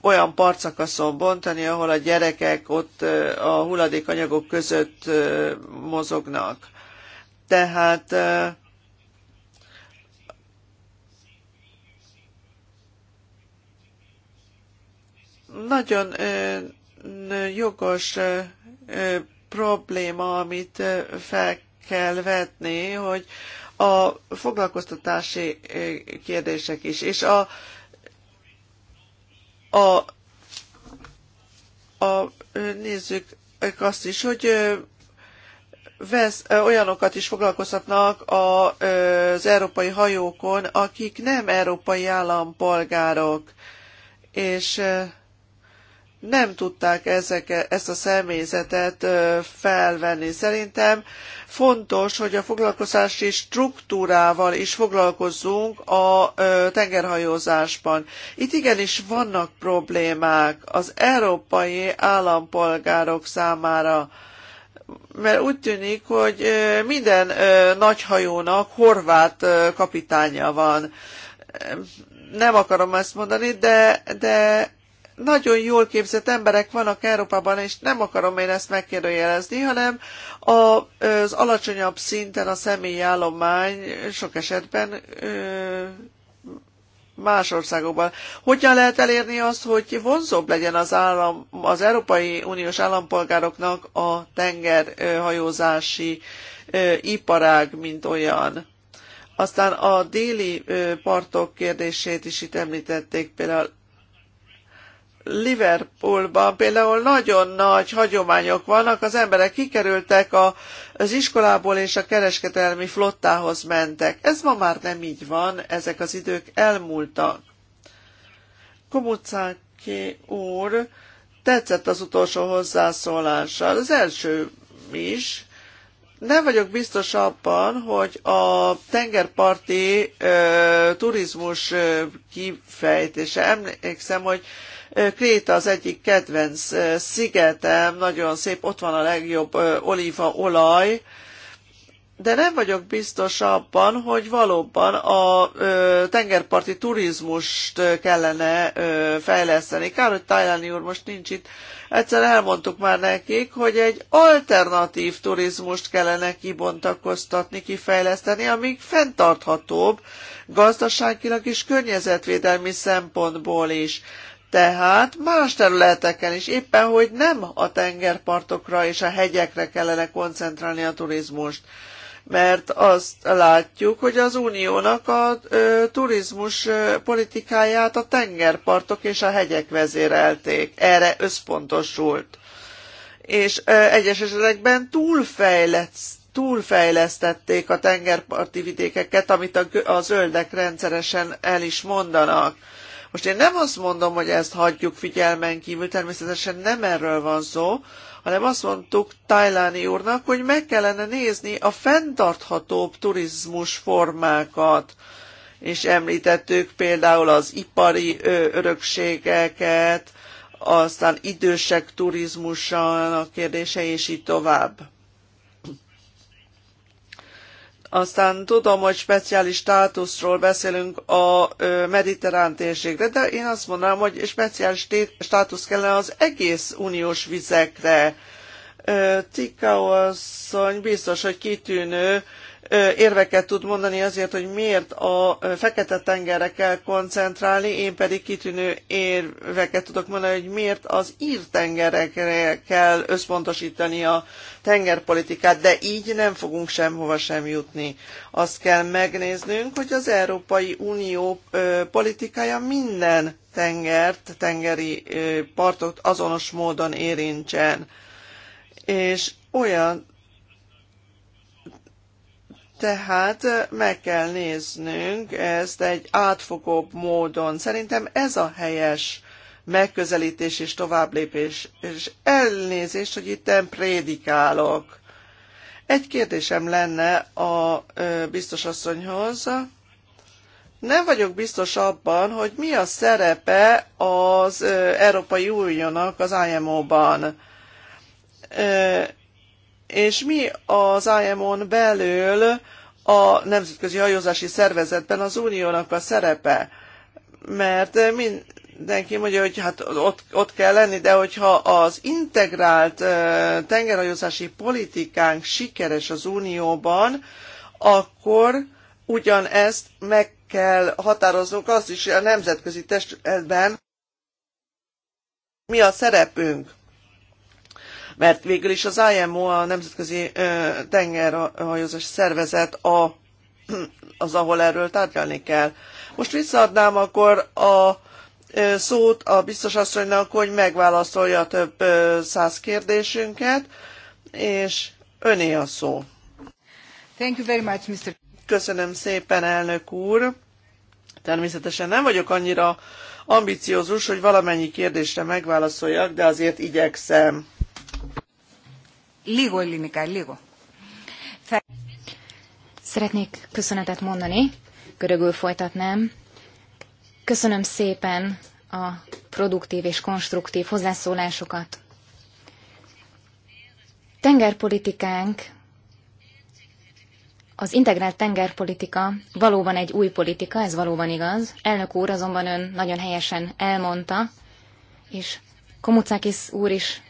olyan partszakaszon bontani, ahol a gyerekek ott a hulladékanyagok között mozognak. Tehát nagyon jogos probléma, amit fel kell vetni, hogy a foglalkoztatási kérdések is, és a, a, a nézzük azt is, hogy vesz, olyanokat is foglalkoztatnak az európai hajókon, akik nem európai állampolgárok, és nem tudták ezek, ezt a személyzetet felvenni. Szerintem fontos, hogy a foglalkozási struktúrával is foglalkozzunk a tengerhajózásban. Itt igenis vannak problémák az európai állampolgárok számára mert úgy tűnik, hogy minden nagyhajónak horvát kapitánya van. Nem akarom ezt mondani, de, de nagyon jól képzett emberek vannak Európában, és nem akarom én ezt megkérdőjelezni, hanem az alacsonyabb szinten a személyi állomány sok esetben más országokban. Hogyan lehet elérni azt, hogy vonzóbb legyen az, állam, az Európai Uniós állampolgároknak a tengerhajózási iparág, mint olyan? Aztán a déli partok kérdését is itt említették, például Liverpoolban például nagyon nagy hagyományok vannak, az emberek kikerültek a, az iskolából és a kereskedelmi flottához mentek. Ez ma már nem így van, ezek az idők elmúltak. Komucáki úr, tetszett az utolsó hozzászólása, az első is, nem vagyok biztos abban, hogy a tengerparti ö, turizmus ö, kifejtése. Emlékszem, hogy Kréta az egyik kedvenc szigetem, nagyon szép, ott van a legjobb olívaolaj, de nem vagyok biztos abban, hogy valóban a ö, tengerparti turizmust kellene ö, fejleszteni. Kár, hogy Tajlani úr most nincs itt. Egyszer elmondtuk már nekik, hogy egy alternatív turizmust kellene kibontakoztatni, kifejleszteni, amíg fenntarthatóbb gazdaságilag és környezetvédelmi szempontból is. Tehát más területeken is, éppen hogy nem a tengerpartokra és a hegyekre kellene koncentrálni a turizmust mert azt látjuk, hogy az uniónak a ö, turizmus ö, politikáját a tengerpartok és a hegyek vezérelték, erre összpontosult. És ö, egyes esetekben túlfejlesztették a tengerparti vidékeket, amit a, a zöldek rendszeresen el is mondanak most én nem azt mondom, hogy ezt hagyjuk figyelmen kívül, természetesen nem erről van szó, hanem azt mondtuk Tajláni úrnak, hogy meg kellene nézni a fenntarthatóbb turizmus formákat és említettük például az ipari örökségeket, aztán idősek turizmusának kérdése, és így tovább. Aztán tudom, hogy speciális státuszról beszélünk a mediterrán térségre, de én azt mondanám, hogy speciális státusz kellene az egész uniós vizekre. Tikao asszony biztos, hogy kitűnő érveket tud mondani azért, hogy miért a fekete tengerre kell koncentrálni, én pedig kitűnő érveket tudok mondani, hogy miért az ír tengerekre kell összpontosítani a tengerpolitikát, de így nem fogunk semhova sem jutni. Azt kell megnéznünk, hogy az Európai Unió politikája minden tengert, tengeri partot azonos módon érintsen. És olyan tehát meg kell néznünk ezt egy átfogóbb módon. Szerintem ez a helyes megközelítés és továbblépés. És elnézést, hogy itt nem prédikálok. Egy kérdésem lenne a biztos asszonyhoz. Nem vagyok biztos abban, hogy mi a szerepe az Európai Uniónak az IMO-ban és mi az IMO-n belül a Nemzetközi Hajózási Szervezetben az uniónak a szerepe? Mert mindenki mondja, hogy hát ott, ott kell lenni, de hogyha az integrált tengerhajózási politikánk sikeres az unióban, akkor ugyanezt meg kell határoznunk azt is a nemzetközi testületben, mi a szerepünk mert végül is az IMO, a Nemzetközi Tengerhajózás Szervezet a, az, ahol erről tárgyalni kell. Most visszaadnám akkor a szót a biztos asszonynak, hogy megválaszolja a több száz kérdésünket, és öné a szó. Thank you very much, Mr. Köszönöm szépen, elnök úr. Természetesen nem vagyok annyira ambiciózus, hogy valamennyi kérdésre megválaszoljak, de azért igyekszem. Λίγο ελληνικά, λίγο. Szeretnék köszönetet mondani, görögül folytatnám. Köszönöm szépen a produktív és konstruktív hozzászólásokat. Tengerpolitikánk, az integrált tengerpolitika valóban egy új politika, ez valóban igaz. Elnök úr azonban ön nagyon helyesen elmondta, és Komucakis úr is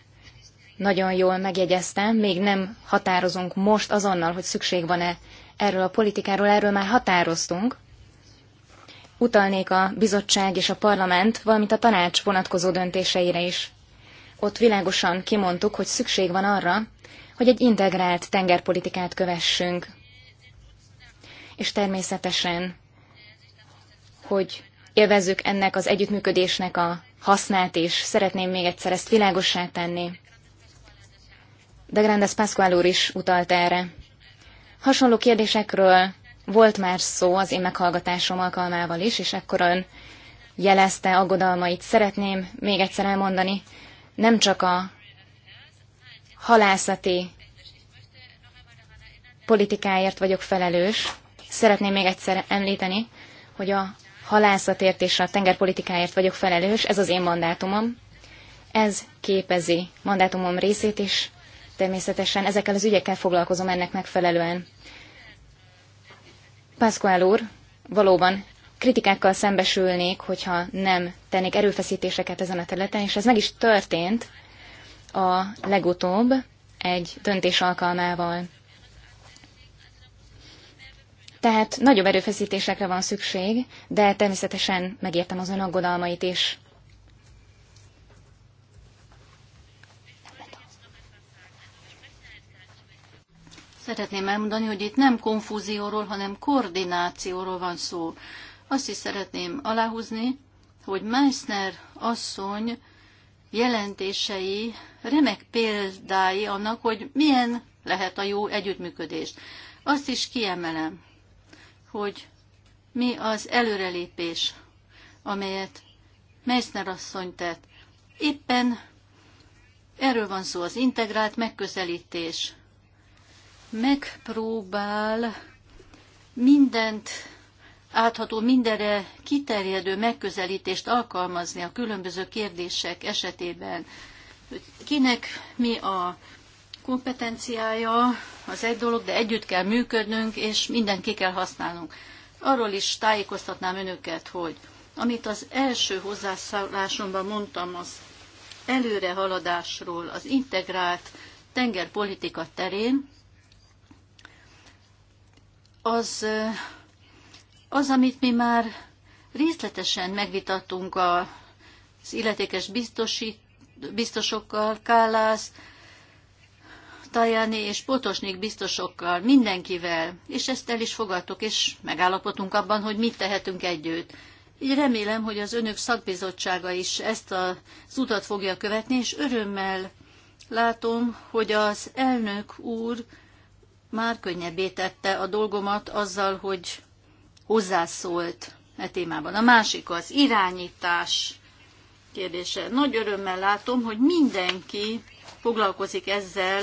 nagyon jól megjegyeztem, még nem határozunk most azonnal, hogy szükség van-e erről a politikáról, erről már határoztunk. Utalnék a bizottság és a parlament, valamint a tanács vonatkozó döntéseire is. Ott világosan kimondtuk, hogy szükség van arra, hogy egy integrált tengerpolitikát kövessünk. És természetesen, hogy élvezzük ennek az együttműködésnek a hasznát, és szeretném még egyszer ezt világossá tenni de Grandes Pascual úr is utalt erre. Hasonló kérdésekről volt már szó az én meghallgatásom alkalmával is, és ekkor ön jelezte aggodalmait. Szeretném még egyszer elmondani, nem csak a halászati politikáért vagyok felelős. Szeretném még egyszer említeni, hogy a halászatért és a tengerpolitikáért vagyok felelős, ez az én mandátumom. Ez képezi mandátumom részét, is természetesen ezekkel az ügyekkel foglalkozom ennek megfelelően. Pászkoál úr, valóban kritikákkal szembesülnék, hogyha nem tennék erőfeszítéseket ezen a területen, és ez meg is történt a legutóbb egy döntés alkalmával. Tehát nagyobb erőfeszítésekre van szükség, de természetesen megértem az ön aggodalmait is. Szeretném elmondani, hogy itt nem konfúzióról, hanem koordinációról van szó. Azt is szeretném aláhúzni, hogy Meissner asszony jelentései remek példái annak, hogy milyen lehet a jó együttműködés. Azt is kiemelem, hogy mi az előrelépés, amelyet Meissner asszony tett. Éppen erről van szó az integrált megközelítés megpróbál mindent átható, mindenre kiterjedő megközelítést alkalmazni a különböző kérdések esetében. Hogy kinek mi a kompetenciája, az egy dolog, de együtt kell működnünk, és mindent ki kell használnunk. Arról is tájékoztatnám önöket, hogy amit az első hozzászólásomban mondtam, az előrehaladásról, az integrált tengerpolitika terén, az, eh, az, amit mi már részletesen megvitattunk az illetékes biztosít, biztosokkal, Kálász, Tajani és Potosnik biztosokkal, mindenkivel, és ezt el is fogadtuk, és megállapodtunk abban, hogy mit tehetünk együtt. Így remélem, hogy az önök szakbizottsága is ezt az utat fogja követni, és örömmel látom, hogy az elnök úr már könnyebbé tette a dolgomat azzal, hogy hozzászólt e témában. A másik az irányítás kérdése. Nagy örömmel látom, hogy mindenki foglalkozik ezzel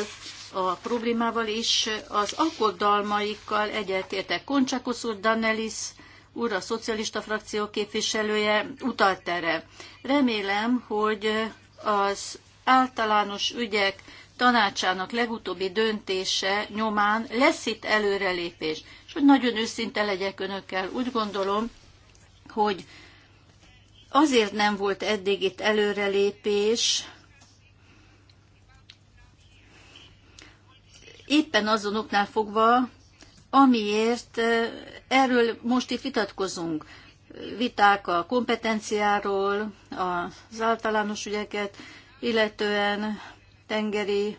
a problémával is, az aggodalmaikkal egyetértek. Koncsakusz Danelis úr, a szocialista frakció képviselője utalt erre. Remélem, hogy az általános ügyek tanácsának legutóbbi döntése nyomán lesz itt előrelépés. És hogy nagyon őszinte legyek önökkel, úgy gondolom, hogy azért nem volt eddig itt előrelépés, éppen azon oknál fogva, amiért eh, erről most itt vitatkozunk. Viták a kompetenciáról, az általános ügyeket, illetően tengeri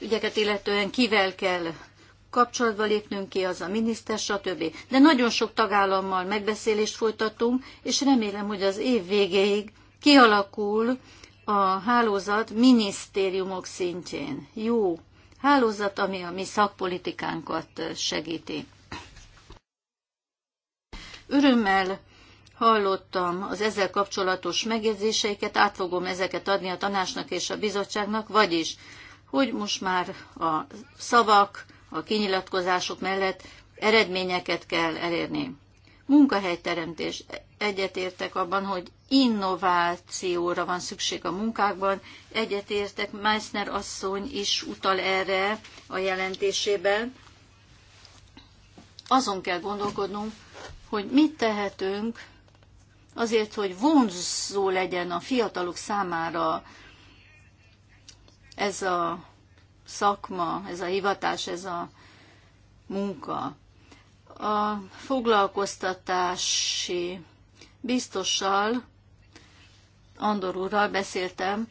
ügyeket illetően kivel kell kapcsolatba lépnünk ki, az a miniszter, stb. De nagyon sok tagállammal megbeszélést folytatunk, és remélem, hogy az év végéig kialakul a hálózat minisztériumok szintjén. Jó hálózat, ami a mi szakpolitikánkat segíti. Örömmel hallottam az ezzel kapcsolatos megjegyzéseiket, át fogom ezeket adni a tanácsnak és a bizottságnak, vagyis, hogy most már a szavak, a kinyilatkozások mellett eredményeket kell elérni. Munkahelyteremtés. Egyetértek abban, hogy innovációra van szükség a munkákban. Egyetértek, Meissner asszony is utal erre a jelentésében. Azon kell gondolkodnunk, hogy mit tehetünk azért, hogy vonzó legyen a fiatalok számára ez a szakma, ez a hivatás, ez a munka. A foglalkoztatási biztossal, Andor úrral beszéltem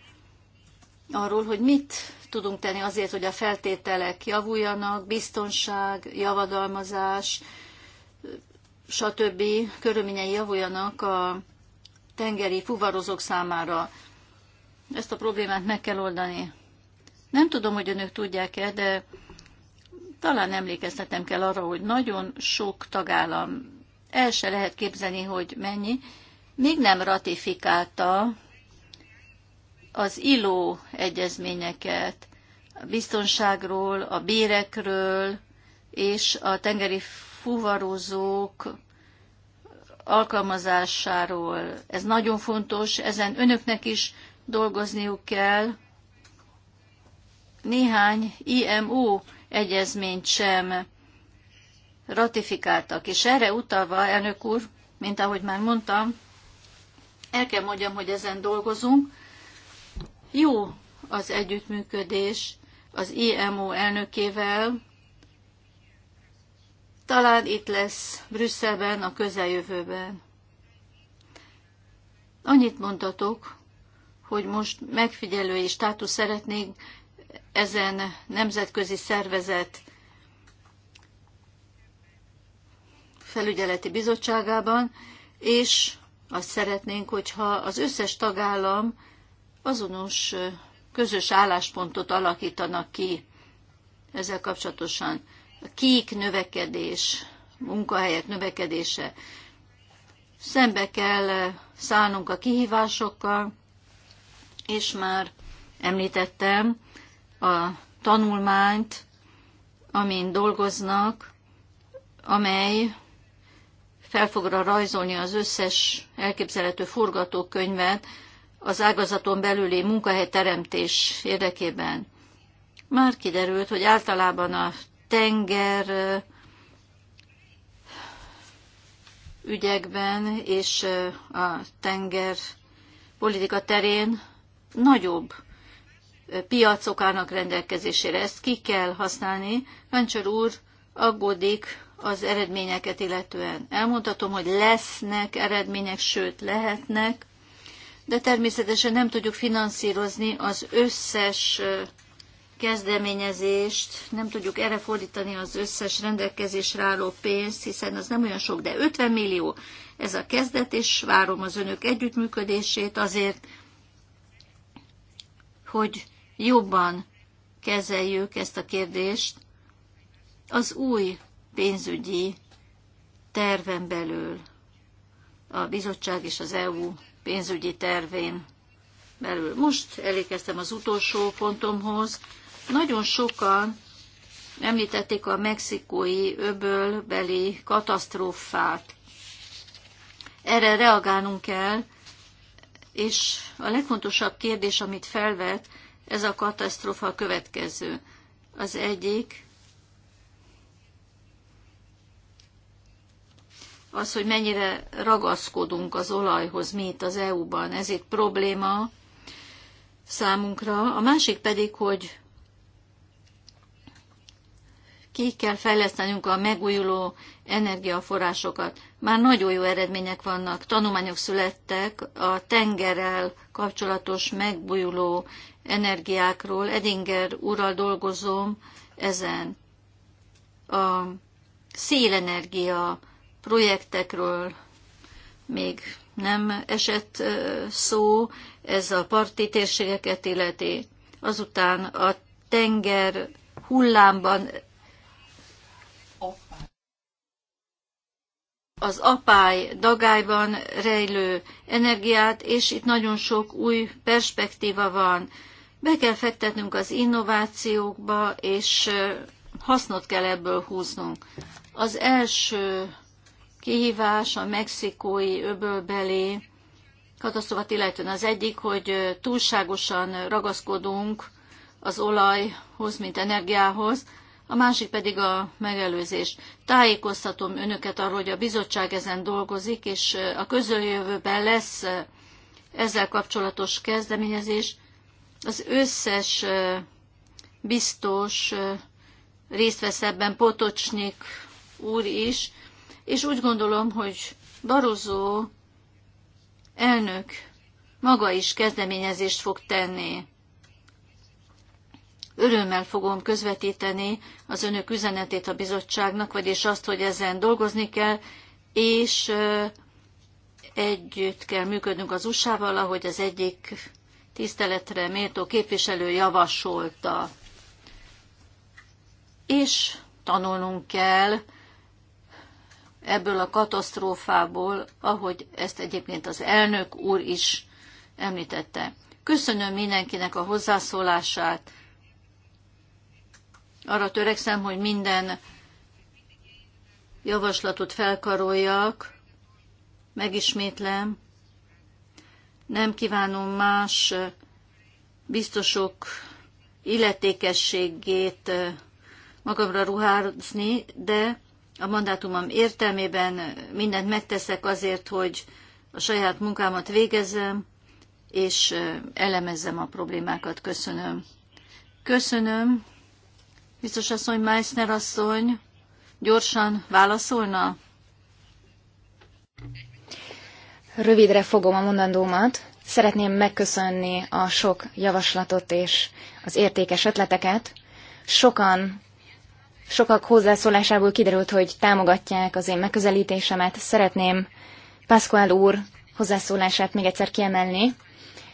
arról, hogy mit tudunk tenni azért, hogy a feltételek javuljanak, biztonság, javadalmazás, stb. körülményei javuljanak a tengeri fuvarozók számára. Ezt a problémát meg kell oldani. Nem tudom, hogy önök tudják-e, de talán emlékeztetem kell arra, hogy nagyon sok tagállam, el se lehet képzelni, hogy mennyi, még nem ratifikálta az ILO egyezményeket a biztonságról, a bérekről és a tengeri fuvarozók alkalmazásáról. Ez nagyon fontos, ezen önöknek is dolgozniuk kell. Néhány IMO egyezményt sem ratifikáltak. És erre utalva, elnök úr, mint ahogy már mondtam, el kell mondjam, hogy ezen dolgozunk. Jó az együttműködés az IMO elnökével, talán itt lesz Brüsszelben a közeljövőben. Annyit mondhatok, hogy most megfigyelői státusz szeretnénk ezen nemzetközi szervezet felügyeleti bizottságában, és azt szeretnénk, hogyha az összes tagállam azonos közös álláspontot alakítanak ki ezzel kapcsolatosan a kék növekedés, munkahelyek növekedése. Szembe kell eh, szállnunk a kihívásokkal, és már említettem a tanulmányt, amin dolgoznak, amely fel fogra rajzolni az összes elképzelhető forgatókönyvet az ágazaton belüli munkahelyteremtés érdekében. Már kiderült, hogy általában a tenger ügyekben és a tenger politika terén nagyobb piacok állnak rendelkezésére. Ezt ki kell használni. Kancsor úr aggódik az eredményeket illetően. Elmondhatom, hogy lesznek eredmények, sőt lehetnek, de természetesen nem tudjuk finanszírozni az összes kezdeményezést, nem tudjuk erre fordítani az összes rendelkezésre álló pénzt, hiszen az nem olyan sok, de 50 millió ez a kezdet, és várom az önök együttműködését azért, hogy jobban kezeljük ezt a kérdést az új pénzügyi terven belül, a bizottság és az EU pénzügyi tervén belül. Most elékeztem az utolsó pontomhoz, nagyon sokan említették a mexikói öbölbeli katasztrófát. Erre reagálnunk kell, és a legfontosabb kérdés, amit felvet, ez a katasztrófa a következő. Az egyik az, hogy mennyire ragaszkodunk az olajhoz, mi itt az EU-ban. Ez itt probléma számunkra. A másik pedig, hogy ki kell fejlesztenünk a megújuló energiaforrásokat. Már nagyon jó eredmények vannak, tanulmányok születtek a tengerrel kapcsolatos megújuló energiákról. Edinger úrral dolgozom ezen. A szélenergia projektekről még nem esett szó, ez a parti térségeket illeti. Azután a tenger hullámban az apály dagályban rejlő energiát, és itt nagyon sok új perspektíva van. Be kell fektetnünk az innovációkba, és hasznot kell ebből húznunk. Az első kihívás a mexikói öbölbeli katasztrofa illetően az egyik, hogy túlságosan ragaszkodunk az olajhoz, mint energiához, a másik pedig a megelőzés. Tájékoztatom önöket arról, hogy a bizottság ezen dolgozik, és a közöljövőben lesz ezzel kapcsolatos kezdeményezés. Az összes biztos részt vesz ebben Potocsnik úr is, és úgy gondolom, hogy Barozó elnök maga is kezdeményezést fog tenni örömmel fogom közvetíteni az önök üzenetét a bizottságnak, vagyis azt, hogy ezen dolgozni kell, és együtt kell működnünk az USA-val, ahogy az egyik tiszteletre méltó képviselő javasolta. És tanulnunk kell ebből a katasztrófából, ahogy ezt egyébként az elnök úr is említette. Köszönöm mindenkinek a hozzászólását, arra törekszem, hogy minden javaslatot felkaroljak, megismétlem, nem kívánom más biztosok illetékességét magamra ruházni, de a mandátumom értelmében mindent megteszek azért, hogy a saját munkámat végezzem, és elemezzem a problémákat. Köszönöm. Köszönöm. Biztos asszony, Meissner asszony gyorsan válaszolna? Rövidre fogom a mondandómat. Szeretném megköszönni a sok javaslatot és az értékes ötleteket. Sokan, sokak hozzászólásából kiderült, hogy támogatják az én megközelítésemet. Szeretném Pascual úr hozzászólását még egyszer kiemelni.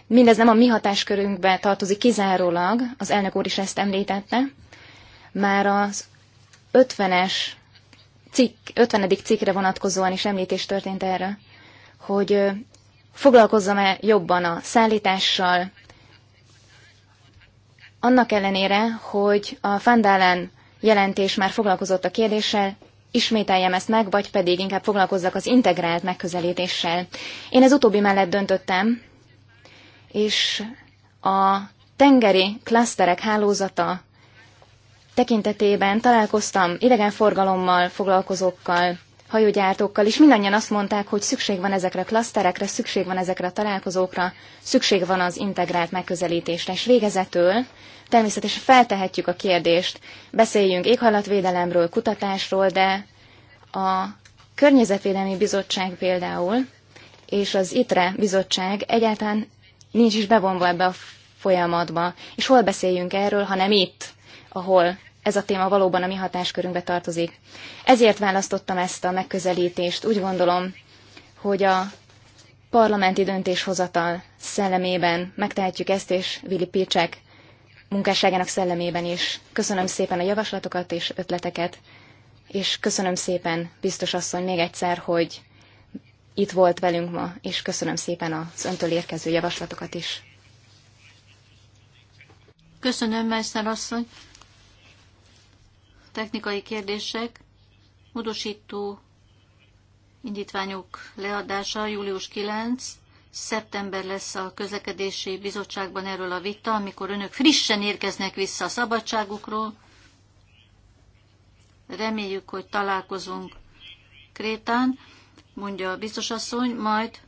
Mindez nem a mi hatáskörünkbe tartozik kizárólag, az elnök úr is ezt említette, már az 50-es cikk, 50. cikkre vonatkozóan is említés történt erre, hogy foglalkozzam-e jobban a szállítással, annak ellenére, hogy a Fandálen jelentés már foglalkozott a kérdéssel, ismételjem ezt meg, vagy pedig inkább foglalkozzak az integrált megközelítéssel. Én az utóbbi mellett döntöttem, és a tengeri klaszterek hálózata tekintetében találkoztam idegenforgalommal foglalkozókkal, hajógyártókkal, és mindannyian azt mondták, hogy szükség van ezekre a klaszterekre, szükség van ezekre a találkozókra, szükség van az integrált megközelítésre. És végezetül természetesen feltehetjük a kérdést, beszéljünk éghajlatvédelemről, kutatásról, de a Környezetvédelmi Bizottság például, és az ITRE bizottság egyáltalán nincs is bevonva ebbe a folyamatba. És hol beszéljünk erről, ha nem itt, ahol ez a téma valóban a mi hatáskörünkbe tartozik. Ezért választottam ezt a megközelítést. Úgy gondolom, hogy a parlamenti döntéshozatal szellemében megtehetjük ezt, és Vili Pécsek munkásságának szellemében is. Köszönöm szépen a javaslatokat és ötleteket, és köszönöm szépen, biztos asszony, még egyszer, hogy itt volt velünk ma, és köszönöm szépen az öntől érkező javaslatokat is. Köszönöm, mester asszony technikai kérdések, módosító indítványok leadása július 9, szeptember lesz a közlekedési bizottságban erről a vita, amikor önök frissen érkeznek vissza a szabadságukról. Reméljük, hogy találkozunk Krétán, mondja a biztosasszony, majd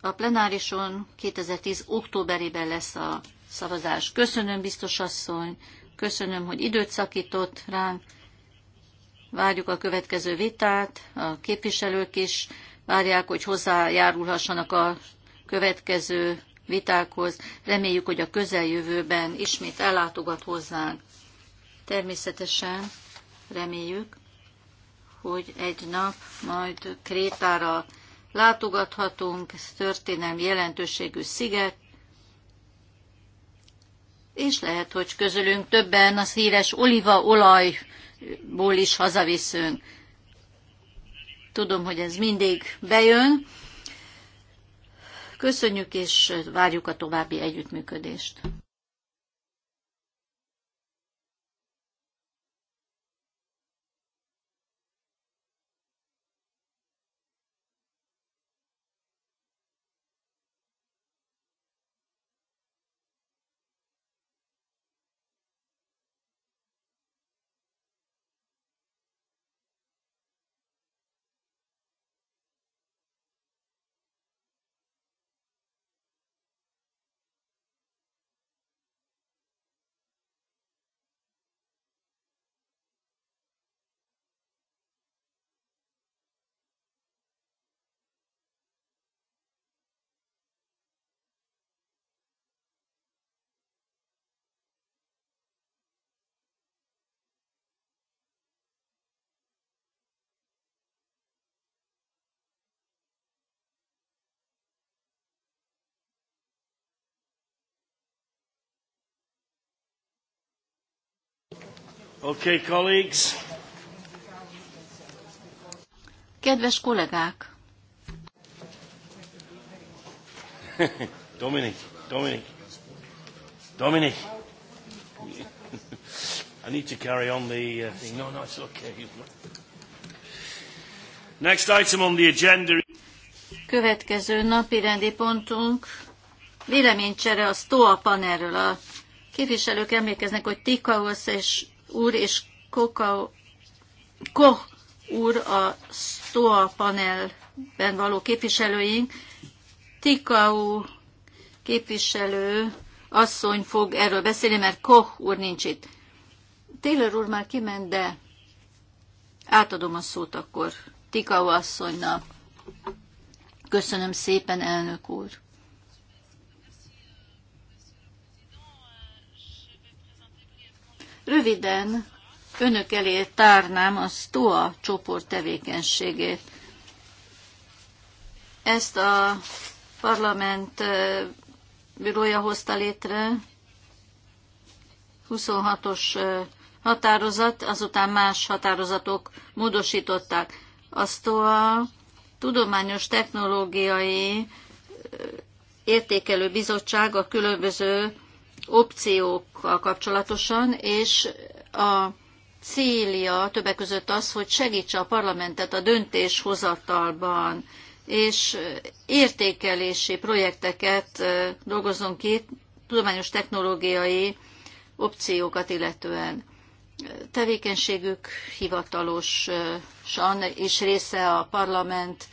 a plenárison 2010. októberében lesz a szavazás. Köszönöm, biztosasszony! Köszönöm, hogy időt szakított ránk. Várjuk a következő vitát, a képviselők is várják, hogy hozzájárulhassanak a következő vitákhoz. Reméljük, hogy a közeljövőben ismét ellátogat hozzánk. Természetesen reméljük, hogy egy nap majd Krétára látogathatunk, történelmi jelentőségű sziget, és lehet, hogy közülünk többen az híres olajból is hazaviszünk. Tudom, hogy ez mindig bejön. Köszönjük, és várjuk a további együttműködést. Okay, colleagues. Kedves kollégák! Dominik, Dominik, Dominik. I need to carry on the uh, thing. No, no, it's okay. Next item on the agenda. Következő napi rendi pontunk véleménycsere a STOA panelről. A képviselők emlékeznek, hogy Tikaosz és úr és Koka, Koh úr a STOA panelben való képviselőink. Tikau képviselő asszony fog erről beszélni, mert koh úr nincs itt. Taylor úr már kiment, de átadom a szót akkor Tikau asszonynak. Köszönöm szépen, elnök úr. Röviden önök elé tárnám a STOA csoport tevékenységét. Ezt a parlament bürója hozta létre, 26-os határozat, azután más határozatok módosították. A STOA tudományos technológiai értékelő bizottság a különböző opciókkal kapcsolatosan, és a célja többek között az, hogy segítse a parlamentet a döntéshozatalban, és értékelési projekteket dolgozzon ki tudományos technológiai opciókat illetően. Tevékenységük hivatalosan is része a parlament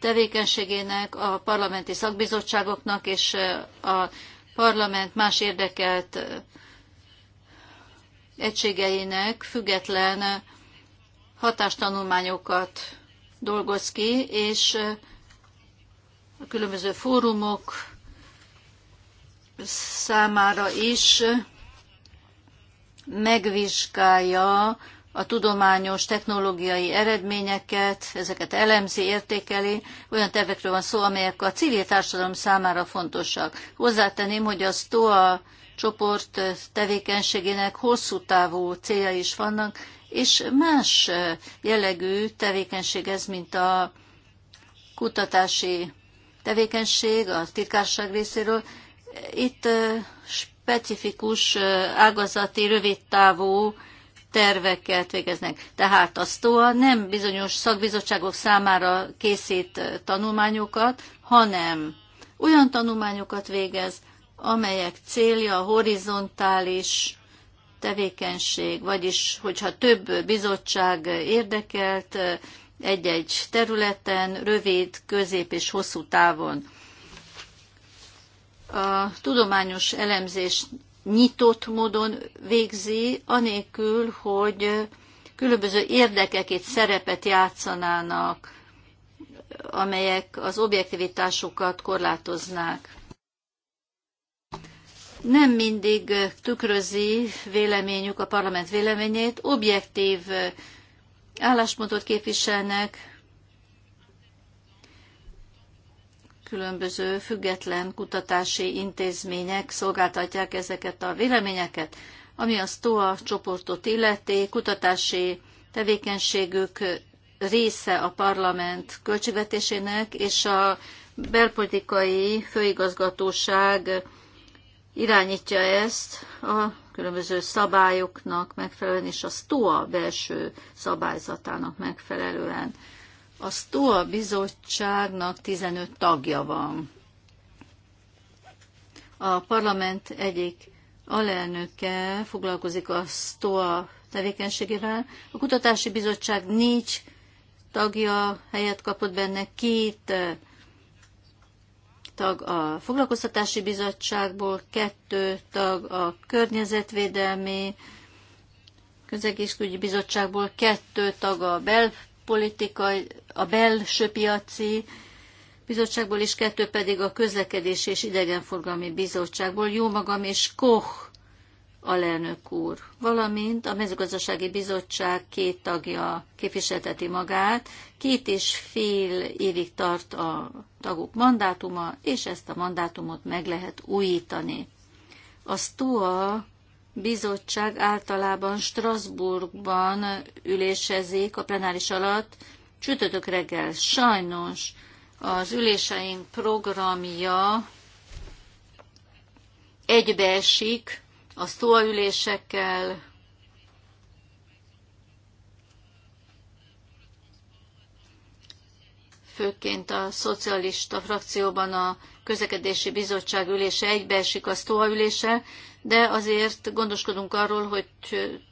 tevékenységének, a parlamenti szakbizottságoknak és a parlament más érdekelt egységeinek független hatástanulmányokat dolgoz ki, és a különböző fórumok számára is megvizsgálja a tudományos, technológiai eredményeket, ezeket elemzi, értékeli. Olyan tervekről van szó, amelyek a civil társadalom számára fontosak. Hozzátenném, hogy a STOA csoport tevékenységének hosszú távú célja is vannak, és más jellegű tevékenység ez, mint a kutatási tevékenység a titkárság részéről. Itt specifikus ágazati, rövidtávú terveket végeznek. Tehát a STOA nem bizonyos szakbizottságok számára készít tanulmányokat, hanem olyan tanulmányokat végez, amelyek célja a horizontális tevékenység, vagyis hogyha több bizottság érdekelt egy-egy területen, rövid, közép és hosszú távon. A tudományos elemzés nyitott módon végzi, anélkül, hogy különböző érdekekét szerepet játszanának, amelyek az objektivitásukat korlátoznák. Nem mindig tükrözi véleményük a parlament véleményét, objektív álláspontot képviselnek, különböző független kutatási intézmények szolgáltatják ezeket a véleményeket, ami a STOA csoportot illeti, kutatási tevékenységük része a parlament költségvetésének, és a belpolitikai főigazgatóság irányítja ezt a különböző szabályoknak megfelelően, és a STOA belső szabályzatának megfelelően. A STOA bizottságnak 15 tagja van. A parlament egyik alelnöke foglalkozik a STOA tevékenységével. A kutatási bizottság négy tagja helyet kapott benne, két eh, tag a foglalkoztatási bizottságból, kettő tag a környezetvédelmi közegészségügyi bizottságból, kettő tag a bel politikai, a belső piaci bizottságból, és kettő pedig a közlekedés és idegenforgalmi bizottságból, jó magam és Koch alelnök úr, valamint a mezőgazdasági bizottság két tagja képviselteti magát, két és fél évig tart a tagok mandátuma, és ezt a mandátumot meg lehet újítani. A STUA bizottság általában Strasbourgban ülésezik a plenáris alatt csütörtök reggel. Sajnos az üléseink programja egybeesik a ülésekkel, főként a szocialista frakcióban a közlekedési bizottság ülése egybeesik a sztóa ülése, de azért gondoskodunk arról, hogy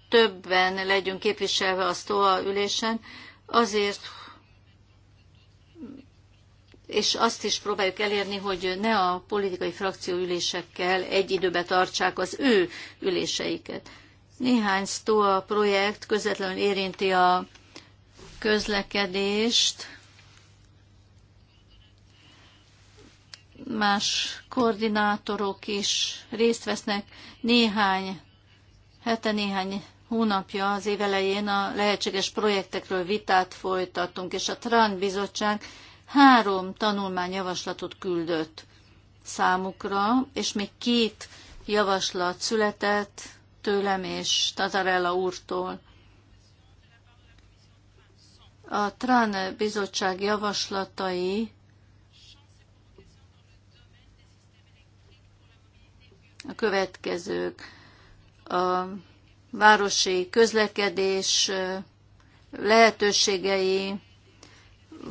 többen legyünk képviselve a STOA ülésen, azért, és azt is próbáljuk elérni, hogy ne a politikai frakció ülésekkel egy időbe tartsák az ő üléseiket. Néhány STOA projekt közvetlenül érinti a közlekedést, más koordinátorok is részt vesznek néhány hete, néhány hónapja az év elején a lehetséges projektekről vitát folytattunk, és a TRAN bizottság három tanulmányjavaslatot küldött számukra, és még két javaslat született tőlem és Tatarella úrtól. A trán bizottság javaslatai a következők. A városi közlekedés lehetőségei,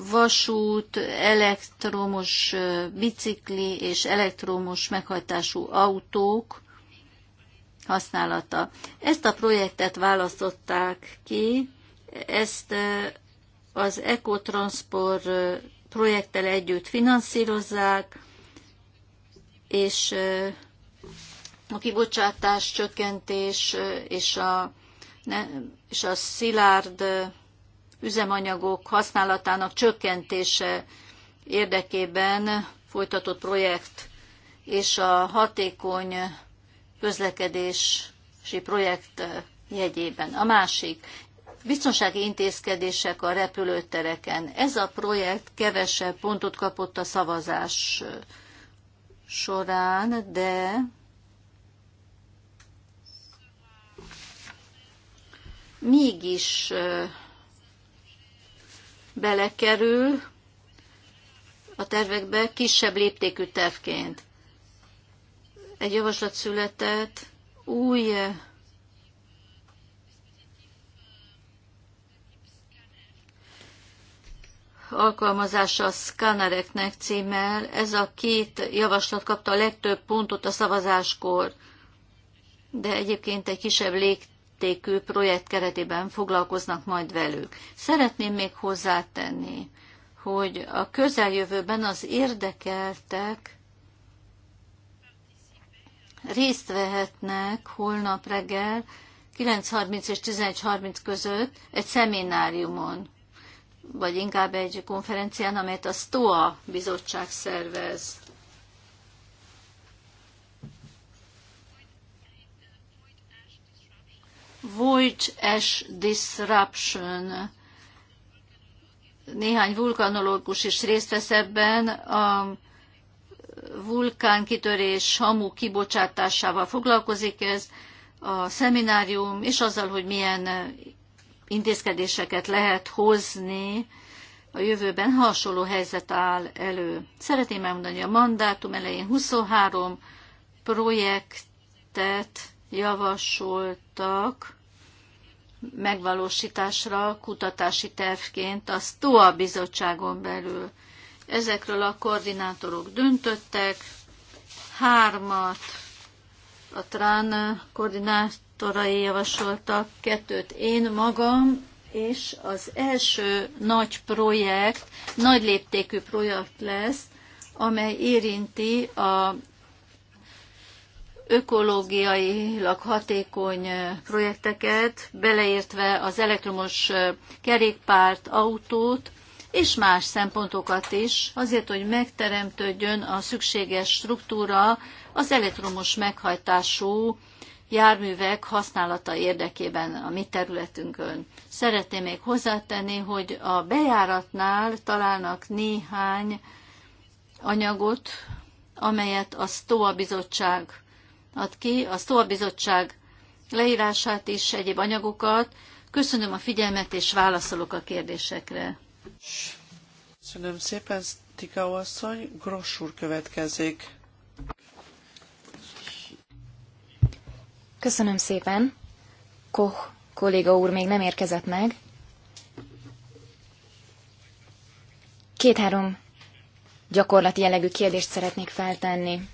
vasút, elektromos bicikli és elektromos meghajtású autók használata. Ezt a projektet választották ki, ezt az Ecotransport projekttel együtt finanszírozzák, és a kibocsátás csökkentés és a, ne, és a szilárd üzemanyagok használatának csökkentése érdekében folytatott projekt és a hatékony közlekedési projekt jegyében. A másik, biztonsági intézkedések a repülőtereken. Ez a projekt kevesebb pontot kapott a szavazás során, de mégis belekerül a tervekbe kisebb léptékű tervként. Egy javaslat született, új alkalmazása a szkánereknek címmel. Ez a két javaslat kapta a legtöbb pontot a szavazáskor, de egyébként egy kisebb léptékű projekt keretében foglalkoznak majd velük. Szeretném még hozzátenni, hogy a közeljövőben az érdekeltek részt vehetnek holnap reggel 9.30 és 11.30 között egy szemináriumon, vagy inkább egy konferencián, amelyet a STOA bizottság szervez. Void S Disruption. Néhány vulkanológus is részt vesz ebben. A kitörés hamu kibocsátásával foglalkozik ez a szeminárium, és azzal, hogy milyen intézkedéseket lehet hozni a jövőben, ha hasonló helyzet áll elő. Szeretném elmondani, a mandátum elején 23 projektet javasoltak megvalósításra kutatási tervként a STOA bizottságon belül. Ezekről a koordinátorok döntöttek, hármat a TRAN koordinátorai javasoltak, kettőt én magam, és az első nagy projekt, nagy léptékű projekt lesz, amely érinti a ökológiailag hatékony projekteket, beleértve az elektromos kerékpárt, autót és más szempontokat is, azért, hogy megteremtődjön a szükséges struktúra az elektromos meghajtású járművek használata érdekében a mi területünkön. Szeretném még hozzátenni, hogy a bejáratnál találnak néhány anyagot, amelyet a STOA bizottság ad ki, a SZTOA bizottság leírását is, egyéb anyagokat. Köszönöm a figyelmet, és válaszolok a kérdésekre. Köszönöm szépen, Tika asszony. Gross úr következik. Köszönöm szépen. Koch kolléga úr még nem érkezett meg. Két-három gyakorlati jellegű kérdést szeretnék feltenni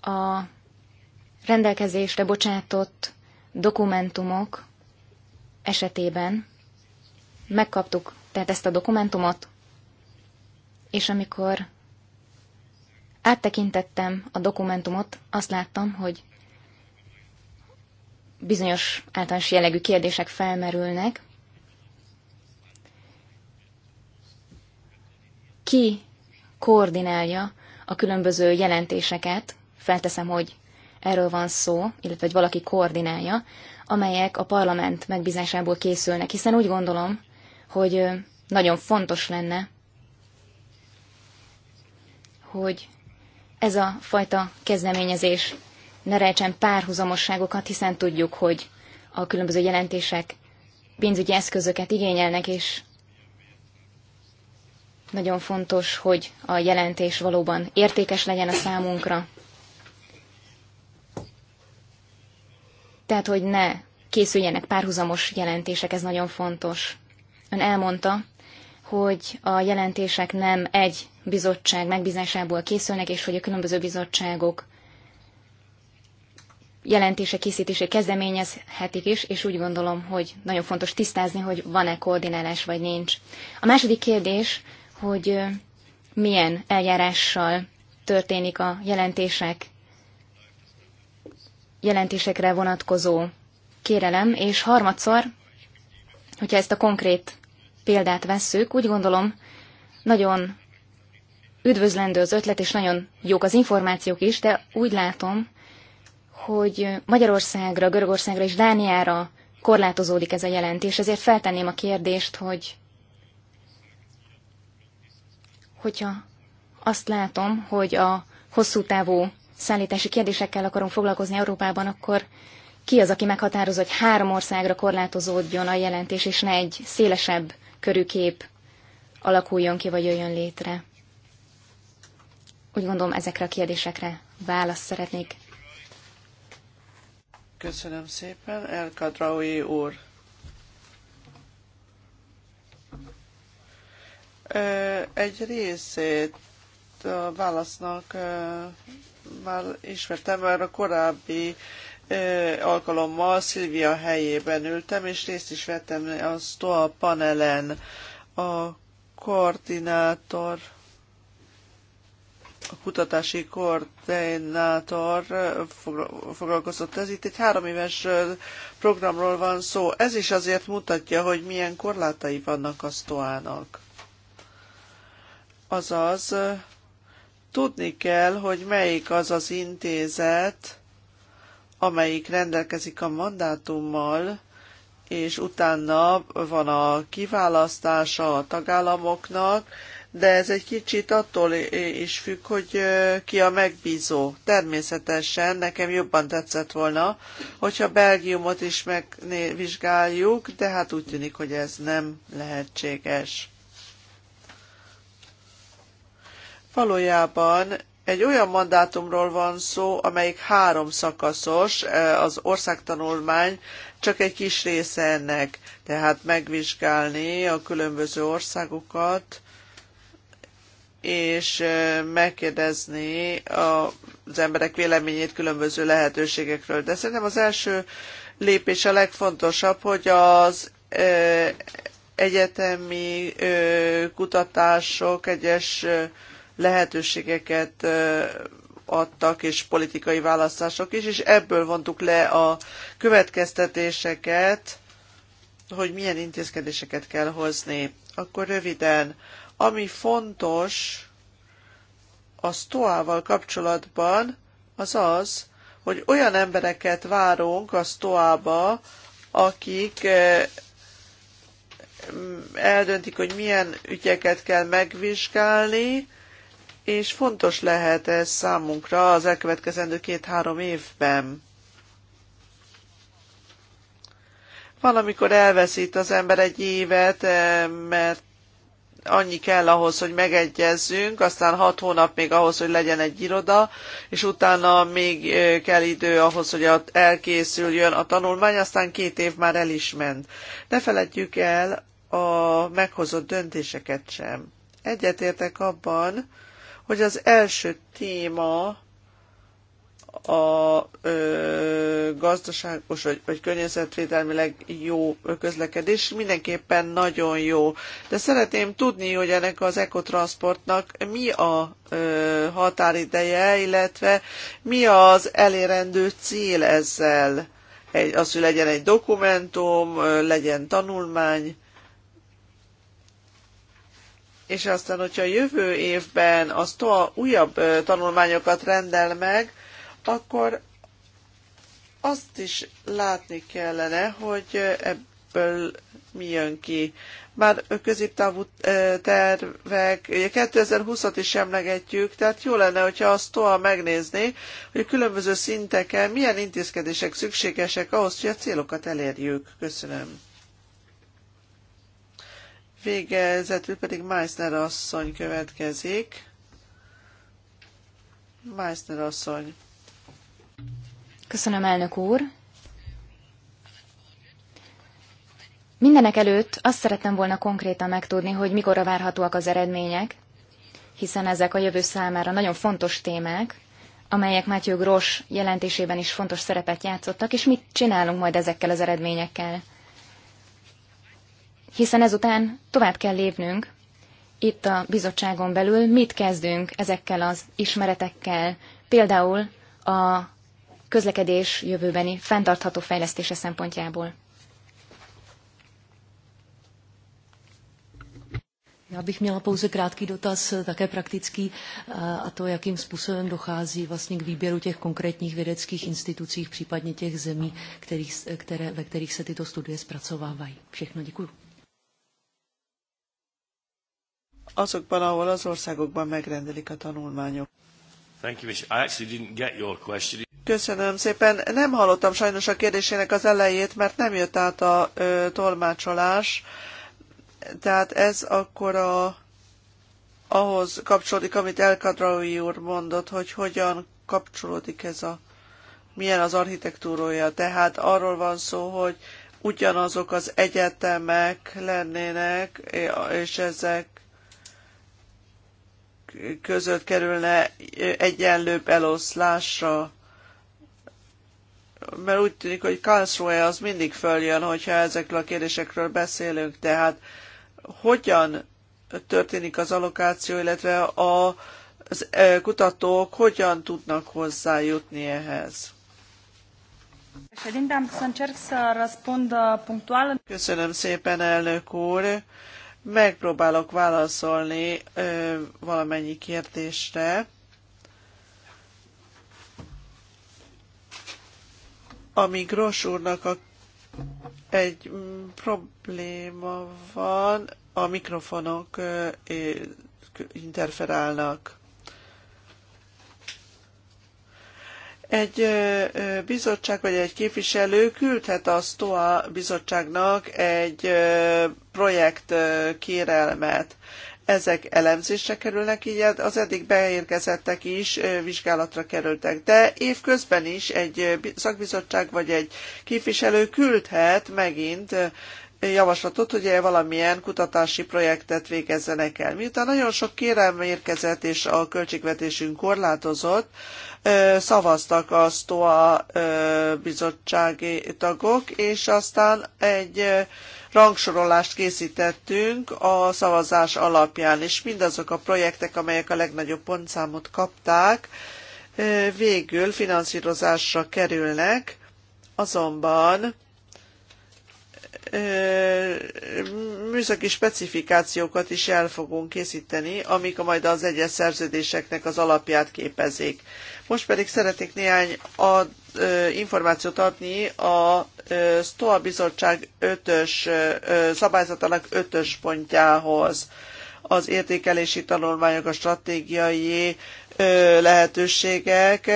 a rendelkezésre bocsátott dokumentumok esetében megkaptuk tehát ezt a dokumentumot, és amikor áttekintettem a dokumentumot, azt láttam, hogy bizonyos általános jellegű kérdések felmerülnek. Ki koordinálja a különböző jelentéseket, felteszem, hogy erről van szó, illetve hogy valaki koordinálja, amelyek a parlament megbízásából készülnek, hiszen úgy gondolom, hogy nagyon fontos lenne, hogy ez a fajta kezdeményezés ne rejtsen párhuzamosságokat, hiszen tudjuk, hogy a különböző jelentések pénzügyi eszközöket igényelnek, és nagyon fontos, hogy a jelentés valóban értékes legyen a számunkra. tehát hogy ne készüljenek párhuzamos jelentések, ez nagyon fontos. Ön elmondta, hogy a jelentések nem egy bizottság megbízásából készülnek, és hogy a különböző bizottságok jelentése készítését kezdeményezhetik is, és úgy gondolom, hogy nagyon fontos tisztázni, hogy van-e koordinálás, vagy nincs. A második kérdés, hogy milyen eljárással történik a jelentések jelentésekre vonatkozó kérelem, és harmadszor, hogyha ezt a konkrét példát vesszük, úgy gondolom, nagyon üdvözlendő az ötlet, és nagyon jók az információk is, de úgy látom, hogy Magyarországra, Görögországra és Dániára korlátozódik ez a jelentés, ezért feltenném a kérdést, hogy hogyha azt látom, hogy a hosszú távú szállítási kérdésekkel akarunk foglalkozni Európában, akkor ki az, aki meghatároz, hogy három országra korlátozódjon a jelentés, és ne egy szélesebb körű kép alakuljon ki, vagy jöjjön létre? Úgy gondolom, ezekre a kérdésekre választ szeretnék. Köszönöm szépen, El Kadraui úr. Egy részét a válasznak már ismertem, már a korábbi alkalommal Szilvia helyében ültem, és részt is vettem a STOA panelen a koordinátor, a kutatási koordinátor foglalkozott ez. Itt egy három éves programról van szó. Ez is azért mutatja, hogy milyen korlátai vannak a STOA-nak. Azaz, Tudni kell, hogy melyik az az intézet, amelyik rendelkezik a mandátummal, és utána van a kiválasztása a tagállamoknak, de ez egy kicsit attól is függ, hogy ki a megbízó. Természetesen nekem jobban tetszett volna, hogyha Belgiumot is megvizsgáljuk, de hát úgy tűnik, hogy ez nem lehetséges. valójában egy olyan mandátumról van szó, amelyik három szakaszos, e, az országtanulmány csak egy kis része ennek, tehát megvizsgálni a különböző országokat, és e, megkérdezni az emberek véleményét különböző lehetőségekről. De szerintem az első lépés a legfontosabb, hogy az e, egyetemi kutatások, egyes lehetőségeket adtak, és politikai választások is, és ebből vontuk le a következtetéseket, hogy milyen intézkedéseket kell hozni. Akkor röviden, ami fontos a STOA-val kapcsolatban, az az, hogy olyan embereket várunk a STOA-ba, akik eldöntik, hogy milyen ügyeket kell megvizsgálni, és fontos lehet ez számunkra az elkövetkezendő két-három évben. Van, amikor elveszít az ember egy évet, eh, mert annyi kell ahhoz, hogy megegyezzünk, aztán hat hónap még ahhoz, hogy legyen egy iroda, és utána még eh, kell idő ahhoz, hogy elkészüljön a tanulmány, aztán két év már el is ment. Ne feledjük el a meghozott döntéseket sem. Egyetértek abban, hogy az első téma a ö, gazdaságos vagy, vagy környezetvédelmileg jó közlekedés mindenképpen nagyon jó. De szeretném tudni, hogy ennek az ekotransportnak mi a ö, határideje, illetve mi az elérendő cél ezzel. Egy, az, hogy legyen egy dokumentum, legyen tanulmány és aztán, hogyha jövő évben az TOA újabb tanulmányokat rendel meg, akkor azt is látni kellene, hogy ebből mi jön ki. Már középtávú tervek, 2020-at is emlegetjük, tehát jó lenne, hogyha a STOA megnézni, hogy a különböző szinteken milyen intézkedések szükségesek ahhoz, hogy a célokat elérjük. Köszönöm. Végezetül pedig Meissner asszony következik. Meissner asszony. Köszönöm, elnök úr. Mindenek előtt azt szerettem volna konkrétan megtudni, hogy mikorra várhatóak az eredmények, hiszen ezek a jövő számára nagyon fontos témák, amelyek Mátyő Gross jelentésében is fontos szerepet játszottak, és mit csinálunk majd ezekkel az eredményekkel hiszen ezután tovább kell lépnünk itt a bizottságon belül, mit kezdünk ezekkel az ismeretekkel, például a közlekedés jövőbeni fenntartható fejlesztése szempontjából. Já bych měla pouze krátký dotaz, také praktický, a to, jakým způsobem dochází vlastně k výběru těch konkrétních vědeckých institucích, případně těch zemí, kterých, které, ve kterých se tyto studie zpracovávají. Všechno děkuji. azokban, ahol az országokban megrendelik a tanulmányok. Thank you, I actually didn't get your question. Köszönöm szépen. Nem hallottam sajnos a kérdésének az elejét, mert nem jött át a ö, tolmácsolás. Tehát ez akkor a, ahhoz kapcsolódik, amit Kadraui úr mondott, hogy hogyan kapcsolódik ez a, milyen az architektúrója. Tehát arról van szó, hogy ugyanazok az egyetemek lennének, és ezek között kerülne egyenlőbb eloszlásra? Mert úgy tűnik, hogy Karlsruhe az mindig följön, hogyha ezekről a kérdésekről beszélünk. Tehát hogyan történik az allokáció, illetve a, az kutatók hogyan tudnak hozzájutni ehhez? Uh, Köszönöm szépen, elnök úr. Megpróbálok válaszolni ö, valamennyi kérdésre. Ami Gros úrnak a, egy mm, probléma van, a mikrofonok ö, interferálnak. egy bizottság vagy egy képviselő küldhet a STOA bizottságnak egy projekt kérelmet. Ezek elemzésre kerülnek, így az eddig beérkezettek is vizsgálatra kerültek. De évközben is egy szakbizottság vagy egy képviselő küldhet megint javaslatot, hogy valamilyen kutatási projektet végezzenek el. Miután nagyon sok kérelm érkezett és a költségvetésünk korlátozott, szavaztak a STOA bizottsági tagok, és aztán egy rangsorolást készítettünk a szavazás alapján, és mindazok a projektek, amelyek a legnagyobb pontszámot kapták, végül finanszírozásra kerülnek, azonban műszaki specifikációkat is el fogunk készíteni, amik majd az egyes szerződéseknek az alapját képezik. Most pedig szeretnék néhány ad, információt adni a STOA bizottság ötös, ö, szabályzatának ötös pontjához. Az értékelési tanulmányok a stratégiai lehetőségek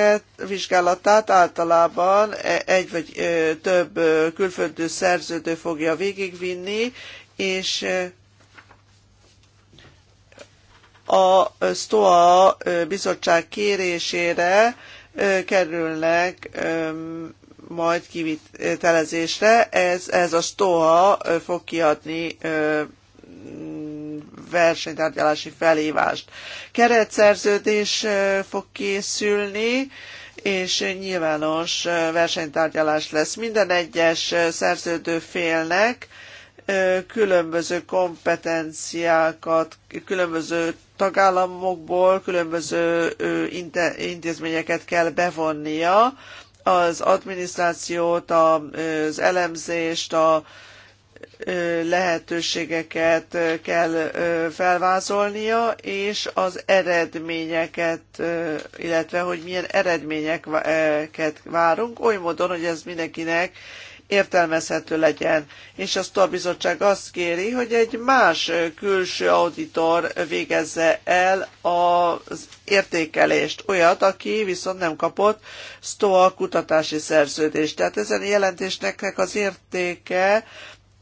vizsgálatát általában e, egy vagy több külföldű szerződő fogja végigvinni, és a STOA bizottság kérésére kerülnek majd kivitelezésre. Ez, ez a STOA fog kiadni versenytárgyalási felhívást. Keretszerződés fog készülni, és nyilvános versenytárgyalás lesz minden egyes szerződő félnek, különböző kompetenciákat, különböző tagállamokból különböző intézményeket kell bevonnia, az adminisztrációt, az elemzést, a lehetőségeket kell felvázolnia, és az eredményeket, illetve hogy milyen eredményeket várunk, oly módon, hogy ez mindenkinek értelmezhető legyen. És azt a bizottság azt kéri, hogy egy más külső auditor végezze el az értékelést. Olyat, aki viszont nem kapott STOA kutatási szerződést. Tehát ezen jelentésnek az értéke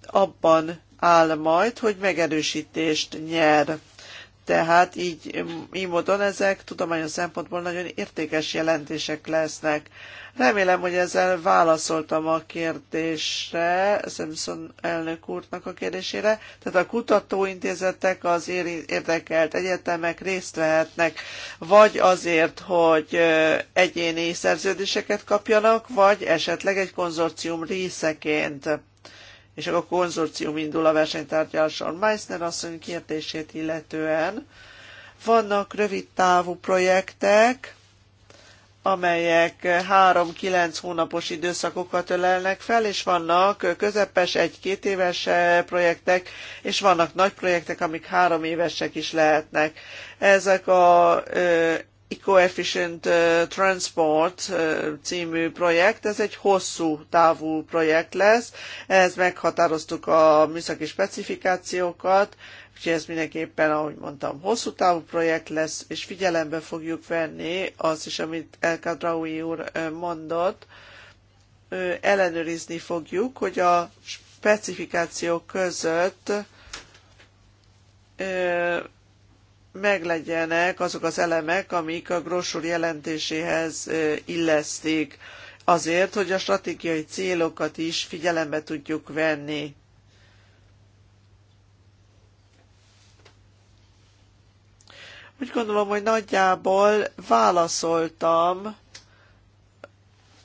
abban áll majd, hogy megerősítést nyer. Tehát így, így módon ezek tudományos szempontból nagyon értékes jelentések lesznek. Remélem, hogy ezzel válaszoltam a kérdésre, Simpson elnök úrnak a kérdésére. Tehát a kutatóintézetek az érdekelt egyetemek részt vehetnek, vagy azért, hogy egyéni szerződéseket kapjanak, vagy esetleg egy konzorcium részeként és a konzorcium indul a versenytárgyalással Meissner asszony kérdését illetően vannak rövid távú projektek, amelyek három-kilenc hónapos időszakokat ölelnek fel, és vannak közepes, egy-két éves eh, projektek, és vannak nagy projektek, amik három évesek is lehetnek. Ezek a eh, Iko-efficient uh, Transport uh, című projekt, ez egy hosszú távú projekt lesz, ehhez meghatároztuk a műszaki specifikációkat, úgyhogy ez mindenképpen, ahogy mondtam, hosszú távú projekt lesz, és figyelembe fogjuk venni azt is, amit El Kadraui úr uh, mondott, ellenőrizni fogjuk, hogy a specifikációk között meglegyenek azok az elemek, amik a Grossúr jelentéséhez illesztik, azért, hogy a stratégiai célokat is figyelembe tudjuk venni. Úgy gondolom, hogy nagyjából válaszoltam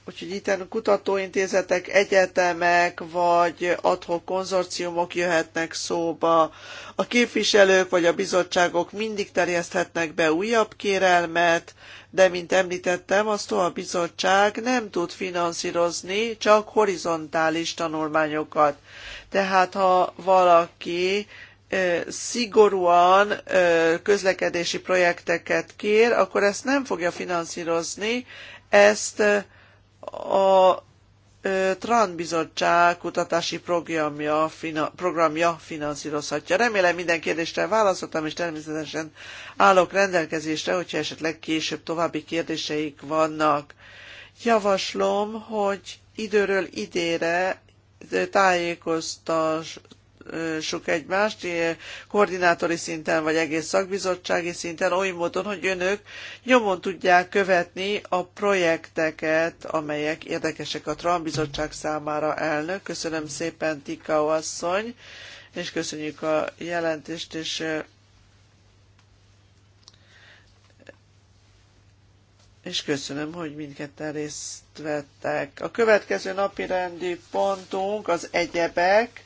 Úgyhogy itt kutatóintézetek, egyetemek vagy adhok konzorciumok jöhetnek szóba. A képviselők vagy a bizottságok mindig terjeszthetnek be újabb kérelmet, de mint említettem, azt a bizottság nem tud finanszírozni csak horizontális tanulmányokat. Tehát ha valaki szigorúan közlekedési projekteket kér, akkor ezt nem fogja finanszírozni, ezt a TRAN bizottság kutatási programja, fina, programja finanszírozhatja. Remélem minden kérdésre válaszoltam, és természetesen állok rendelkezésre, hogyha esetleg később további kérdéseik vannak. Javaslom, hogy időről idére tájékoztas, sok egymást, eh, koordinátori szinten vagy egész szakbizottsági szinten, oly módon, hogy önök nyomon tudják követni a projekteket, amelyek érdekesek a Trump bizottság számára elnök. Köszönöm szépen, tika asszony, és köszönjük a jelentést, és eh, és köszönöm, hogy mindketten részt vettek. A következő napi rendi pontunk az egyebek,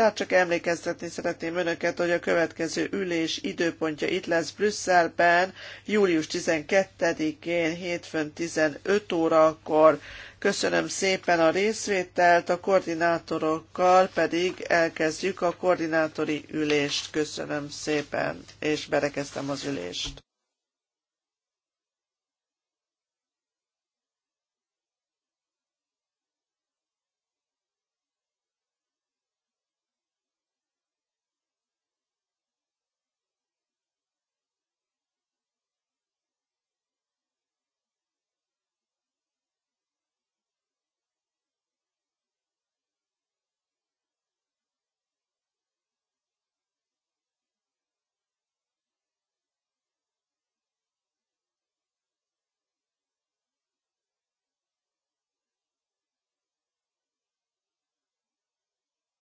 Tehát csak emlékeztetni szeretném önöket, hogy a következő ülés időpontja itt lesz Brüsszelben, július 12-én, hétfőn 15 órakor. Köszönöm szépen a részvételt, a koordinátorokkal pedig elkezdjük a koordinátori ülést. Köszönöm szépen, és berekeztem az ülést.